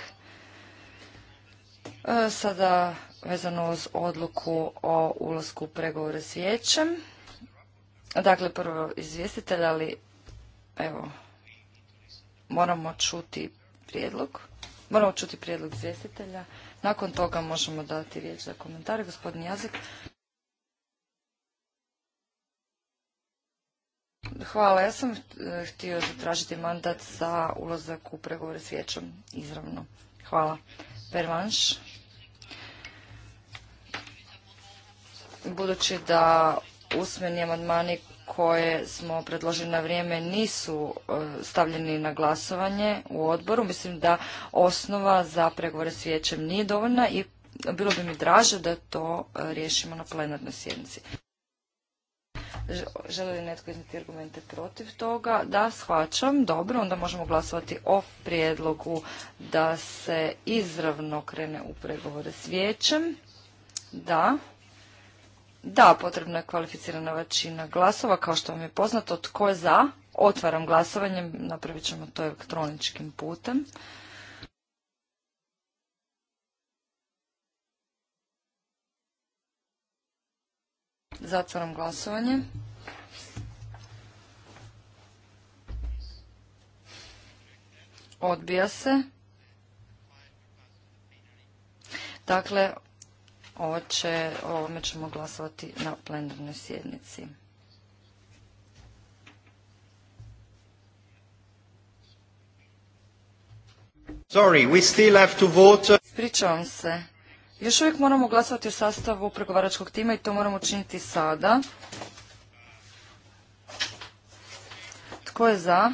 E, sada vezano uz odluku o ulasku u pregovore s vijećem. Dakle, prvo izvjestitelj, ali evo, moramo čuti prijedlog. Moramo čuti prijedlog izvjestitelja. Nakon toga možemo dati riječ za komentare. Gospodin Jazik. Hvala. Ja sam e, htio zatražiti mandat za ulazak u pregovore s vječom izravno. Hvala. Pervanš. Budući da usmeni amandmani koje smo predložili na vrijeme nisu e, stavljeni na glasovanje u odboru, mislim da osnova za pregovore s vijećem nije dovoljna i bilo bi mi draže da to e, riješimo na plenarnoj sjednici. Želi li netko izniti argumente protiv toga? Da, shvaćam. Dobro, onda možemo glasovati o prijedlogu da se izravno krene u pregovore s vijećem. Da. Da, potrebna je kvalificirana većina glasova, kao što vam je poznato. Tko je za? Otvaram glasovanje, napravit ćemo to elektroničkim putem. Zatvaram glasovanje. Odbija se. Dakle, ovo će, ovome ćemo glasovati na plenarnoj sjednici. Sorry, we still have to vote. Ispričavam se. Još uvijek moramo glasovati o sastavu pregovaračkog tima i to moramo učiniti sada. Tko je za?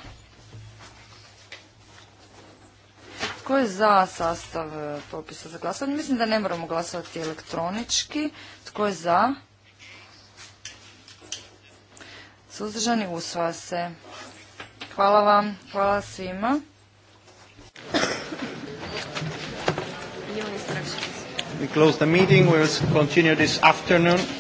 Tko je za sastav e, popisa za glasovanje? Mislim da ne moramo glasovati elektronički. Tko je za? Suzdržani usvaja se. Hvala vam, hvala svima. We close the meeting. We will continue this afternoon.